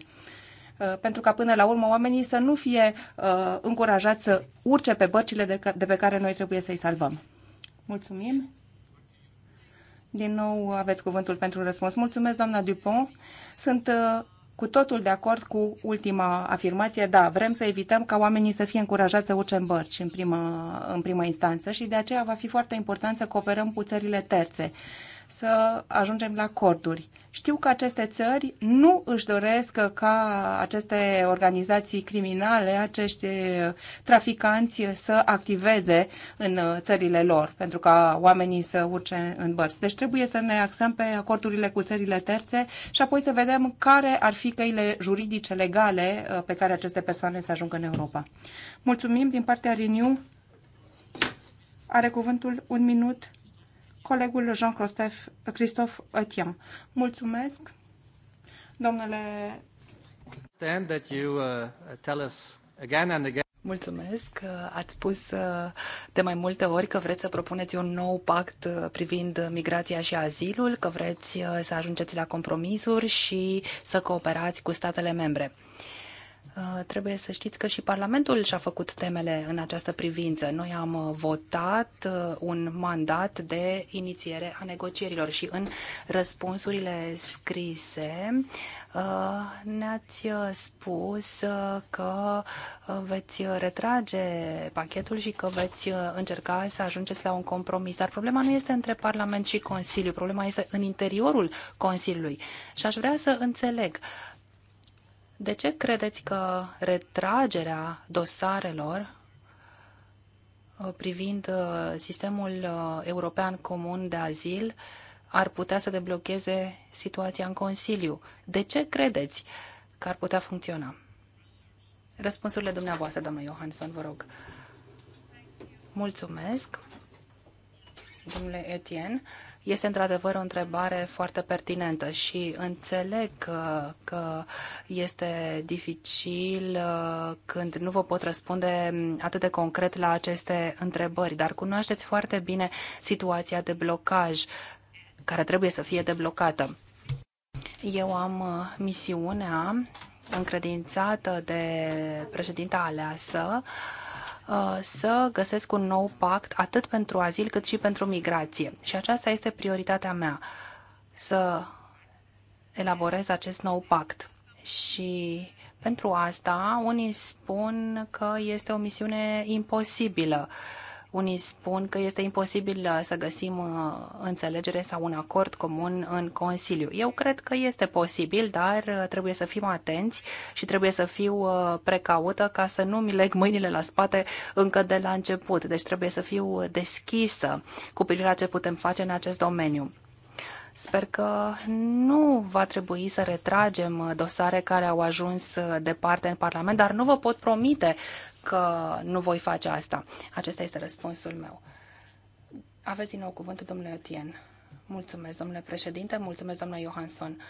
Uh, pentru ca până la urmă oamenii să nu fie uh, încurajați să urce pe bărcile de pe care noi trebuie să-i salvăm. Mulțumim! Din nou aveți cuvântul pentru răspuns. Mulțumesc, doamna Dupont. Sunt uh, cu totul de acord cu ultima afirmație. Da, vrem să evităm ca oamenii să fie încurajați să urce în bărci în prima, în prima instanță și de aceea va fi foarte important să cooperăm cu țările terțe să ajungem la acorduri. Știu că aceste țări nu își doresc ca aceste organizații criminale, acești traficanți să activeze în țările lor, pentru ca oamenii să urce în bărți. Deci trebuie să ne axăm pe acordurile cu țările terțe și apoi să vedem care ar fi căile juridice legale uh, pe care aceste persoane să ajungă în Europa. Mulțumim din partea Renew. Are cuvântul un minut colegul Jean-Christophe Etienne. Mulțumesc, domnule. That you, uh, tell us again and again. Mulțumesc. Uh, ați spus uh, de mai multe ori că vreți să propuneți un nou pact uh, privind migrația și azilul, că vreți să ajungeți la compromisuri și să cooperați cu statele membre. Uh, trebuie să știți că și Parlamentul și-a făcut temele în această privință. Noi am uh, votat uh, un mandat de inițiere a negocierilor și în răspunsurile scrise ne-ați spus că veți retrage pachetul și că veți încerca să ajungeți la un compromis. Dar problema nu este între Parlament și Consiliu, problema este în interiorul Consiliului. Și aș vrea să înțeleg de ce credeți că retragerea dosarelor uh, privind uh, sistemul uh, european comun de azil ar putea să deblocheze situația în Consiliu? De ce credeți că ar putea funcționa? Răspunsurile dumneavoastră, domnul Johansson, vă rog. Mulțumesc, domnule Etienne. Este într-adevăr o întrebare foarte pertinentă și înțeleg că, uh, că este dificil uh, când nu vă pot răspunde mm, atât de concret la aceste întrebări, dar cunoașteți foarte bine situația de blocaj care trebuie să fie deblocată. Eu am uh, misiunea încredințată de președinta aleasă uh, Uh, să găsesc un nou pact atât pentru azil cât și pentru migrație. Și aceasta este prioritatea mea, să elaborez acest nou pact. Și pentru asta unii spun că este o misiune imposibilă unii spun că este imposibil uh, să găsim uh, înțelegere sau un acord comun în Consiliu. Eu cred că este posibil, dar uh, trebuie să fim atenți și trebuie să fiu precaută ca să nu mi leg mâinile la spate încă de la început. Deci trebuie să fiu deschisă cu privire la ce putem face în acest domeniu. Sper că nu va trebui să retragem dosare care au ajuns departe în Parlament, dar nu vă pot promite că nu voi face asta. Acesta este răspunsul meu. Aveți din nou cuvântul, domnule Otien. Mulțumesc, domnule președinte, mulțumesc, domnule Johansson.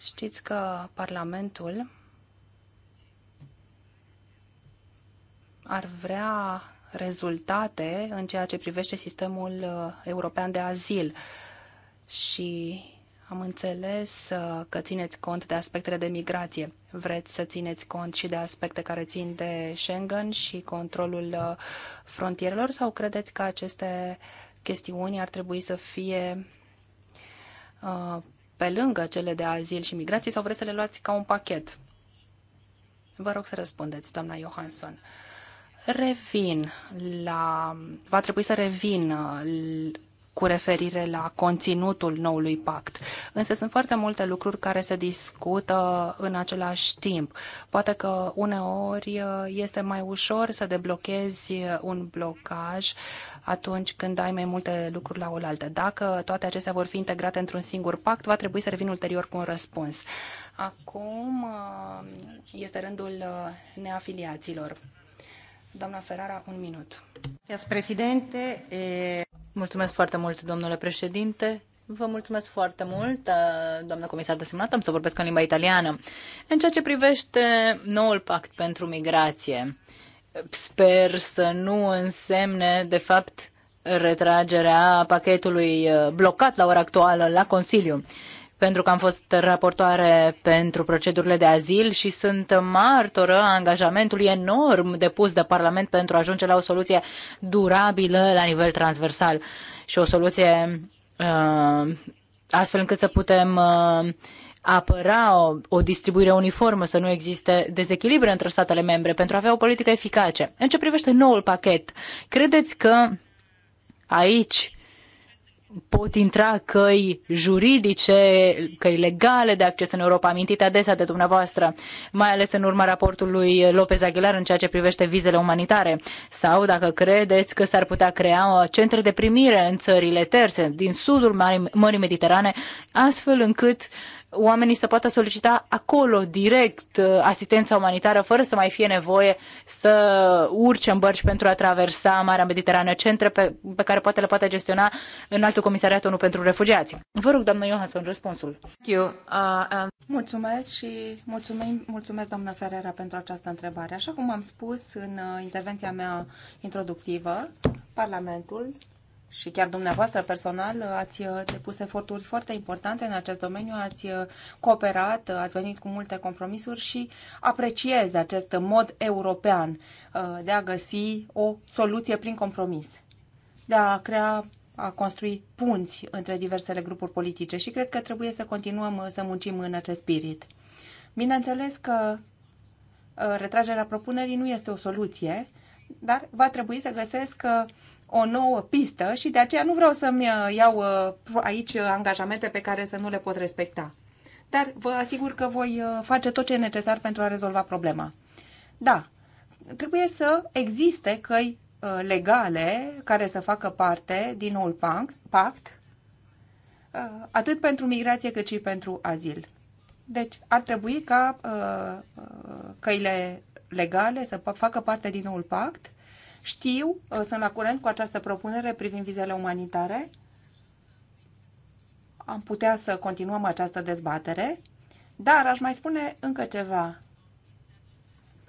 Știți că Parlamentul ar vrea rezultate în ceea ce privește sistemul uh, european de azil și am înțeles uh, că țineți cont de aspectele de migrație. Vreți să țineți cont și de aspecte care țin de Schengen și controlul uh, frontierelor sau credeți că aceste chestiuni ar trebui să fie pe lângă cele de azil și migrație sau vreți să le luați ca un pachet? Vă rog să răspundeți, doamna Johansson. Revin la... Va trebui să revin uh, cu referire la conținutul noului pact. Însă sunt foarte multe lucruri care se discută în același timp. Poate că uneori uh, este mai ușor să deblochezi uh, un blocaj atunci când ai mai multe lucruri la oaltă. Dacă toate acestea vor fi integrate într-un singur pact, va trebui să revin ulterior cu un răspuns. Acum este rândul neafiliaților. Doamna Ferrara, un minut. președinte. Mulțumesc foarte mult, domnule președinte. Vă mulțumesc foarte mult, uh, doamnă comisar de semnat, am să vorbesc în limba italiană. În ceea ce privește noul pact pentru migrație, sper să nu însemne, de fapt, retragerea pachetului uh, blocat la ora actuală la Consiliu pentru că am fost raportoare pentru procedurile de azil și sunt martoră a angajamentului enorm depus de Parlament pentru a ajunge la o soluție durabilă la nivel transversal și o soluție uh, astfel încât să putem uh, apăra o, o distribuire uniformă, să nu existe dezechilibre între statele membre pentru a avea o politică eficace. În ce privește noul pachet, credeți că aici pot intra căi juridice, căi legale de acces în Europa, amintite adesea de dumneavoastră, mai ales în urma raportului Lopez Aguilar în ceea ce privește vizele umanitare, sau dacă credeți că s-ar putea crea centre de primire în țările terțe din sudul Mării Mediterane, astfel încât uh, oamenii să poată solicita acolo direct uh, asistența umanitară fără să mai fie nevoie să urce în bărci pentru a traversa Marea Mediterană, centre pe, pe care poate le poate gestiona în altul comisariat ONU pentru refugiați. Vă rog, doamnă Johansson, răspunsul. Uh, um, mulțumesc și mulțumim, mulțumesc, doamnă Ferera pentru această întrebare. Așa cum am spus în uh, intervenția mea introductivă, Parlamentul și chiar dumneavoastră personal ați uh, depus eforturi foarte importante în acest domeniu, ați uh, cooperat, uh, ați venit cu multe compromisuri și apreciez acest mod european de a găsi o soluție prin compromis, de a crea a construi punți între diversele grupuri politice și cred că trebuie să continuăm să muncim în acest spirit. Bineînțeles că retragerea propunerii nu este o soluție, dar va trebui să găsesc o nouă pistă și de aceea nu vreau să-mi uh, iau uh, aici uh, angajamente pe care să nu le pot respecta. Dar vă asigur că voi face tot ce e necesar pentru a rezolva problema. Da, trebuie să existe căi legale care să facă parte din noul pact, atât pentru migrație cât și pentru azil. Deci ar trebui ca căile legale să facă parte din noul pact știu, uh, sunt la curent cu această propunere privind vizele umanitare. Am putea să continuăm această dezbatere, dar aș mai spune încă ceva.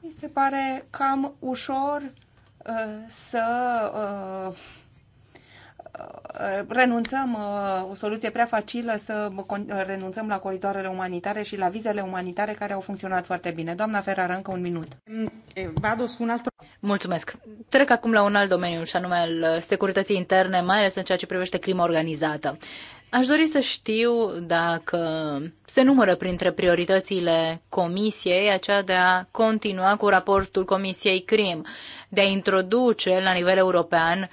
Mi se pare cam ușor uh, să uh, renunțăm, uh, o soluție prea facilă să renunțăm la coridoarele umanitare și la vizele umanitare care au funcționat foarte bine. Doamna Ferrar, încă un minut. Mulțumesc. Trec acum la un alt domeniu, și anume al securității interne, mai ales în ceea ce privește crima organizată. Aș dori să știu dacă se numără printre prioritățile comisiei aceea de a continua cu raportul comisiei CRIM, de a introduce la nivel european uh,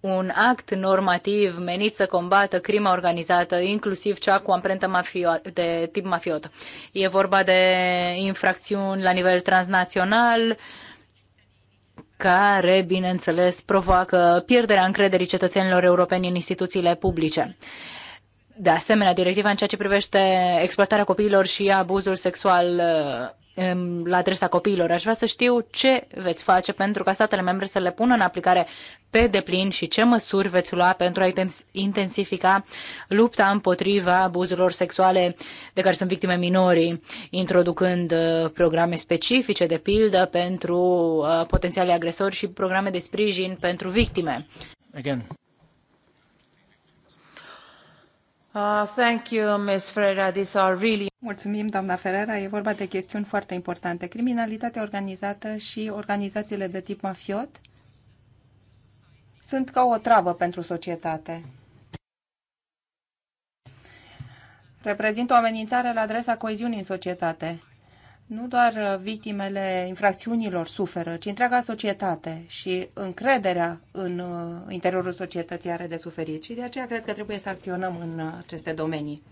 un act normativ menit să combată crima organizată, inclusiv cea cu amprentă mafio- de tip mafiot. E vorba de infracțiuni la nivel transnațional, care, bineînțeles, provoacă pierderea încrederii cetățenilor europeni în instituțiile publice. De asemenea, directiva în ceea ce privește exploatarea copiilor și abuzul sexual la adresa copiilor. Aș vrea să știu ce veți face pentru ca statele membre să le pună în aplicare pe deplin și ce măsuri veți lua pentru a intensifica lupta împotriva abuzurilor sexuale de care sunt victime minorii, introducând uh, programe specifice, de pildă, pentru uh, potențiale agresori și programe de sprijin pentru victime. Again. Uh, thank you, Ms. Ferreira. These are really... Mulțumim, doamna Ferreira. E vorba de chestiuni foarte importante. Criminalitatea organizată și organizațiile de tip mafiot sunt ca o travă pentru societate. Reprezintă o amenințare la adresa coeziunii în societate nu doar uh, victimele infracțiunilor suferă, ci întreaga societate și încrederea în uh, interiorul societății are de suferit și de aceea cred că trebuie să acționăm în uh, aceste domenii.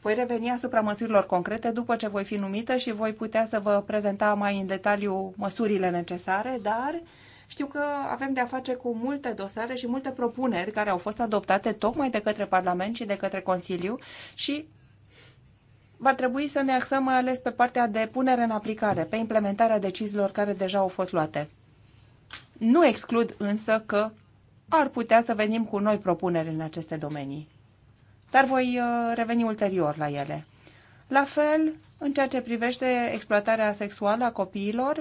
Voi reveni asupra măsurilor concrete după ce voi fi numită și voi putea să vă prezenta mai în detaliu măsurile necesare, dar știu că avem de a face cu multe dosare și multe propuneri care au fost adoptate tocmai de către Parlament și de către Consiliu și va trebui să ne axăm mai ales pe partea de punere în aplicare, pe implementarea deciziilor care deja au fost luate. Nu exclud însă că ar putea să venim cu noi propuneri în aceste domenii. Dar voi uh, reveni ulterior la ele. La fel, în ceea ce privește exploatarea sexuală a copiilor,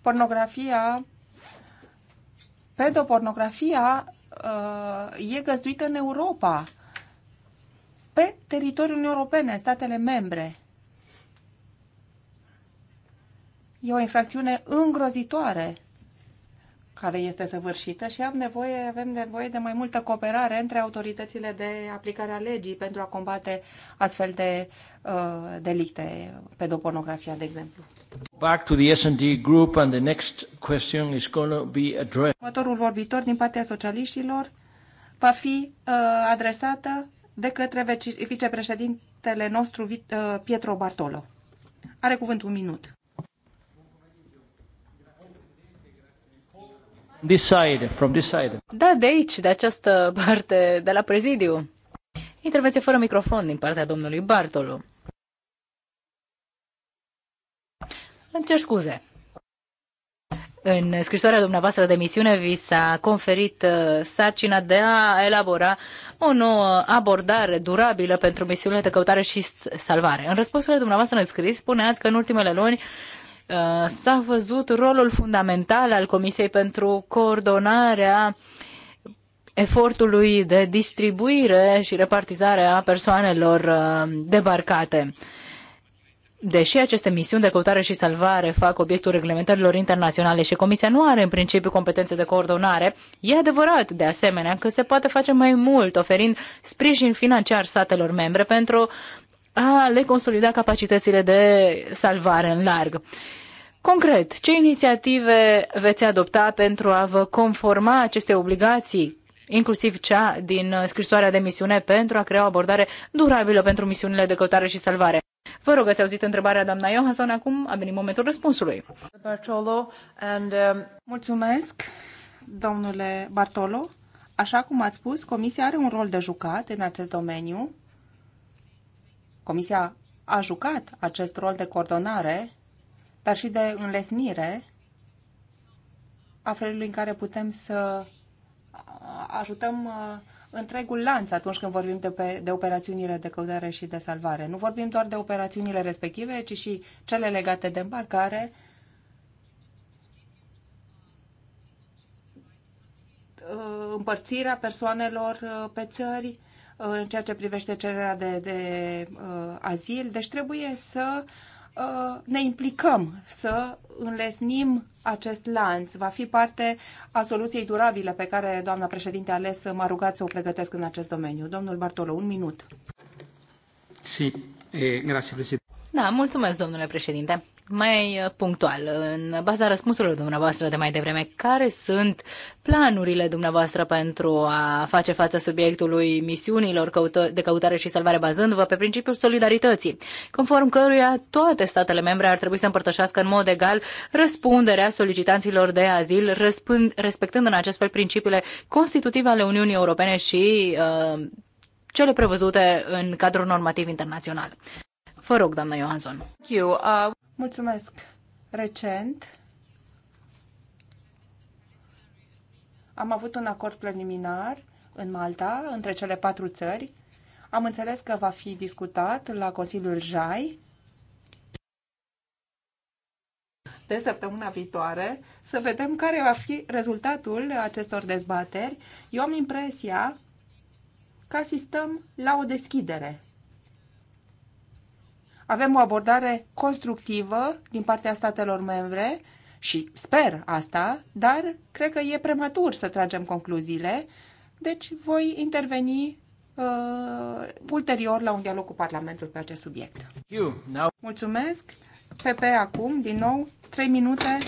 pornografia pedopornografia uh, e găzduită în Europa, pe teritoriul Uniunii Europene, statele membre. E o infracțiune îngrozitoare care este săvârșită și am nevoie, avem nevoie de mai multă cooperare între autoritățile de aplicare a legii pentru a combate astfel de uh, delicte, pedopornografia, de exemplu. Back to the S&D group and the next question is going to be addressed. Următorul vorbitor din partea socialiștilor va fi uh, adresată de către vicepreședintele nostru uh, Pietro Bartolo. Are cuvântul un minut. This side, from this side. Da, de aici, de această parte, de la prezidiu. Intervenție fără microfon din partea domnului Bartolo. Îmi cer scuze. În scrisoarea dumneavoastră de misiune vi s-a conferit uh, sarcina de a elabora o nouă abordare durabilă pentru misiunile de căutare și salvare. În răspunsurile dumneavoastră în scris spuneați că în ultimele luni Uh, s-a văzut rolul fundamental al Comisiei pentru coordonarea efortului de distribuire și repartizare a persoanelor uh, debarcate. Deși aceste misiuni de căutare și salvare fac obiectul reglementărilor internaționale și Comisia nu are în principiu competențe de coordonare, e adevărat de asemenea că se poate face mai mult oferind sprijin financiar statelor membre pentru a le consolida capacitățile de salvare în larg. Concret, ce inițiative veți adopta pentru a vă conforma aceste obligații, inclusiv cea din scrisoarea de misiune, pentru a crea o abordare durabilă pentru misiunile de căutare și salvare? Vă rog, ați auzit întrebarea doamna Johansson, acum a venit momentul răspunsului. Bartolo and, um... Mulțumesc, domnule Bartolo. Așa cum ați spus, Comisia are un rol de jucat în acest domeniu Comisia a jucat acest rol de coordonare, dar și de înlesnire a felului în care putem să ajutăm uh, întregul lanț atunci când vorbim de, pe, de operațiunile de căutare și de salvare. Nu vorbim doar de operațiunile respective, ci și cele legate de îmbarcare, uh, împărțirea persoanelor uh, pe țări, în ceea ce privește cererea de, de uh, azil. Deci trebuie să uh, ne implicăm, să înlesnim acest lanț. Va fi parte a soluției durabile pe care doamna președinte a ales să mă rugați să o pregătesc în acest domeniu. Domnul Bartolo, un minut. Si, eh, grazie, Da, mulțumesc, domnule președinte mai uh, punctual, în baza răspunsurilor dumneavoastră de mai devreme, care sunt planurile dumneavoastră pentru a face față subiectului misiunilor de căutare și salvare bazându-vă pe principiul solidarității, conform căruia toate statele membre ar trebui să împărtășească în mod egal răspunderea solicitanților de azil, respectând în acest fel principiile constitutive ale Uniunii Europene și uh, cele prevăzute în cadrul normativ internațional. Vă rog, doamna Johansson. Uh, Mulțumesc. Recent am avut un acord preliminar în Malta între cele patru țări. Am înțeles că va fi discutat la Consiliul JAI de săptămâna viitoare, să vedem care va fi rezultatul acestor dezbateri. Eu am impresia că asistăm la o deschidere avem o abordare constructivă din partea statelor membre și sper asta, dar cred că e prematur să tragem concluziile, deci voi interveni uh, ulterior la un dialog cu Parlamentul pe acest subiect. Mulțumesc! PP acum, din nou, 3 minute.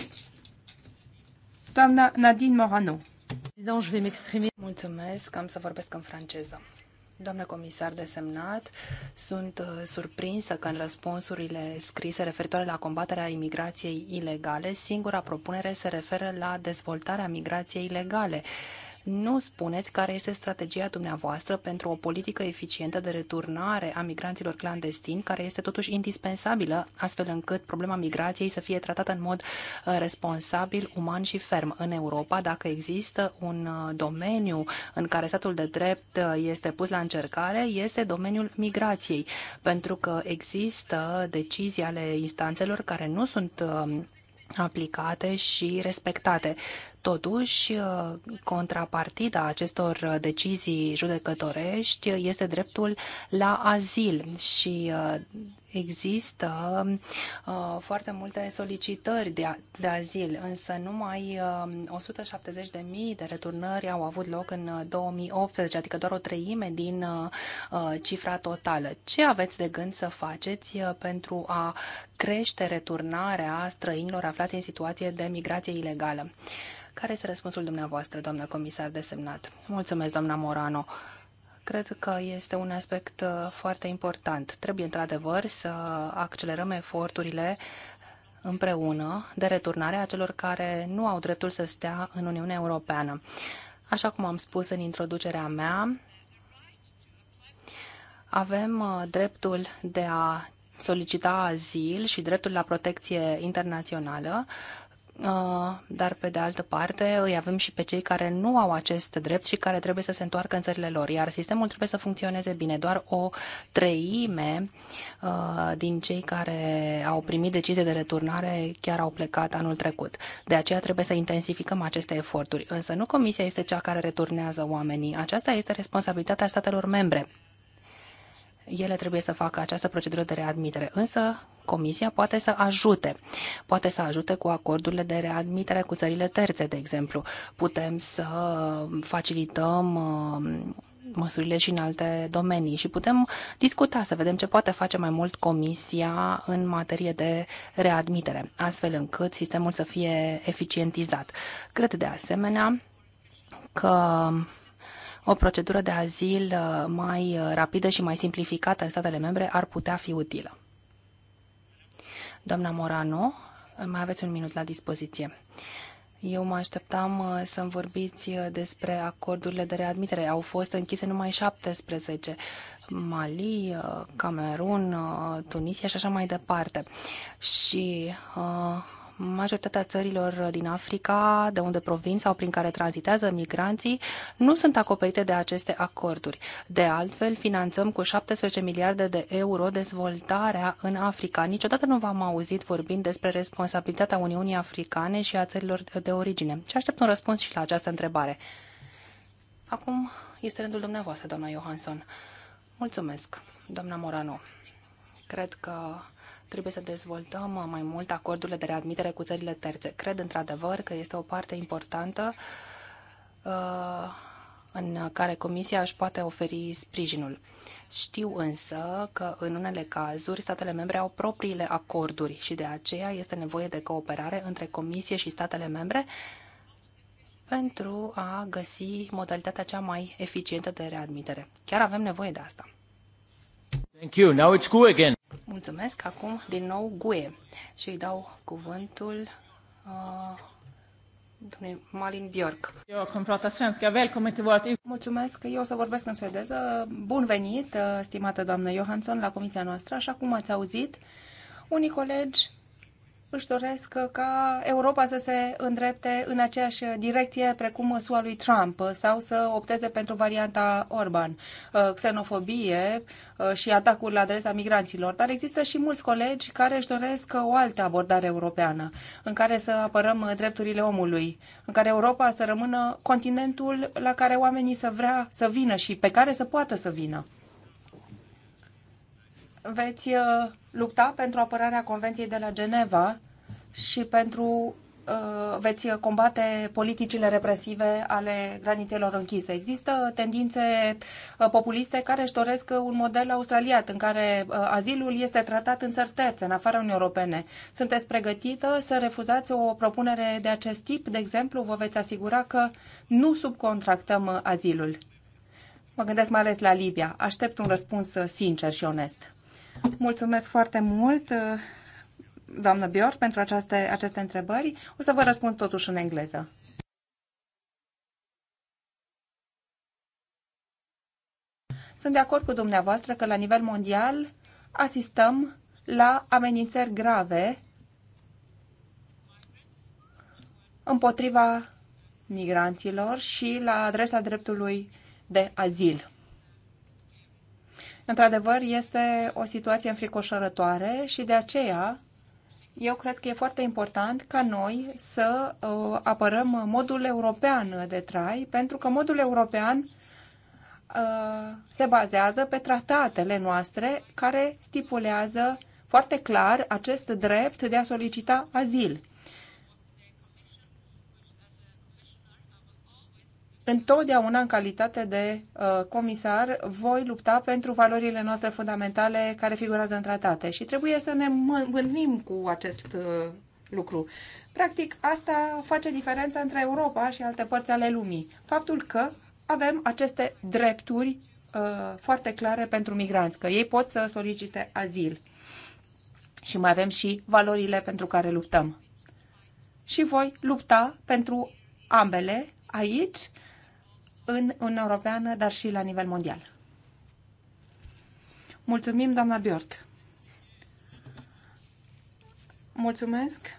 Doamna Nadine Morano. Mulțumesc, am să vorbesc în franceză. Doamnă comisar desemnat, sunt uh, surprinsă că în răspunsurile scrise referitoare la combaterea imigrației ilegale, singura propunere se referă la dezvoltarea migrației ilegale nu spuneți care este strategia dumneavoastră pentru o politică eficientă de returnare a migranților clandestini, care este totuși indispensabilă, astfel încât problema migrației să fie tratată în mod uh, responsabil, uman și ferm în Europa, dacă există un uh, domeniu în care statul de drept uh, este pus la încercare, este domeniul migrației, pentru că există decizii ale instanțelor care nu sunt aplicate și respectate. Totuși, contrapartida acestor decizii judecătorești este dreptul la azil și există uh, foarte multe solicitări de, a, de azil, însă numai uh, 170.000 de returnări au avut loc în 2018, uh, adică doar o treime din uh, uh, cifra totală. Ce aveți de gând să faceți uh, pentru a crește returnarea străinilor aflați în situație de migrație ilegală? Care este răspunsul dumneavoastră, doamnă comisar desemnat? Mulțumesc, doamna Morano. Uh, Cred că este un aspect uh, foarte important. Trebuie, într-adevăr, să accelerăm eforturile împreună de returnare a celor care nu au dreptul să stea în Uniunea Europeană. Așa cum am spus în introducerea mea, avem uh, dreptul de a solicita azil și dreptul la protecție internațională Uh, dar pe de altă parte îi avem și pe cei care nu au acest drept și care trebuie să se întoarcă în țările lor, iar sistemul trebuie să funcționeze bine. Doar o treime uh, din cei care au primit decizie de returnare chiar au plecat anul trecut. De aceea trebuie să intensificăm aceste eforturi. Însă nu Comisia este cea care returnează oamenii. Aceasta este responsabilitatea statelor membre ele trebuie să facă această procedură de readmitere. Însă, Comisia poate să ajute. Poate să ajute cu acordurile de readmitere cu țările terțe, de exemplu. Putem să facilităm uh, măsurile și în alte domenii și putem discuta să vedem ce poate face mai mult Comisia în materie de readmitere, astfel încât sistemul să fie eficientizat. Cred de asemenea că o procedură de azil uh, mai uh, rapidă și mai simplificată în statele membre ar putea fi utilă. Doamna Morano, mai aveți un minut la dispoziție. Eu mă așteptam uh, să-mi vorbiți despre acordurile de readmitere. Au fost închise numai 17. Mali, Camerun, Tunisia și așa mai departe. Și uh, Majoritatea țărilor din Africa, de unde provin sau prin care tranzitează migranții, nu sunt acoperite de aceste acorduri. De altfel, finanțăm cu 17 miliarde de euro dezvoltarea în Africa. Niciodată nu v-am auzit vorbind despre responsabilitatea Uniunii Africane și a țărilor de origine. Și aștept un răspuns și la această întrebare. Acum este rândul dumneavoastră, doamna Johansson. Mulțumesc, doamna Morano. Cred că Trebuie să dezvoltăm mai mult acordurile de readmitere cu țările terțe. Cred într-adevăr că este o parte importantă uh, în care Comisia își poate oferi sprijinul. Știu însă că în unele cazuri statele membre au propriile acorduri și de aceea este nevoie de cooperare între Comisie și statele membre pentru a găsi modalitatea cea mai eficientă de readmitere. Chiar avem nevoie de asta. Thank you. Now it's cool again. Mulțumesc. Acum, din nou, Guie. Și îi dau cuvântul uh, domnului Malin Bjork. Eu am prata svenska. Welcome to vårt... Mulțumesc. Eu o să vorbesc în suedeză. Bun venit, uh, stimată doamnă Johansson, la comisia noastră. Așa cum ați auzit, unii colegi își doresc ca Europa să se îndrepte în aceeași direcție precum SUA lui Trump sau să opteze pentru varianta Orban, uh, xenofobie uh, și atacuri la adresa migranților. Dar există și mulți colegi care își doresc o altă abordare europeană, în care să apărăm drepturile omului, în care Europa să rămână continentul la care oamenii să vrea să vină și pe care să poată să vină veți uh, lupta pentru apărarea Convenției de la Geneva și pentru uh, veți combate politicile represive ale granițelor închise. Există tendințe uh, populiste care își doresc un model australiat în care uh, azilul este tratat în țări terțe, în afara Uniunii Europene. Sunteți pregătită să refuzați o propunere de acest tip? De exemplu, vă veți asigura că nu subcontractăm azilul. Mă gândesc mai ales la Libia. Aștept un răspuns sincer și onest. Mulțumesc foarte mult doamnă Bior, pentru aceste, aceste întrebări. O să vă răspund totuși în engleză. Sunt de acord cu dumneavoastră că la nivel mondial asistăm la amenințări grave împotriva migranților și la adresa dreptului de azil. Într-adevăr, este o situație înfricoșărătoare și de aceea eu cred că e foarte important ca noi să uh, apărăm modul european de trai, pentru că modul european uh, se bazează pe tratatele noastre care stipulează foarte clar acest drept de a solicita azil. întotdeauna în calitate de uh, comisar voi lupta pentru valorile noastre fundamentale care figurează în tratate și trebuie să ne mândrim cu acest uh, lucru. Practic, asta face diferența între Europa și alte părți ale lumii. Faptul că avem aceste drepturi uh, foarte clare pentru migranți, că ei pot să solicite azil. Și mai avem și valorile pentru care luptăm. Și voi lupta pentru ambele aici în Uniunea Europeană, dar și la nivel mondial. Mulțumim, doamna Bjork. Mulțumesc.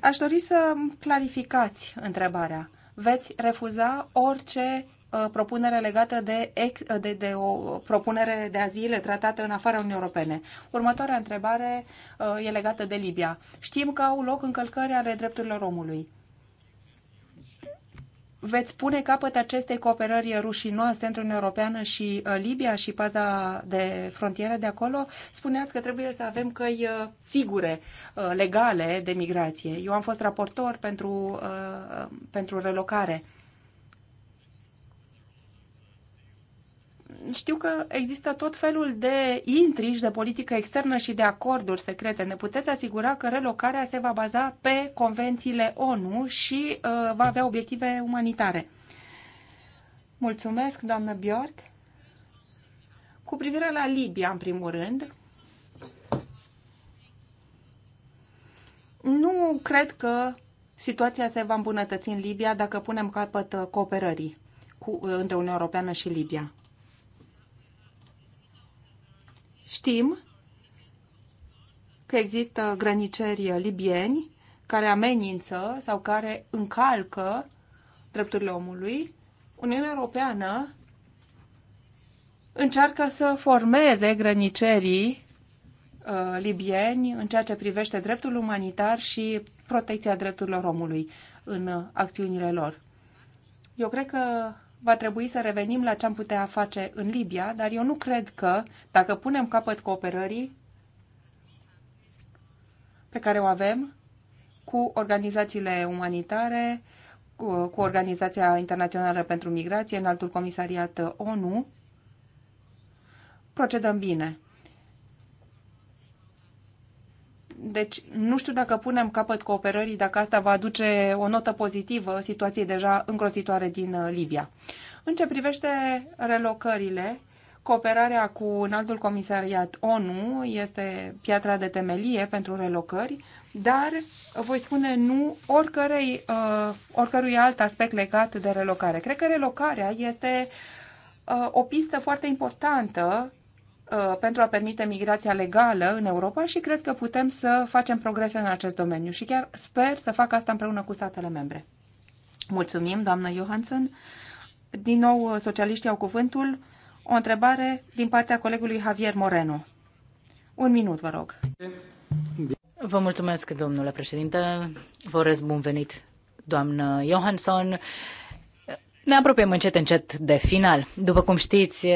Aș dori să clarificați întrebarea. Veți refuza orice uh, propunere legată de, ex, uh, de, de o propunere de azil tratată în afara Uniunii Europene. Următoarea întrebare uh, e legată de Libia. Știm că au loc încălcări ale drepturilor omului veți pune capăt acestei cooperări rușinoase între Uniunea Europeană și uh, Libia și paza de frontieră de acolo? Spuneați că trebuie să avem căi uh, sigure, uh, legale de migrație. Eu am fost raportor pentru, pentru relocare știu că există tot felul de intrigi de politică externă și de acorduri secrete. Ne puteți asigura că relocarea se va baza pe convențiile ONU și uh, va avea obiective umanitare. Mulțumesc, doamnă Bjork. Cu privire la Libia, în primul rând, nu cred că situația se va îmbunătăți în Libia dacă punem capăt cooperării cu, între Uniunea Europeană și Libia. Știm că există grăniceri libieni care amenință sau care încalcă drepturile omului. Uniunea Europeană încearcă să formeze grănicerii uh, libieni în ceea ce privește dreptul umanitar și protecția drepturilor omului în acțiunile lor. Eu cred că va trebui să revenim la ce am putea face în Libia, dar eu nu cred că, dacă punem capăt cooperării pe care o avem cu organizațiile umanitare, cu, Organizația Internațională pentru Migrație, în altul comisariat uh, ONU, procedăm bine. Deci nu știu dacă punem capăt cooperării, dacă asta va aduce o notă pozitivă situației deja îngrozitoare din uh, Libia. În ce privește relocările, cooperarea cu un altul comisariat ONU este piatra de temelie pentru relocări, dar voi spune nu oricărei, uh, oricărui alt aspect legat de relocare. Cred că relocarea este uh, o pistă foarte importantă Uh, pentru a permite migrația legală în Europa și cred că putem să facem progrese în acest domeniu și chiar sper să fac asta împreună cu statele membre. Mulțumim, doamnă Johansson. Din nou, uh, socialiștii au cuvântul. O întrebare din partea colegului Javier Moreno. Un minut, vă rog. Vă mulțumesc, domnule președinte. Vă urez bun venit, doamnă Johansson. Ne apropiem încet, încet de final. După cum știți,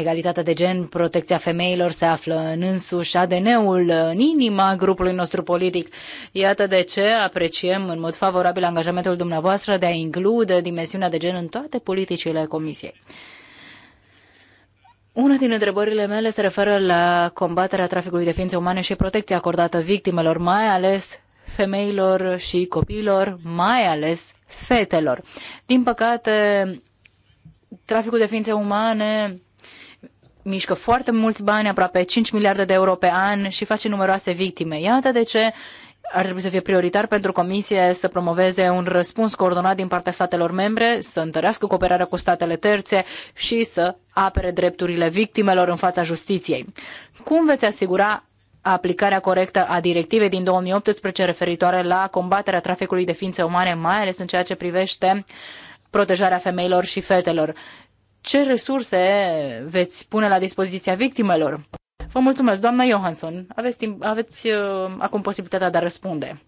Egalitatea de gen, protecția femeilor se află în însuși ADN-ul, în inima grupului nostru politic. Iată de ce apreciem în mod favorabil angajamentul dumneavoastră de a include dimensiunea de gen în toate politicile Comisiei. Una din întrebările mele se referă la combaterea traficului de ființe umane și protecția acordată victimelor, mai ales femeilor și copiilor, mai ales fetelor. Din păcate, traficul de ființe umane mișcă foarte mulți bani, aproape 5 miliarde de euro pe an și face numeroase victime. Iată de ce ar trebui să fie prioritar pentru Comisie să promoveze un răspuns coordonat din partea statelor membre, să întărească cooperarea cu statele terțe și să apere drepturile victimelor în fața justiției. Cum veți asigura aplicarea corectă a directivei din 2018 referitoare la combaterea traficului de ființe umane, mai ales în ceea ce privește protejarea femeilor și fetelor ce resurse veți pune la dispoziția victimelor? Vă mulțumesc, doamna Johansson. Aveți, timp, aveți uh, acum posibilitatea de a răspunde.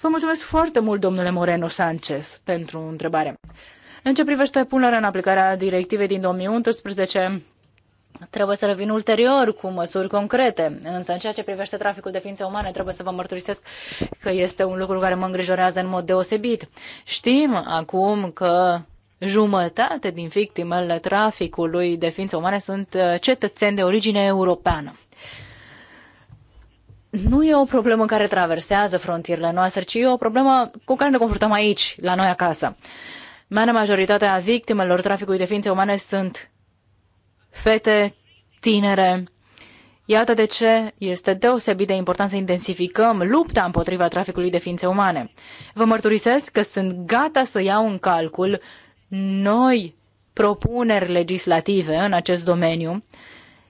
Vă mulțumesc foarte mult, domnule Moreno Sanchez, pentru întrebare. În ce privește punerea în aplicare a directivei din 2011, Trebuie să revin ulterior cu măsuri concrete, însă în ceea ce privește traficul de ființe umane trebuie să vă mărturisesc că este un lucru care mă îngrijorează în mod deosebit. Știm acum că Jumătate din victimele traficului de ființe umane sunt uh, cetățeni de origine europeană nu e o problemă care traversează frontierele noastre, ci e o problemă cu care ne confruntăm aici, la noi acasă. Marea majoritatea a victimelor traficului de ființe umane sunt fete, tinere. Iată de ce este deosebit de important să intensificăm lupta împotriva traficului de ființe umane. Vă mărturisesc că sunt gata să iau în calcul noi propuneri legislative în acest domeniu,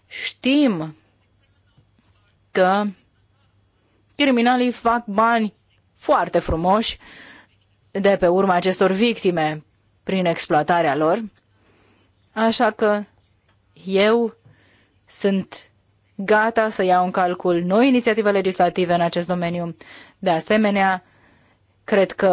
știm că criminalii fac bani foarte frumoși de pe urma acestor victime prin exploatarea lor. Așa că eu sunt gata să iau în calcul noi inițiative legislative în acest domeniu. De asemenea, cred că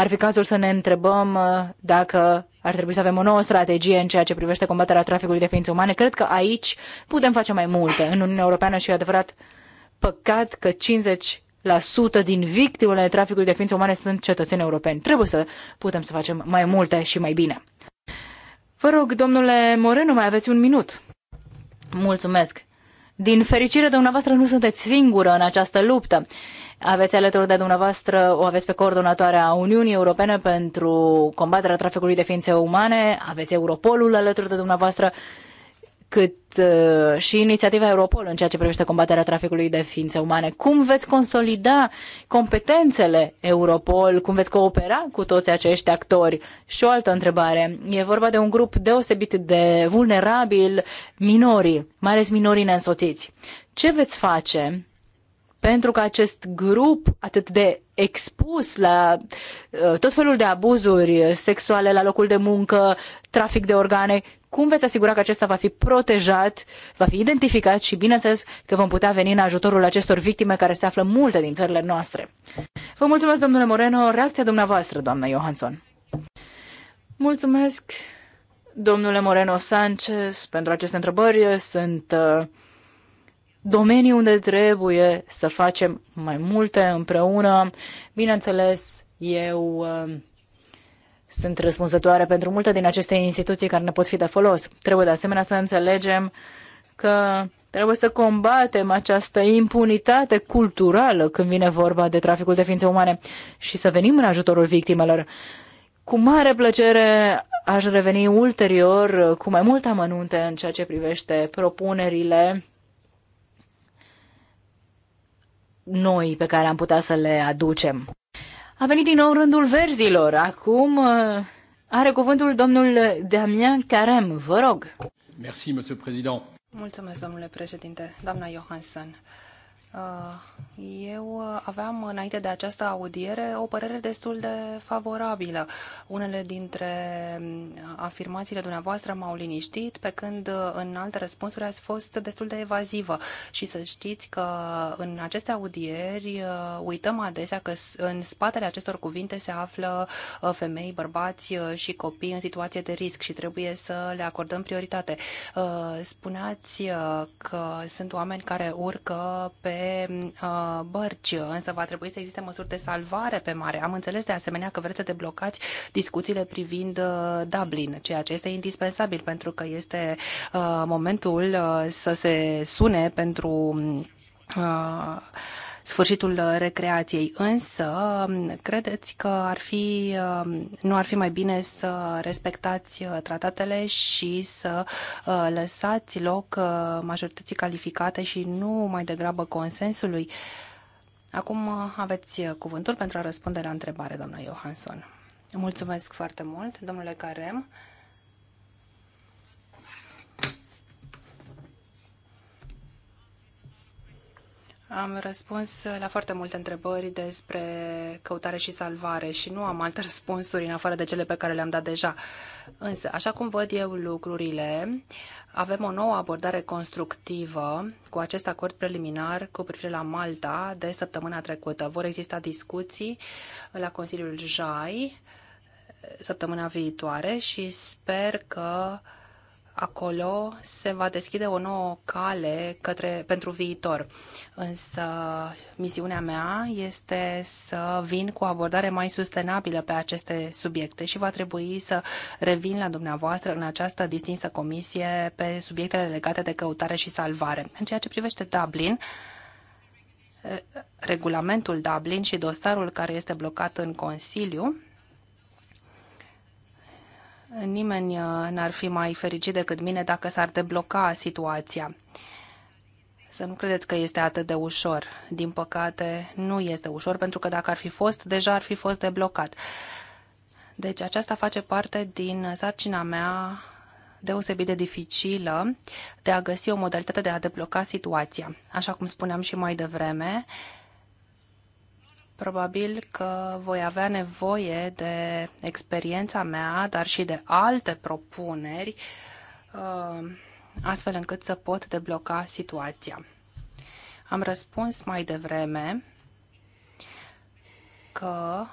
ar fi cazul să ne întrebăm uh, dacă ar trebui să avem o nouă strategie în ceea ce privește combaterea traficului de ființe umane. Cred că aici putem face mai multe în Uniunea Europeană și e adevărat păcat că 50% din victimele traficului de ființe umane sunt cetățeni europeni. Trebuie să putem să facem mai multe și mai bine. Vă rog, domnule Moreno, mai aveți un minut. Mulțumesc. Din fericire, dumneavoastră nu sunteți singură în această luptă. Aveți alături de dumneavoastră, o aveți pe coordonatoarea Uniunii Europene pentru combaterea traficului de ființe umane, aveți Europolul alături de dumneavoastră, cât uh, și inițiativa Europol în ceea ce privește combaterea traficului de ființe umane. Cum veți consolida competențele Europol? Cum veți coopera cu toți acești actori? Și o altă întrebare. E vorba de un grup deosebit de vulnerabil, minorii, mai ales minorii neînsoțiți. Ce veți face pentru că acest grup atât de expus la uh, tot felul de abuzuri sexuale la locul de muncă, trafic de organe, cum veți asigura că acesta va fi protejat, va fi identificat și, bineînțeles, că vom putea veni în ajutorul acestor victime care se află multe din țările noastre. Vă mulțumesc, domnule Moreno. Reacția dumneavoastră, doamna Johansson. Mulțumesc, domnule Moreno Sanchez, pentru aceste întrebări. Sunt uh, domenii unde trebuie să facem mai multe împreună. Bineînțeles, eu uh, sunt răspunzătoare pentru multe din aceste instituții care ne pot fi de folos. Trebuie de asemenea să înțelegem că trebuie să combatem această impunitate culturală când vine vorba de traficul de ființe umane și să venim în ajutorul victimelor. Cu mare plăcere aș reveni ulterior cu mai multe amănunte în ceea ce privește propunerile noi pe care am putea să le aducem. A venit din nou rândul verzilor. Acum uh, are cuvântul domnul Damian Carem. Vă rog. Merci, monsieur président. Mulțumesc, domnule președinte, doamna Johansson. Uh, eu aveam înainte de această audiere o părere destul de favorabilă. Unele dintre um, afirmațiile dumneavoastră m-au liniștit, pe când uh, în alte răspunsuri ați fost destul de evazivă. Și să știți că uh, în aceste audieri uităm adesea că în spatele acestor cuvinte se află femei, bărbați și copii în situație de risc și trebuie să le acordăm prioritate. Spuneați că sunt oameni care urcă pe uh, bărci, însă va trebui să existe măsuri de salvare pe mare. Am înțeles de asemenea că vreți să deblocați discuțiile privind uh, Dublin, ceea ce este indispensabil pentru că este uh, momentul uh, să se sune pentru uh, sfârșitul uh, recreației, însă um, credeți că ar fi, um, nu ar fi mai bine să respectați uh, tratatele și să uh, lăsați loc majorității calificate și nu mai degrabă consensului? Acum aveți cuvântul pentru a răspunde la întrebare, doamna Johansson. Mulțumesc foarte mult, domnule Carem. Am răspuns la foarte multe întrebări despre căutare și salvare și nu am alte [LAUGHS] răspunsuri în afară de cele pe care le-am dat deja. Însă, așa cum văd eu lucrurile, avem o nouă abordare constructivă cu acest acord preliminar cu privire la Malta de săptămâna trecută. Vor exista discuții la Consiliul JAI săptămâna viitoare și sper că uh, acolo se va deschide o nouă cale către, pentru viitor. Însă misiunea mea este să vin cu o abordare mai sustenabilă pe aceste subiecte și va trebui să revin la dumneavoastră în această distinsă comisie pe subiectele legate de căutare și salvare. În ceea ce privește Dublin, eh, regulamentul Dublin și dosarul care este blocat în Consiliu, Nimeni uh, n-ar fi mai fericit decât mine dacă s-ar debloca situația. Să nu credeți că este atât de ușor. Din păcate, nu este ușor, pentru că dacă ar fi fost, deja ar fi fost deblocat. Deci aceasta face parte din sarcina mea deosebit de dificilă de a găsi o modalitate de a debloca situația. Așa cum spuneam și mai devreme, Probabil că voi avea nevoie de experiența mea, dar și de alte propuneri, uh, astfel încât să pot debloca situația. Am răspuns mai devreme că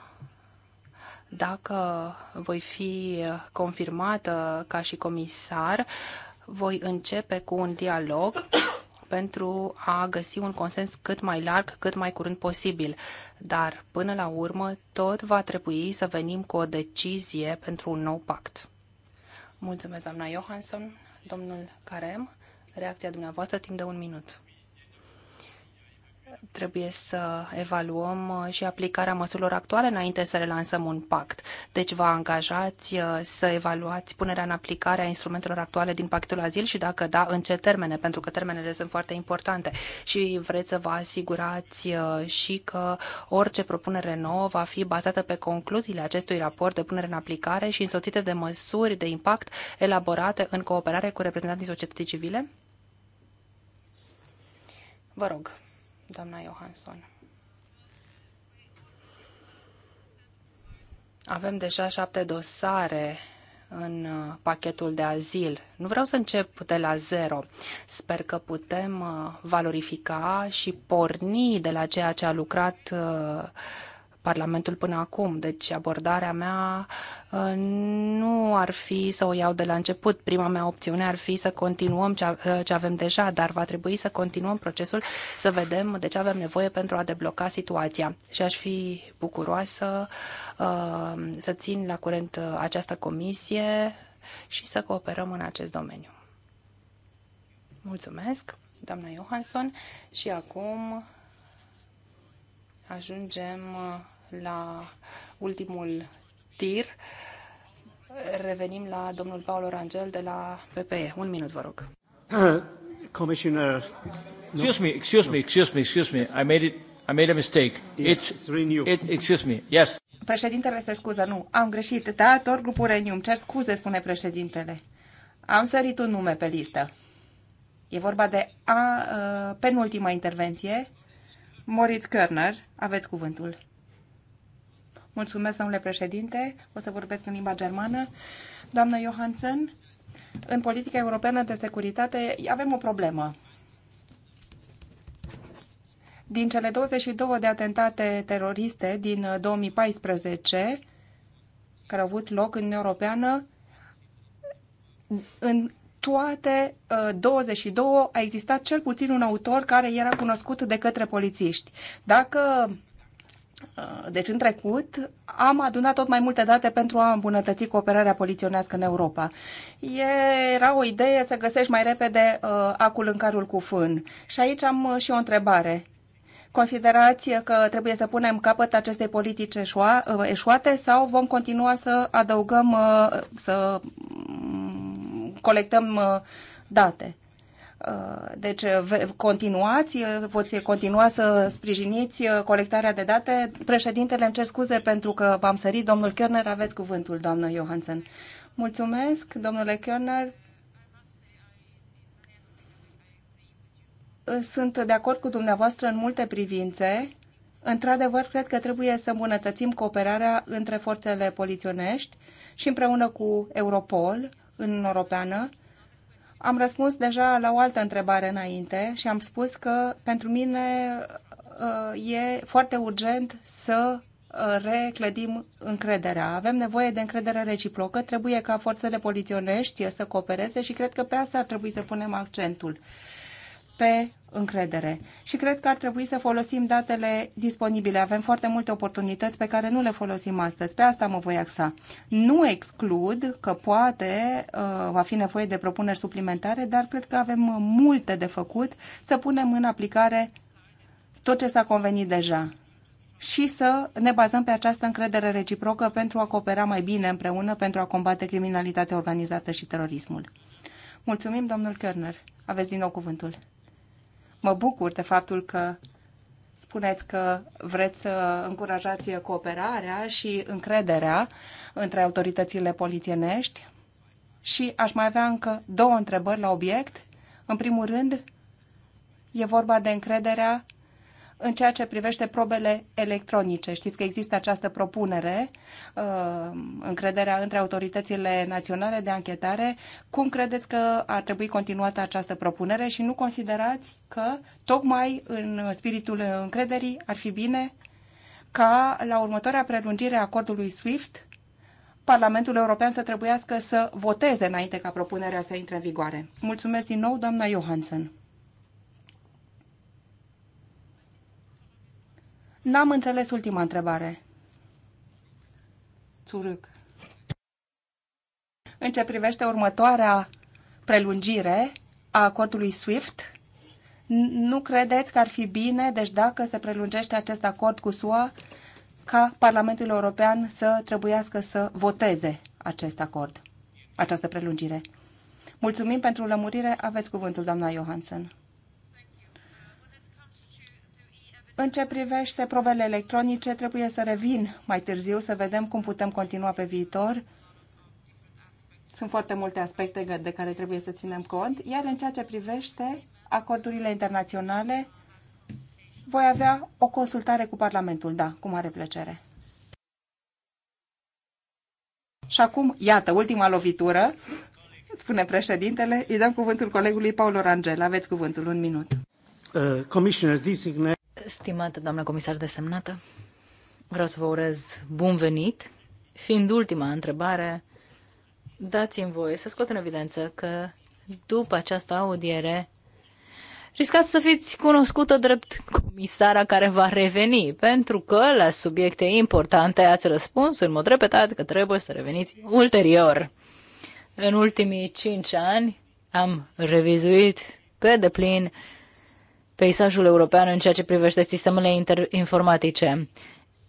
dacă voi fi confirmată ca și comisar, voi începe cu un dialog pentru a găsi un consens cât mai larg, cât mai curând posibil. Dar, până la urmă, tot va trebui să venim cu o decizie pentru un nou pact. Mulțumesc, doamna Johansson, domnul Carem, reacția dumneavoastră timp de un minut trebuie să evaluăm uh, și aplicarea măsurilor actuale înainte să relansăm un pact. Deci vă angajați uh, să evaluați punerea în aplicare a instrumentelor actuale din pactul azil și dacă da, în ce termene, pentru că termenele sunt foarte importante și vreți să vă asigurați uh, și că orice propunere nouă va fi bazată pe concluziile acestui raport de punere în aplicare și însoțită de măsuri de impact elaborate în cooperare cu reprezentanții societății civile? Vă rog doamna Johansson. Avem deja șapte dosare în uh, pachetul de azil. Nu vreau să încep de la zero. Sper că putem uh, valorifica și porni de la ceea ce a lucrat uh, Parlamentul până acum. Deci abordarea mea uh, nu ar fi să o iau de la început. Prima mea opțiune ar fi să continuăm uh, ce avem deja, dar va trebui să continuăm procesul să vedem de ce avem nevoie pentru a debloca situația. Și aș fi bucuroasă uh, să țin la curent această comisie și să cooperăm în acest domeniu. Mulțumesc, doamna Johansson. Și acum ajungem la ultimul tir. Revenim la domnul Paul Orangel de la PPE. Un minut, vă rog. [COUGHS] Commissioner... Excuse me, excuse me, excuse me, excuse me. I made it, I made a mistake. It's, it's renew. It, excuse me, yes. Președintele se scuză, nu. Am greșit, da, tot grupul Renew. Îmi cer scuze, spune președintele. Am sărit un nume pe listă. E vorba de a, uh, penultima intervenție. Moritz Körner, aveți cuvântul. Mulțumesc, domnule președinte. O să vorbesc în limba germană. Doamnă Johansen, în politica europeană de securitate avem o problemă. Din cele 22 de atentate teroriste din 2014 uh, care au avut loc în Uniunea Europeană, în toate uh, 22 a existat cel puțin un autor care era cunoscut de către polițiști. Dacă Uh, deci în trecut am adunat tot mai multe date pentru a îmbunătăți cooperarea poliționească în Europa. Era o idee să găsești mai repede uh, acul în carul cu fân. Și aici am uh, și o întrebare. Considerați că trebuie să punem capăt acestei politici uh, eșuate sau vom continua să adăugăm, să mm, colectăm date? Uh, deci uh, continuați, uh, voți continua să sprijiniți colectarea de date. Președintele, îmi cer scuze pentru că v-am sărit. Domnul Körner, aveți cuvântul, doamnă Johansen. Mulțumesc, domnule Körner. Sunt de acord cu dumneavoastră în multe privințe. Într-adevăr, cred că trebuie să îmbunătățim cooperarea între forțele poliționești și împreună cu Europol în Europeană am răspuns deja la o altă întrebare înainte și am spus că pentru mine uh, e foarte urgent să uh, reclădim încrederea. Avem nevoie de încredere reciprocă, trebuie ca forțele poliționești să coopereze și cred că pe asta ar trebui să punem accentul. Pe încredere. Și cred că ar trebui să folosim datele disponibile. Avem foarte multe oportunități pe care nu le folosim astăzi. Pe asta mă voi axa. Nu exclud că poate uh, va fi nevoie de propuneri suplimentare, dar cred că avem multe de făcut să punem în aplicare tot ce s-a convenit deja și să ne bazăm pe această încredere reciprocă pentru a coopera mai bine împreună pentru a combate criminalitatea organizată și terorismul. Mulțumim, domnul Körner. Aveți din nou cuvântul. Mă bucur de faptul că spuneți că vreți să încurajați cooperarea și încrederea între autoritățile polițienești. Și aș mai avea încă două întrebări la obiect. În primul rând, e vorba de încrederea în ceea ce privește probele electronice. Știți că există această propunere, uh, încrederea între autoritățile naționale de anchetare. Cum credeți că ar trebui continuată această propunere și nu considerați că, tocmai în spiritul încrederii, ar fi bine ca la următoarea prelungire a acordului SWIFT, Parlamentul European să trebuiască să voteze înainte ca propunerea să intre în vigoare. Mulțumesc din nou, doamna Johansson. N-am înțeles ultima întrebare. Țurâc. În ce privește următoarea prelungire a acordului SWIFT, nu credeți că ar fi bine, deci dacă se prelungește acest acord cu SUA, ca Parlamentul European să trebuiască să voteze acest acord, această prelungire. Mulțumim pentru lămurire. Aveți cuvântul, doamna Johansson. În ce privește probele electronice, trebuie să revin mai târziu să vedem cum putem continua pe viitor. Sunt foarte multe aspecte de care trebuie să ținem cont, iar în ceea ce privește acordurile internaționale, voi avea o consultare cu Parlamentul, da, cu mare plăcere. Și acum, iată, ultima lovitură, spune președintele, îi dăm cuvântul colegului Paul Orangel. Aveți cuvântul, un minut. Uh, commissioner designate. Stimată doamnă comisar desemnată, vreau să vă urez bun venit. Fiind ultima întrebare, dați-mi voie să scot în evidență că după această audiere riscați să fiți cunoscută drept comisara care va reveni, pentru că la subiecte importante ați răspuns în mod repetat că trebuie să reveniți ulterior. În ultimii cinci ani am revizuit pe deplin peisajul european în ceea ce privește sistemele informatice.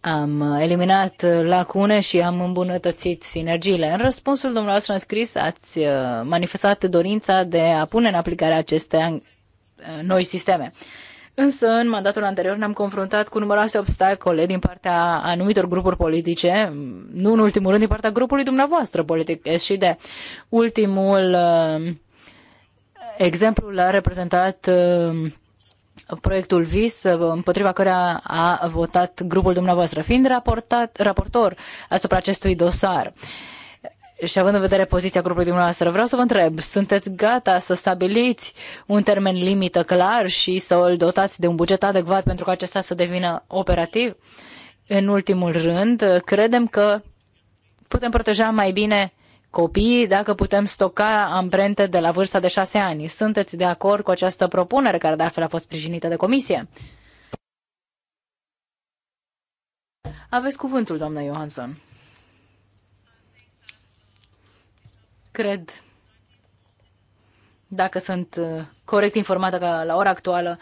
Am eliminat lacune și am îmbunătățit sinergiile. În răspunsul dumneavoastră scris, ați uh, manifestat dorința de a pune în aplicare aceste uh, noi sisteme. Însă, în mandatul anterior ne-am confruntat cu numeroase obstacole din partea anumitor grupuri politice, nu în ultimul rând din partea grupului dumneavoastră politic și de ultimul uh, l-a reprezentat uh, proiectul VIS, uh, împotriva căruia a votat grupul dumneavoastră, fiind raportat, raportor asupra acestui dosar. Și având în vedere poziția grupului dumneavoastră, vreau să vă întreb, sunteți gata să stabiliți un termen limită clar și să îl dotați de un buget adecvat pentru ca acesta să devină operativ? În ultimul rând, credem că putem proteja mai bine copiii dacă putem stoca amprente de la vârsta de șase ani. Sunteți de acord cu această propunere care de altfel a fost sprijinită de comisie? Aveți cuvântul, doamna Johansson. Cred, dacă sunt uh, corect informată că la ora actuală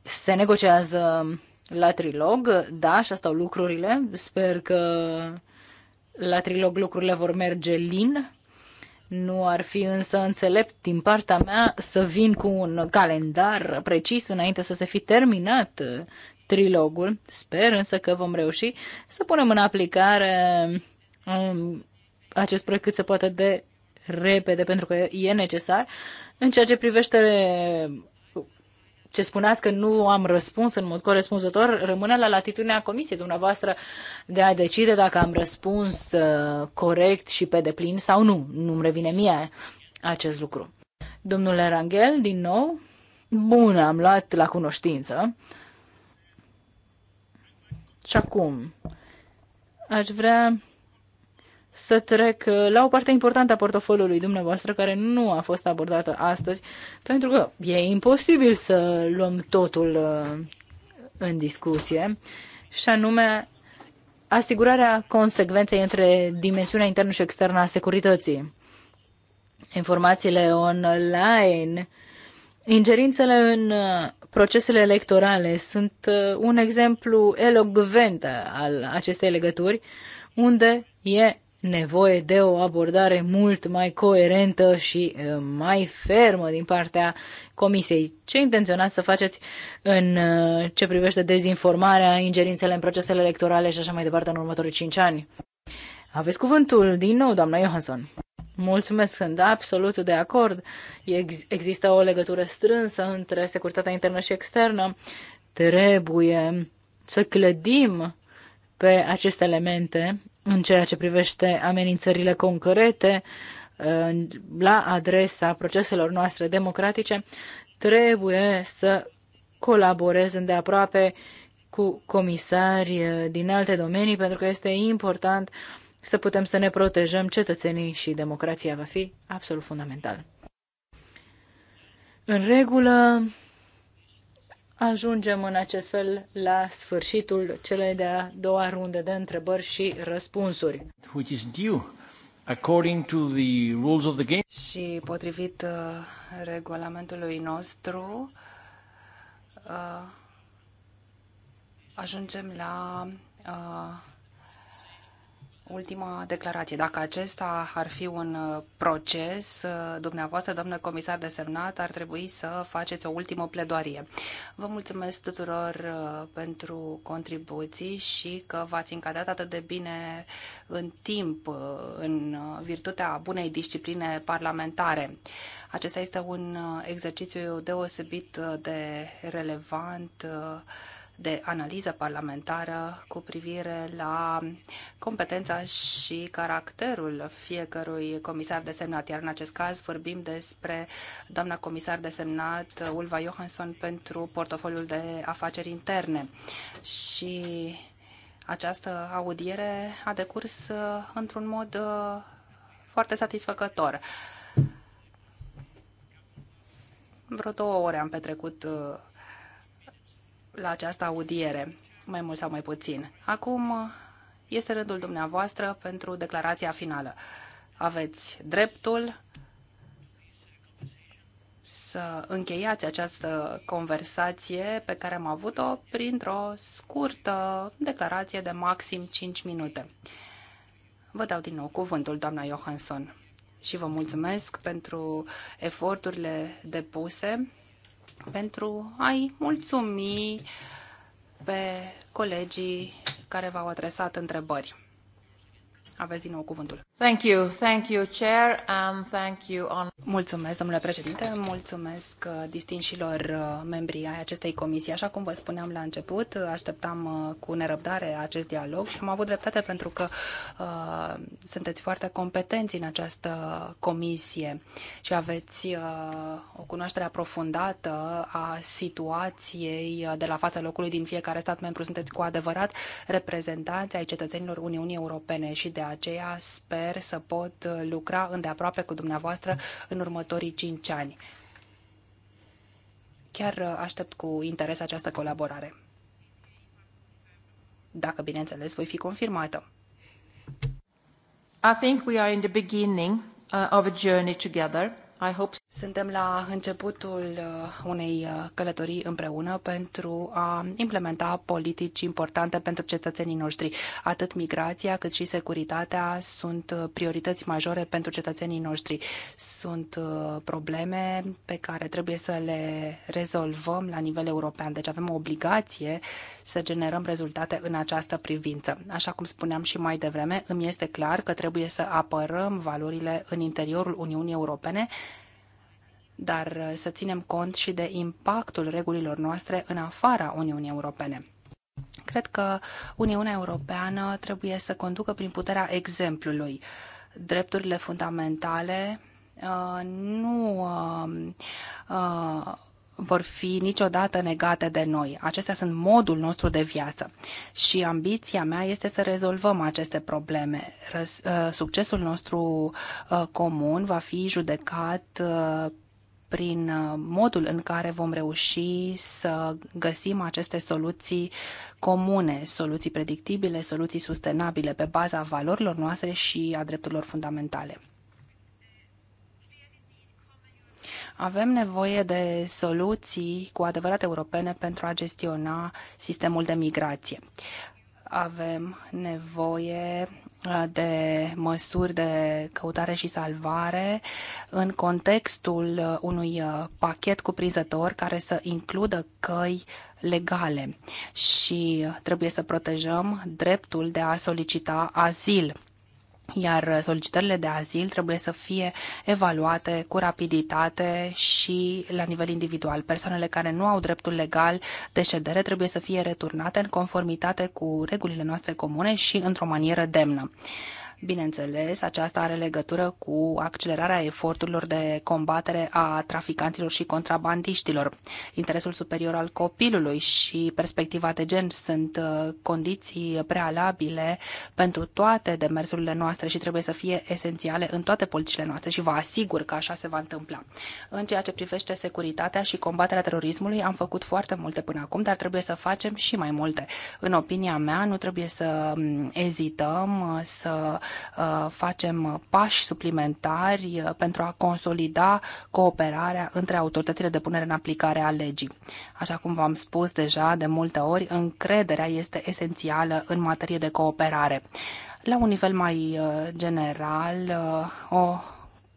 se negociază la trilog, da, și asta au lucrurile. Sper că la trilog lucrurile vor merge lin. Nu ar fi însă înțelept din partea mea să vin cu un calendar precis înainte să se fi terminat trilogul. Sper însă că vom reuși să punem în aplicare um, acest proiect cât se poate de repede, pentru că e necesar. În ceea ce privește ce spuneați că nu am răspuns în mod corespunzător rămâne la latitudinea comisiei dumneavoastră de a decide dacă am răspuns uh, corect și pe deplin sau nu. Nu-mi revine mie acest lucru. Domnule Rangel, din nou, bun, am luat la cunoștință. Și acum, aș vrea să trec uh, la o parte importantă a portofoliului dumneavoastră care nu a fost abordată astăzi, pentru că e imposibil să luăm totul uh, în discuție, și anume asigurarea consecvenței între dimensiunea internă și externă a securității, informațiile online, ingerințele în uh, procesele electorale sunt un exemplu elogvent al acestei legături, unde e nevoie de o abordare mult mai coerentă și uh, mai fermă din partea Comisiei. Ce intenționați să faceți în uh, ce privește dezinformarea, ingerințele în procesele electorale și așa mai departe în următorii cinci ani? Aveți cuvântul din nou, doamna Johansson. Mulțumesc, sunt absolut de acord. Ex- există o legătură strânsă între securitatea internă și externă. Trebuie să clădim pe aceste elemente în ceea ce privește amenințările concrete la adresa proceselor noastre democratice, trebuie să colaborez îndeaproape cu comisari din alte domenii, pentru că este important să putem să ne protejăm cetățenii și democrația va fi absolut fundamental. În regulă, ajungem în acest fel la sfârșitul celei de-a doua runde de întrebări și răspunsuri. Which is due according to the rules of the game. Și potrivit uh, regulamentului nostru, uh, ajungem la uh, ultima declarație. Dacă acesta ar fi un uh, proces, uh, dumneavoastră, domnule comisar desemnat, ar trebui să faceți o ultimă pledoarie. Vă mulțumesc tuturor uh, pentru contribuții și că v-ați încadrat atât de bine în timp, în virtutea bunei discipline parlamentare. Acesta este un exercițiu deosebit de relevant de analiză parlamentară cu privire la competența și caracterul fiecărui comisar desemnat. Iar în acest caz vorbim despre doamna comisar desemnat Ulva Johansson pentru portofoliul de afaceri interne. Și această audiere a decurs uh, într-un mod uh, foarte satisfăcător. Vreo două ore am petrecut uh, la această audiere, mai mult sau mai puțin. Acum este rândul dumneavoastră pentru declarația finală. Aveți dreptul să încheiați această conversație pe care am avut-o printr-o scurtă declarație de maxim 5 minute. Vă dau din nou cuvântul, doamna Johansson, și vă mulțumesc pentru eforturile depuse pentru a-i mulțumi pe colegii care v-au adresat întrebări. Aveți din nou cuvântul. Thank you, thank you, Chair, and thank you on... Mulțumesc, domnule președinte, mulțumesc uh, distinșilor uh, membrii ai acestei comisii. Așa cum vă spuneam la început, uh, așteptam cu nerăbdare acest dialog și am avut dreptate pentru că uh, sunteți foarte competenți în această comisie și aveți uh, o cunoaștere aprofundată a situației de la fața locului din fiecare stat membru. Sunteți cu adevărat reprezentanți ai cetățenilor Uniunii Europene și de aceea sper să pot uh, lucra îndeaproape cu dumneavoastră în următorii cinci ani. Chiar uh, aștept cu interes această colaborare. Dacă, bineînțeles, voi fi confirmată. I think we are in the beginning uh, of a journey together. I hope suntem la începutul uh, unei uh, călătorii împreună pentru a implementa politici importante pentru cetățenii noștri. Atât migrația cât și securitatea sunt uh, priorități majore pentru cetățenii noștri. Sunt probleme pe care trebuie să le rezolvăm la nivel european. Deci avem o obligație să generăm rezultate în această privință. Așa cum spuneam și mai devreme, îmi este clar că trebuie să apărăm valorile în interiorul Uniunii Europene dar uh, să ținem cont și de impactul regulilor noastre în afara Uniunii Europene. Cred că Uniunea Europeană trebuie să conducă prin puterea exemplului. Drepturile fundamentale uh, nu uh, uh, vor fi niciodată negate de noi. Acestea sunt modul nostru de viață. Și ambiția mea este să rezolvăm aceste probleme. Răs, uh, succesul nostru uh, comun va fi judecat prin uh, modul în care vom reuși să găsim aceste soluții comune, soluții predictibile, soluții sustenabile pe baza valorilor noastre și a drepturilor fundamentale. Avem nevoie de soluții cu adevărat europene pentru a gestiona sistemul de migrație. Avem nevoie de măsuri de căutare și salvare în contextul unui uh, pachet cuprinzător care să includă căi legale și trebuie să protejăm dreptul de a solicita azil iar solicitările de azil trebuie să fie evaluate cu rapiditate și la nivel individual. Persoanele care nu au dreptul legal de ședere trebuie să fie returnate în conformitate cu regulile noastre comune și într-o manieră demnă. Bineînțeles, aceasta are legătură cu accelerarea eforturilor de combatere a traficanților și contrabandiștilor. Interesul superior al copilului și perspectiva de gen sunt uh, condiții prealabile pentru toate demersurile noastre și trebuie să fie esențiale în toate politicile noastre și vă asigur că așa se va întâmpla. În ceea ce privește securitatea și combaterea terorismului, am făcut foarte multe până acum, dar trebuie să facem și mai multe. În opinia mea, nu trebuie să mm, ezităm să Uh, facem pași suplimentari uh, pentru a consolida cooperarea între autoritățile de punere în aplicare a legii. Așa cum v-am spus deja de multe ori, încrederea este esențială în materie de cooperare. La un nivel mai uh, general, o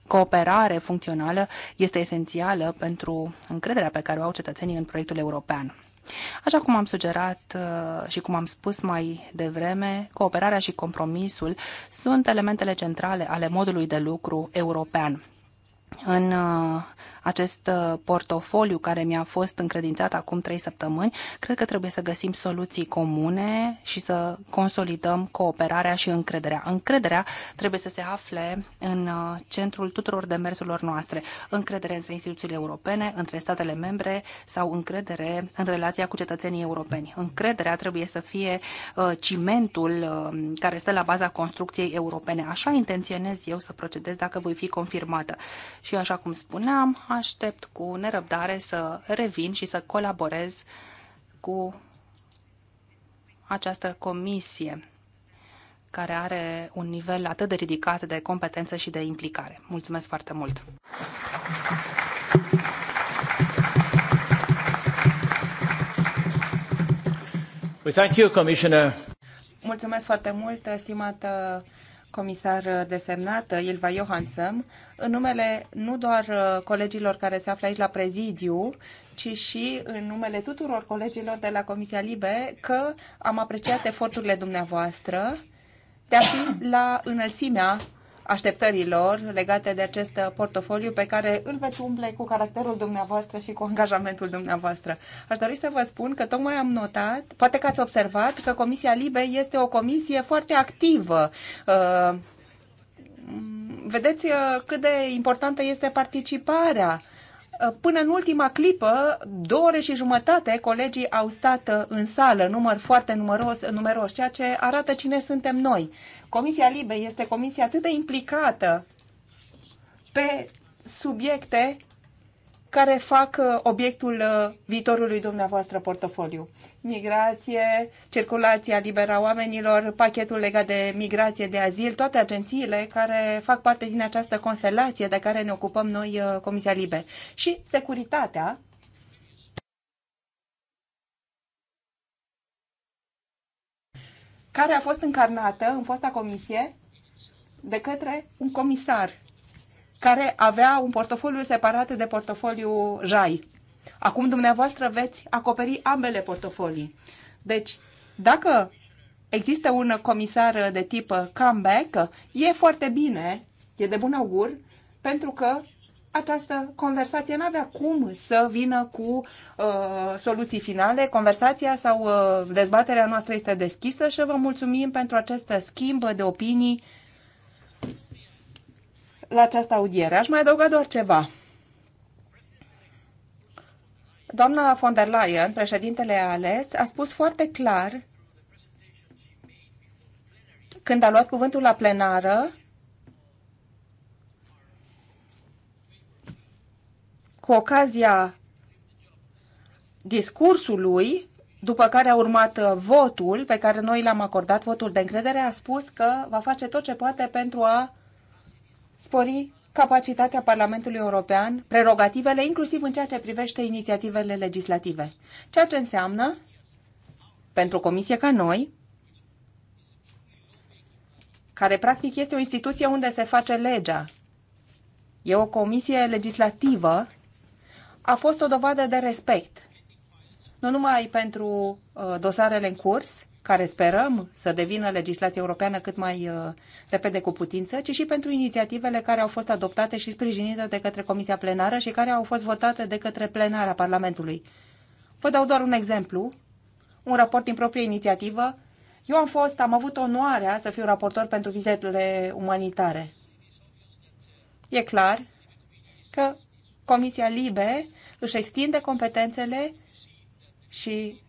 cooperare funcțională este esențială pentru încrederea pe care o au cetățenii în proiectul european. Așa cum am sugerat uh, și cum am spus mai devreme, cooperarea și compromisul sunt elementele centrale ale modului de lucru european. În uh, acest uh, portofoliu care mi-a fost încredințat acum trei săptămâni, cred că trebuie să găsim soluții comune și să consolidăm cooperarea și încrederea. Încrederea trebuie să se afle în uh, centrul tuturor demersurilor noastre. Încredere între instituțiile europene, între statele membre sau încredere în relația cu cetățenii europeni. Încrederea trebuie să fie uh, cimentul care stă la baza construcției europene. Așa intenționez eu să procedez dacă voi fi confirmată. Și așa cum spuneam, aștept cu nerăbdare să revin și să colaborez cu această comisie care are un nivel atât de ridicat de competență și de implicare. Mulțumesc foarte mult! thank you, Commissioner. Mulțumesc foarte mult, stimată comisar desemnat Ilva Johansson, în numele nu doar uh, colegilor care se află aici la prezidiu, ci și în numele tuturor colegilor de la Comisia Libe, că am apreciat eforturile dumneavoastră de a fi la înălțimea așteptărilor legate de acest portofoliu pe care îl veți umple cu caracterul dumneavoastră și cu angajamentul dumneavoastră. Aș dori să vă spun că tocmai am notat, poate că ați observat, că Comisia Libe este o comisie foarte activă uh, vedeți uh, cât de importantă este participarea Uh, până în ultima clipă, două ore și jumătate, colegii au stat uh, în sală, număr foarte numeros, numeros, ceea ce arată cine suntem noi. Comisia Libe este comisia atât de implicată pe subiecte care fac uh, obiectul uh, viitorului dumneavoastră portofoliu. Migrație, circulația liberă a oamenilor, pachetul legat de migrație, de azil, toate agențiile care fac parte din această constelație de care ne ocupăm noi, uh, Comisia Libe. Și securitatea, care a fost încarnată în fosta comisie de către un comisar care avea un portofoliu separat de portofoliu JAI. Acum dumneavoastră veți acoperi ambele portofolii. Deci, dacă există un comisar de tip comeback, e foarte bine, e de bun augur, pentru că această conversație nu avea cum să vină cu uh, soluții finale. Conversația sau uh, dezbaterea noastră este deschisă și vă mulțumim pentru acest schimb de opinii la această audiere. Aș mai adăuga doar ceva. Doamna von der Leyen, președintele ales, a spus foarte clar când a luat cuvântul la plenară cu ocazia discursului după care a urmat uh, votul pe care noi l-am acordat, votul de încredere, a spus că va face tot ce poate pentru a spori capacitatea Parlamentului European, prerogativele, inclusiv în ceea ce privește inițiativele legislative. Ceea ce înseamnă, pentru o comisie ca noi, care practic este o instituție unde se face legea, e o comisie legislativă, a fost o dovadă de respect, nu numai pentru uh, dosarele în curs, care sperăm să devină legislație europeană cât mai uh, repede cu putință, ci și pentru inițiativele care au fost adoptate și sprijinite de către Comisia Plenară și care au fost votate de către plenarea Parlamentului. Vă dau doar un exemplu, un raport din proprie inițiativă. Eu am fost, am avut onoarea să fiu raportor pentru vizitele umanitare. E clar că Comisia Libe își extinde competențele și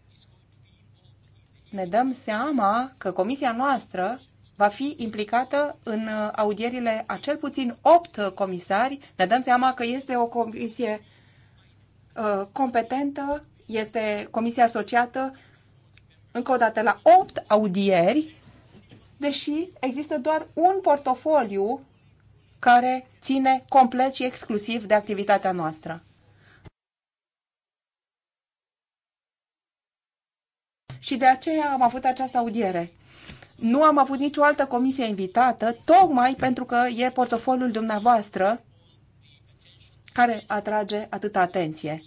ne dăm seama că comisia noastră va fi implicată în uh, audierile a cel puțin opt uh, comisari. Ne dăm seama că este o comisie uh, competentă, este comisie asociată încă o dată la opt audieri, deși există doar un portofoliu care ține complet și exclusiv de activitatea noastră. și de aceea am avut această audiere. Nu am avut nicio altă comisie invitată, tocmai pentru că e portofoliul dumneavoastră care atrage atâta atenție.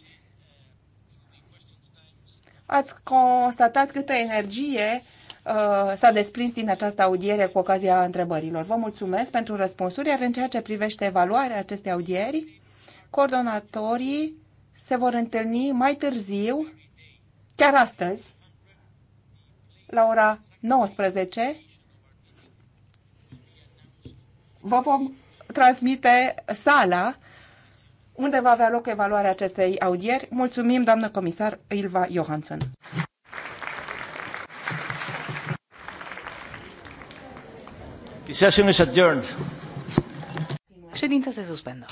Ați constatat câtă energie uh, s-a desprins din această audiere cu ocazia întrebărilor. Vă mulțumesc pentru răspunsuri, iar în ceea ce privește evaluarea acestei audieri, coordonatorii se vor întâlni mai târziu, chiar astăzi, la ora 19 vă vom transmite sala unde va avea loc evaluarea acestei audieri. Mulțumim, doamnă comisar Ilva Johansson. session is adjourned. Ședința se suspendă.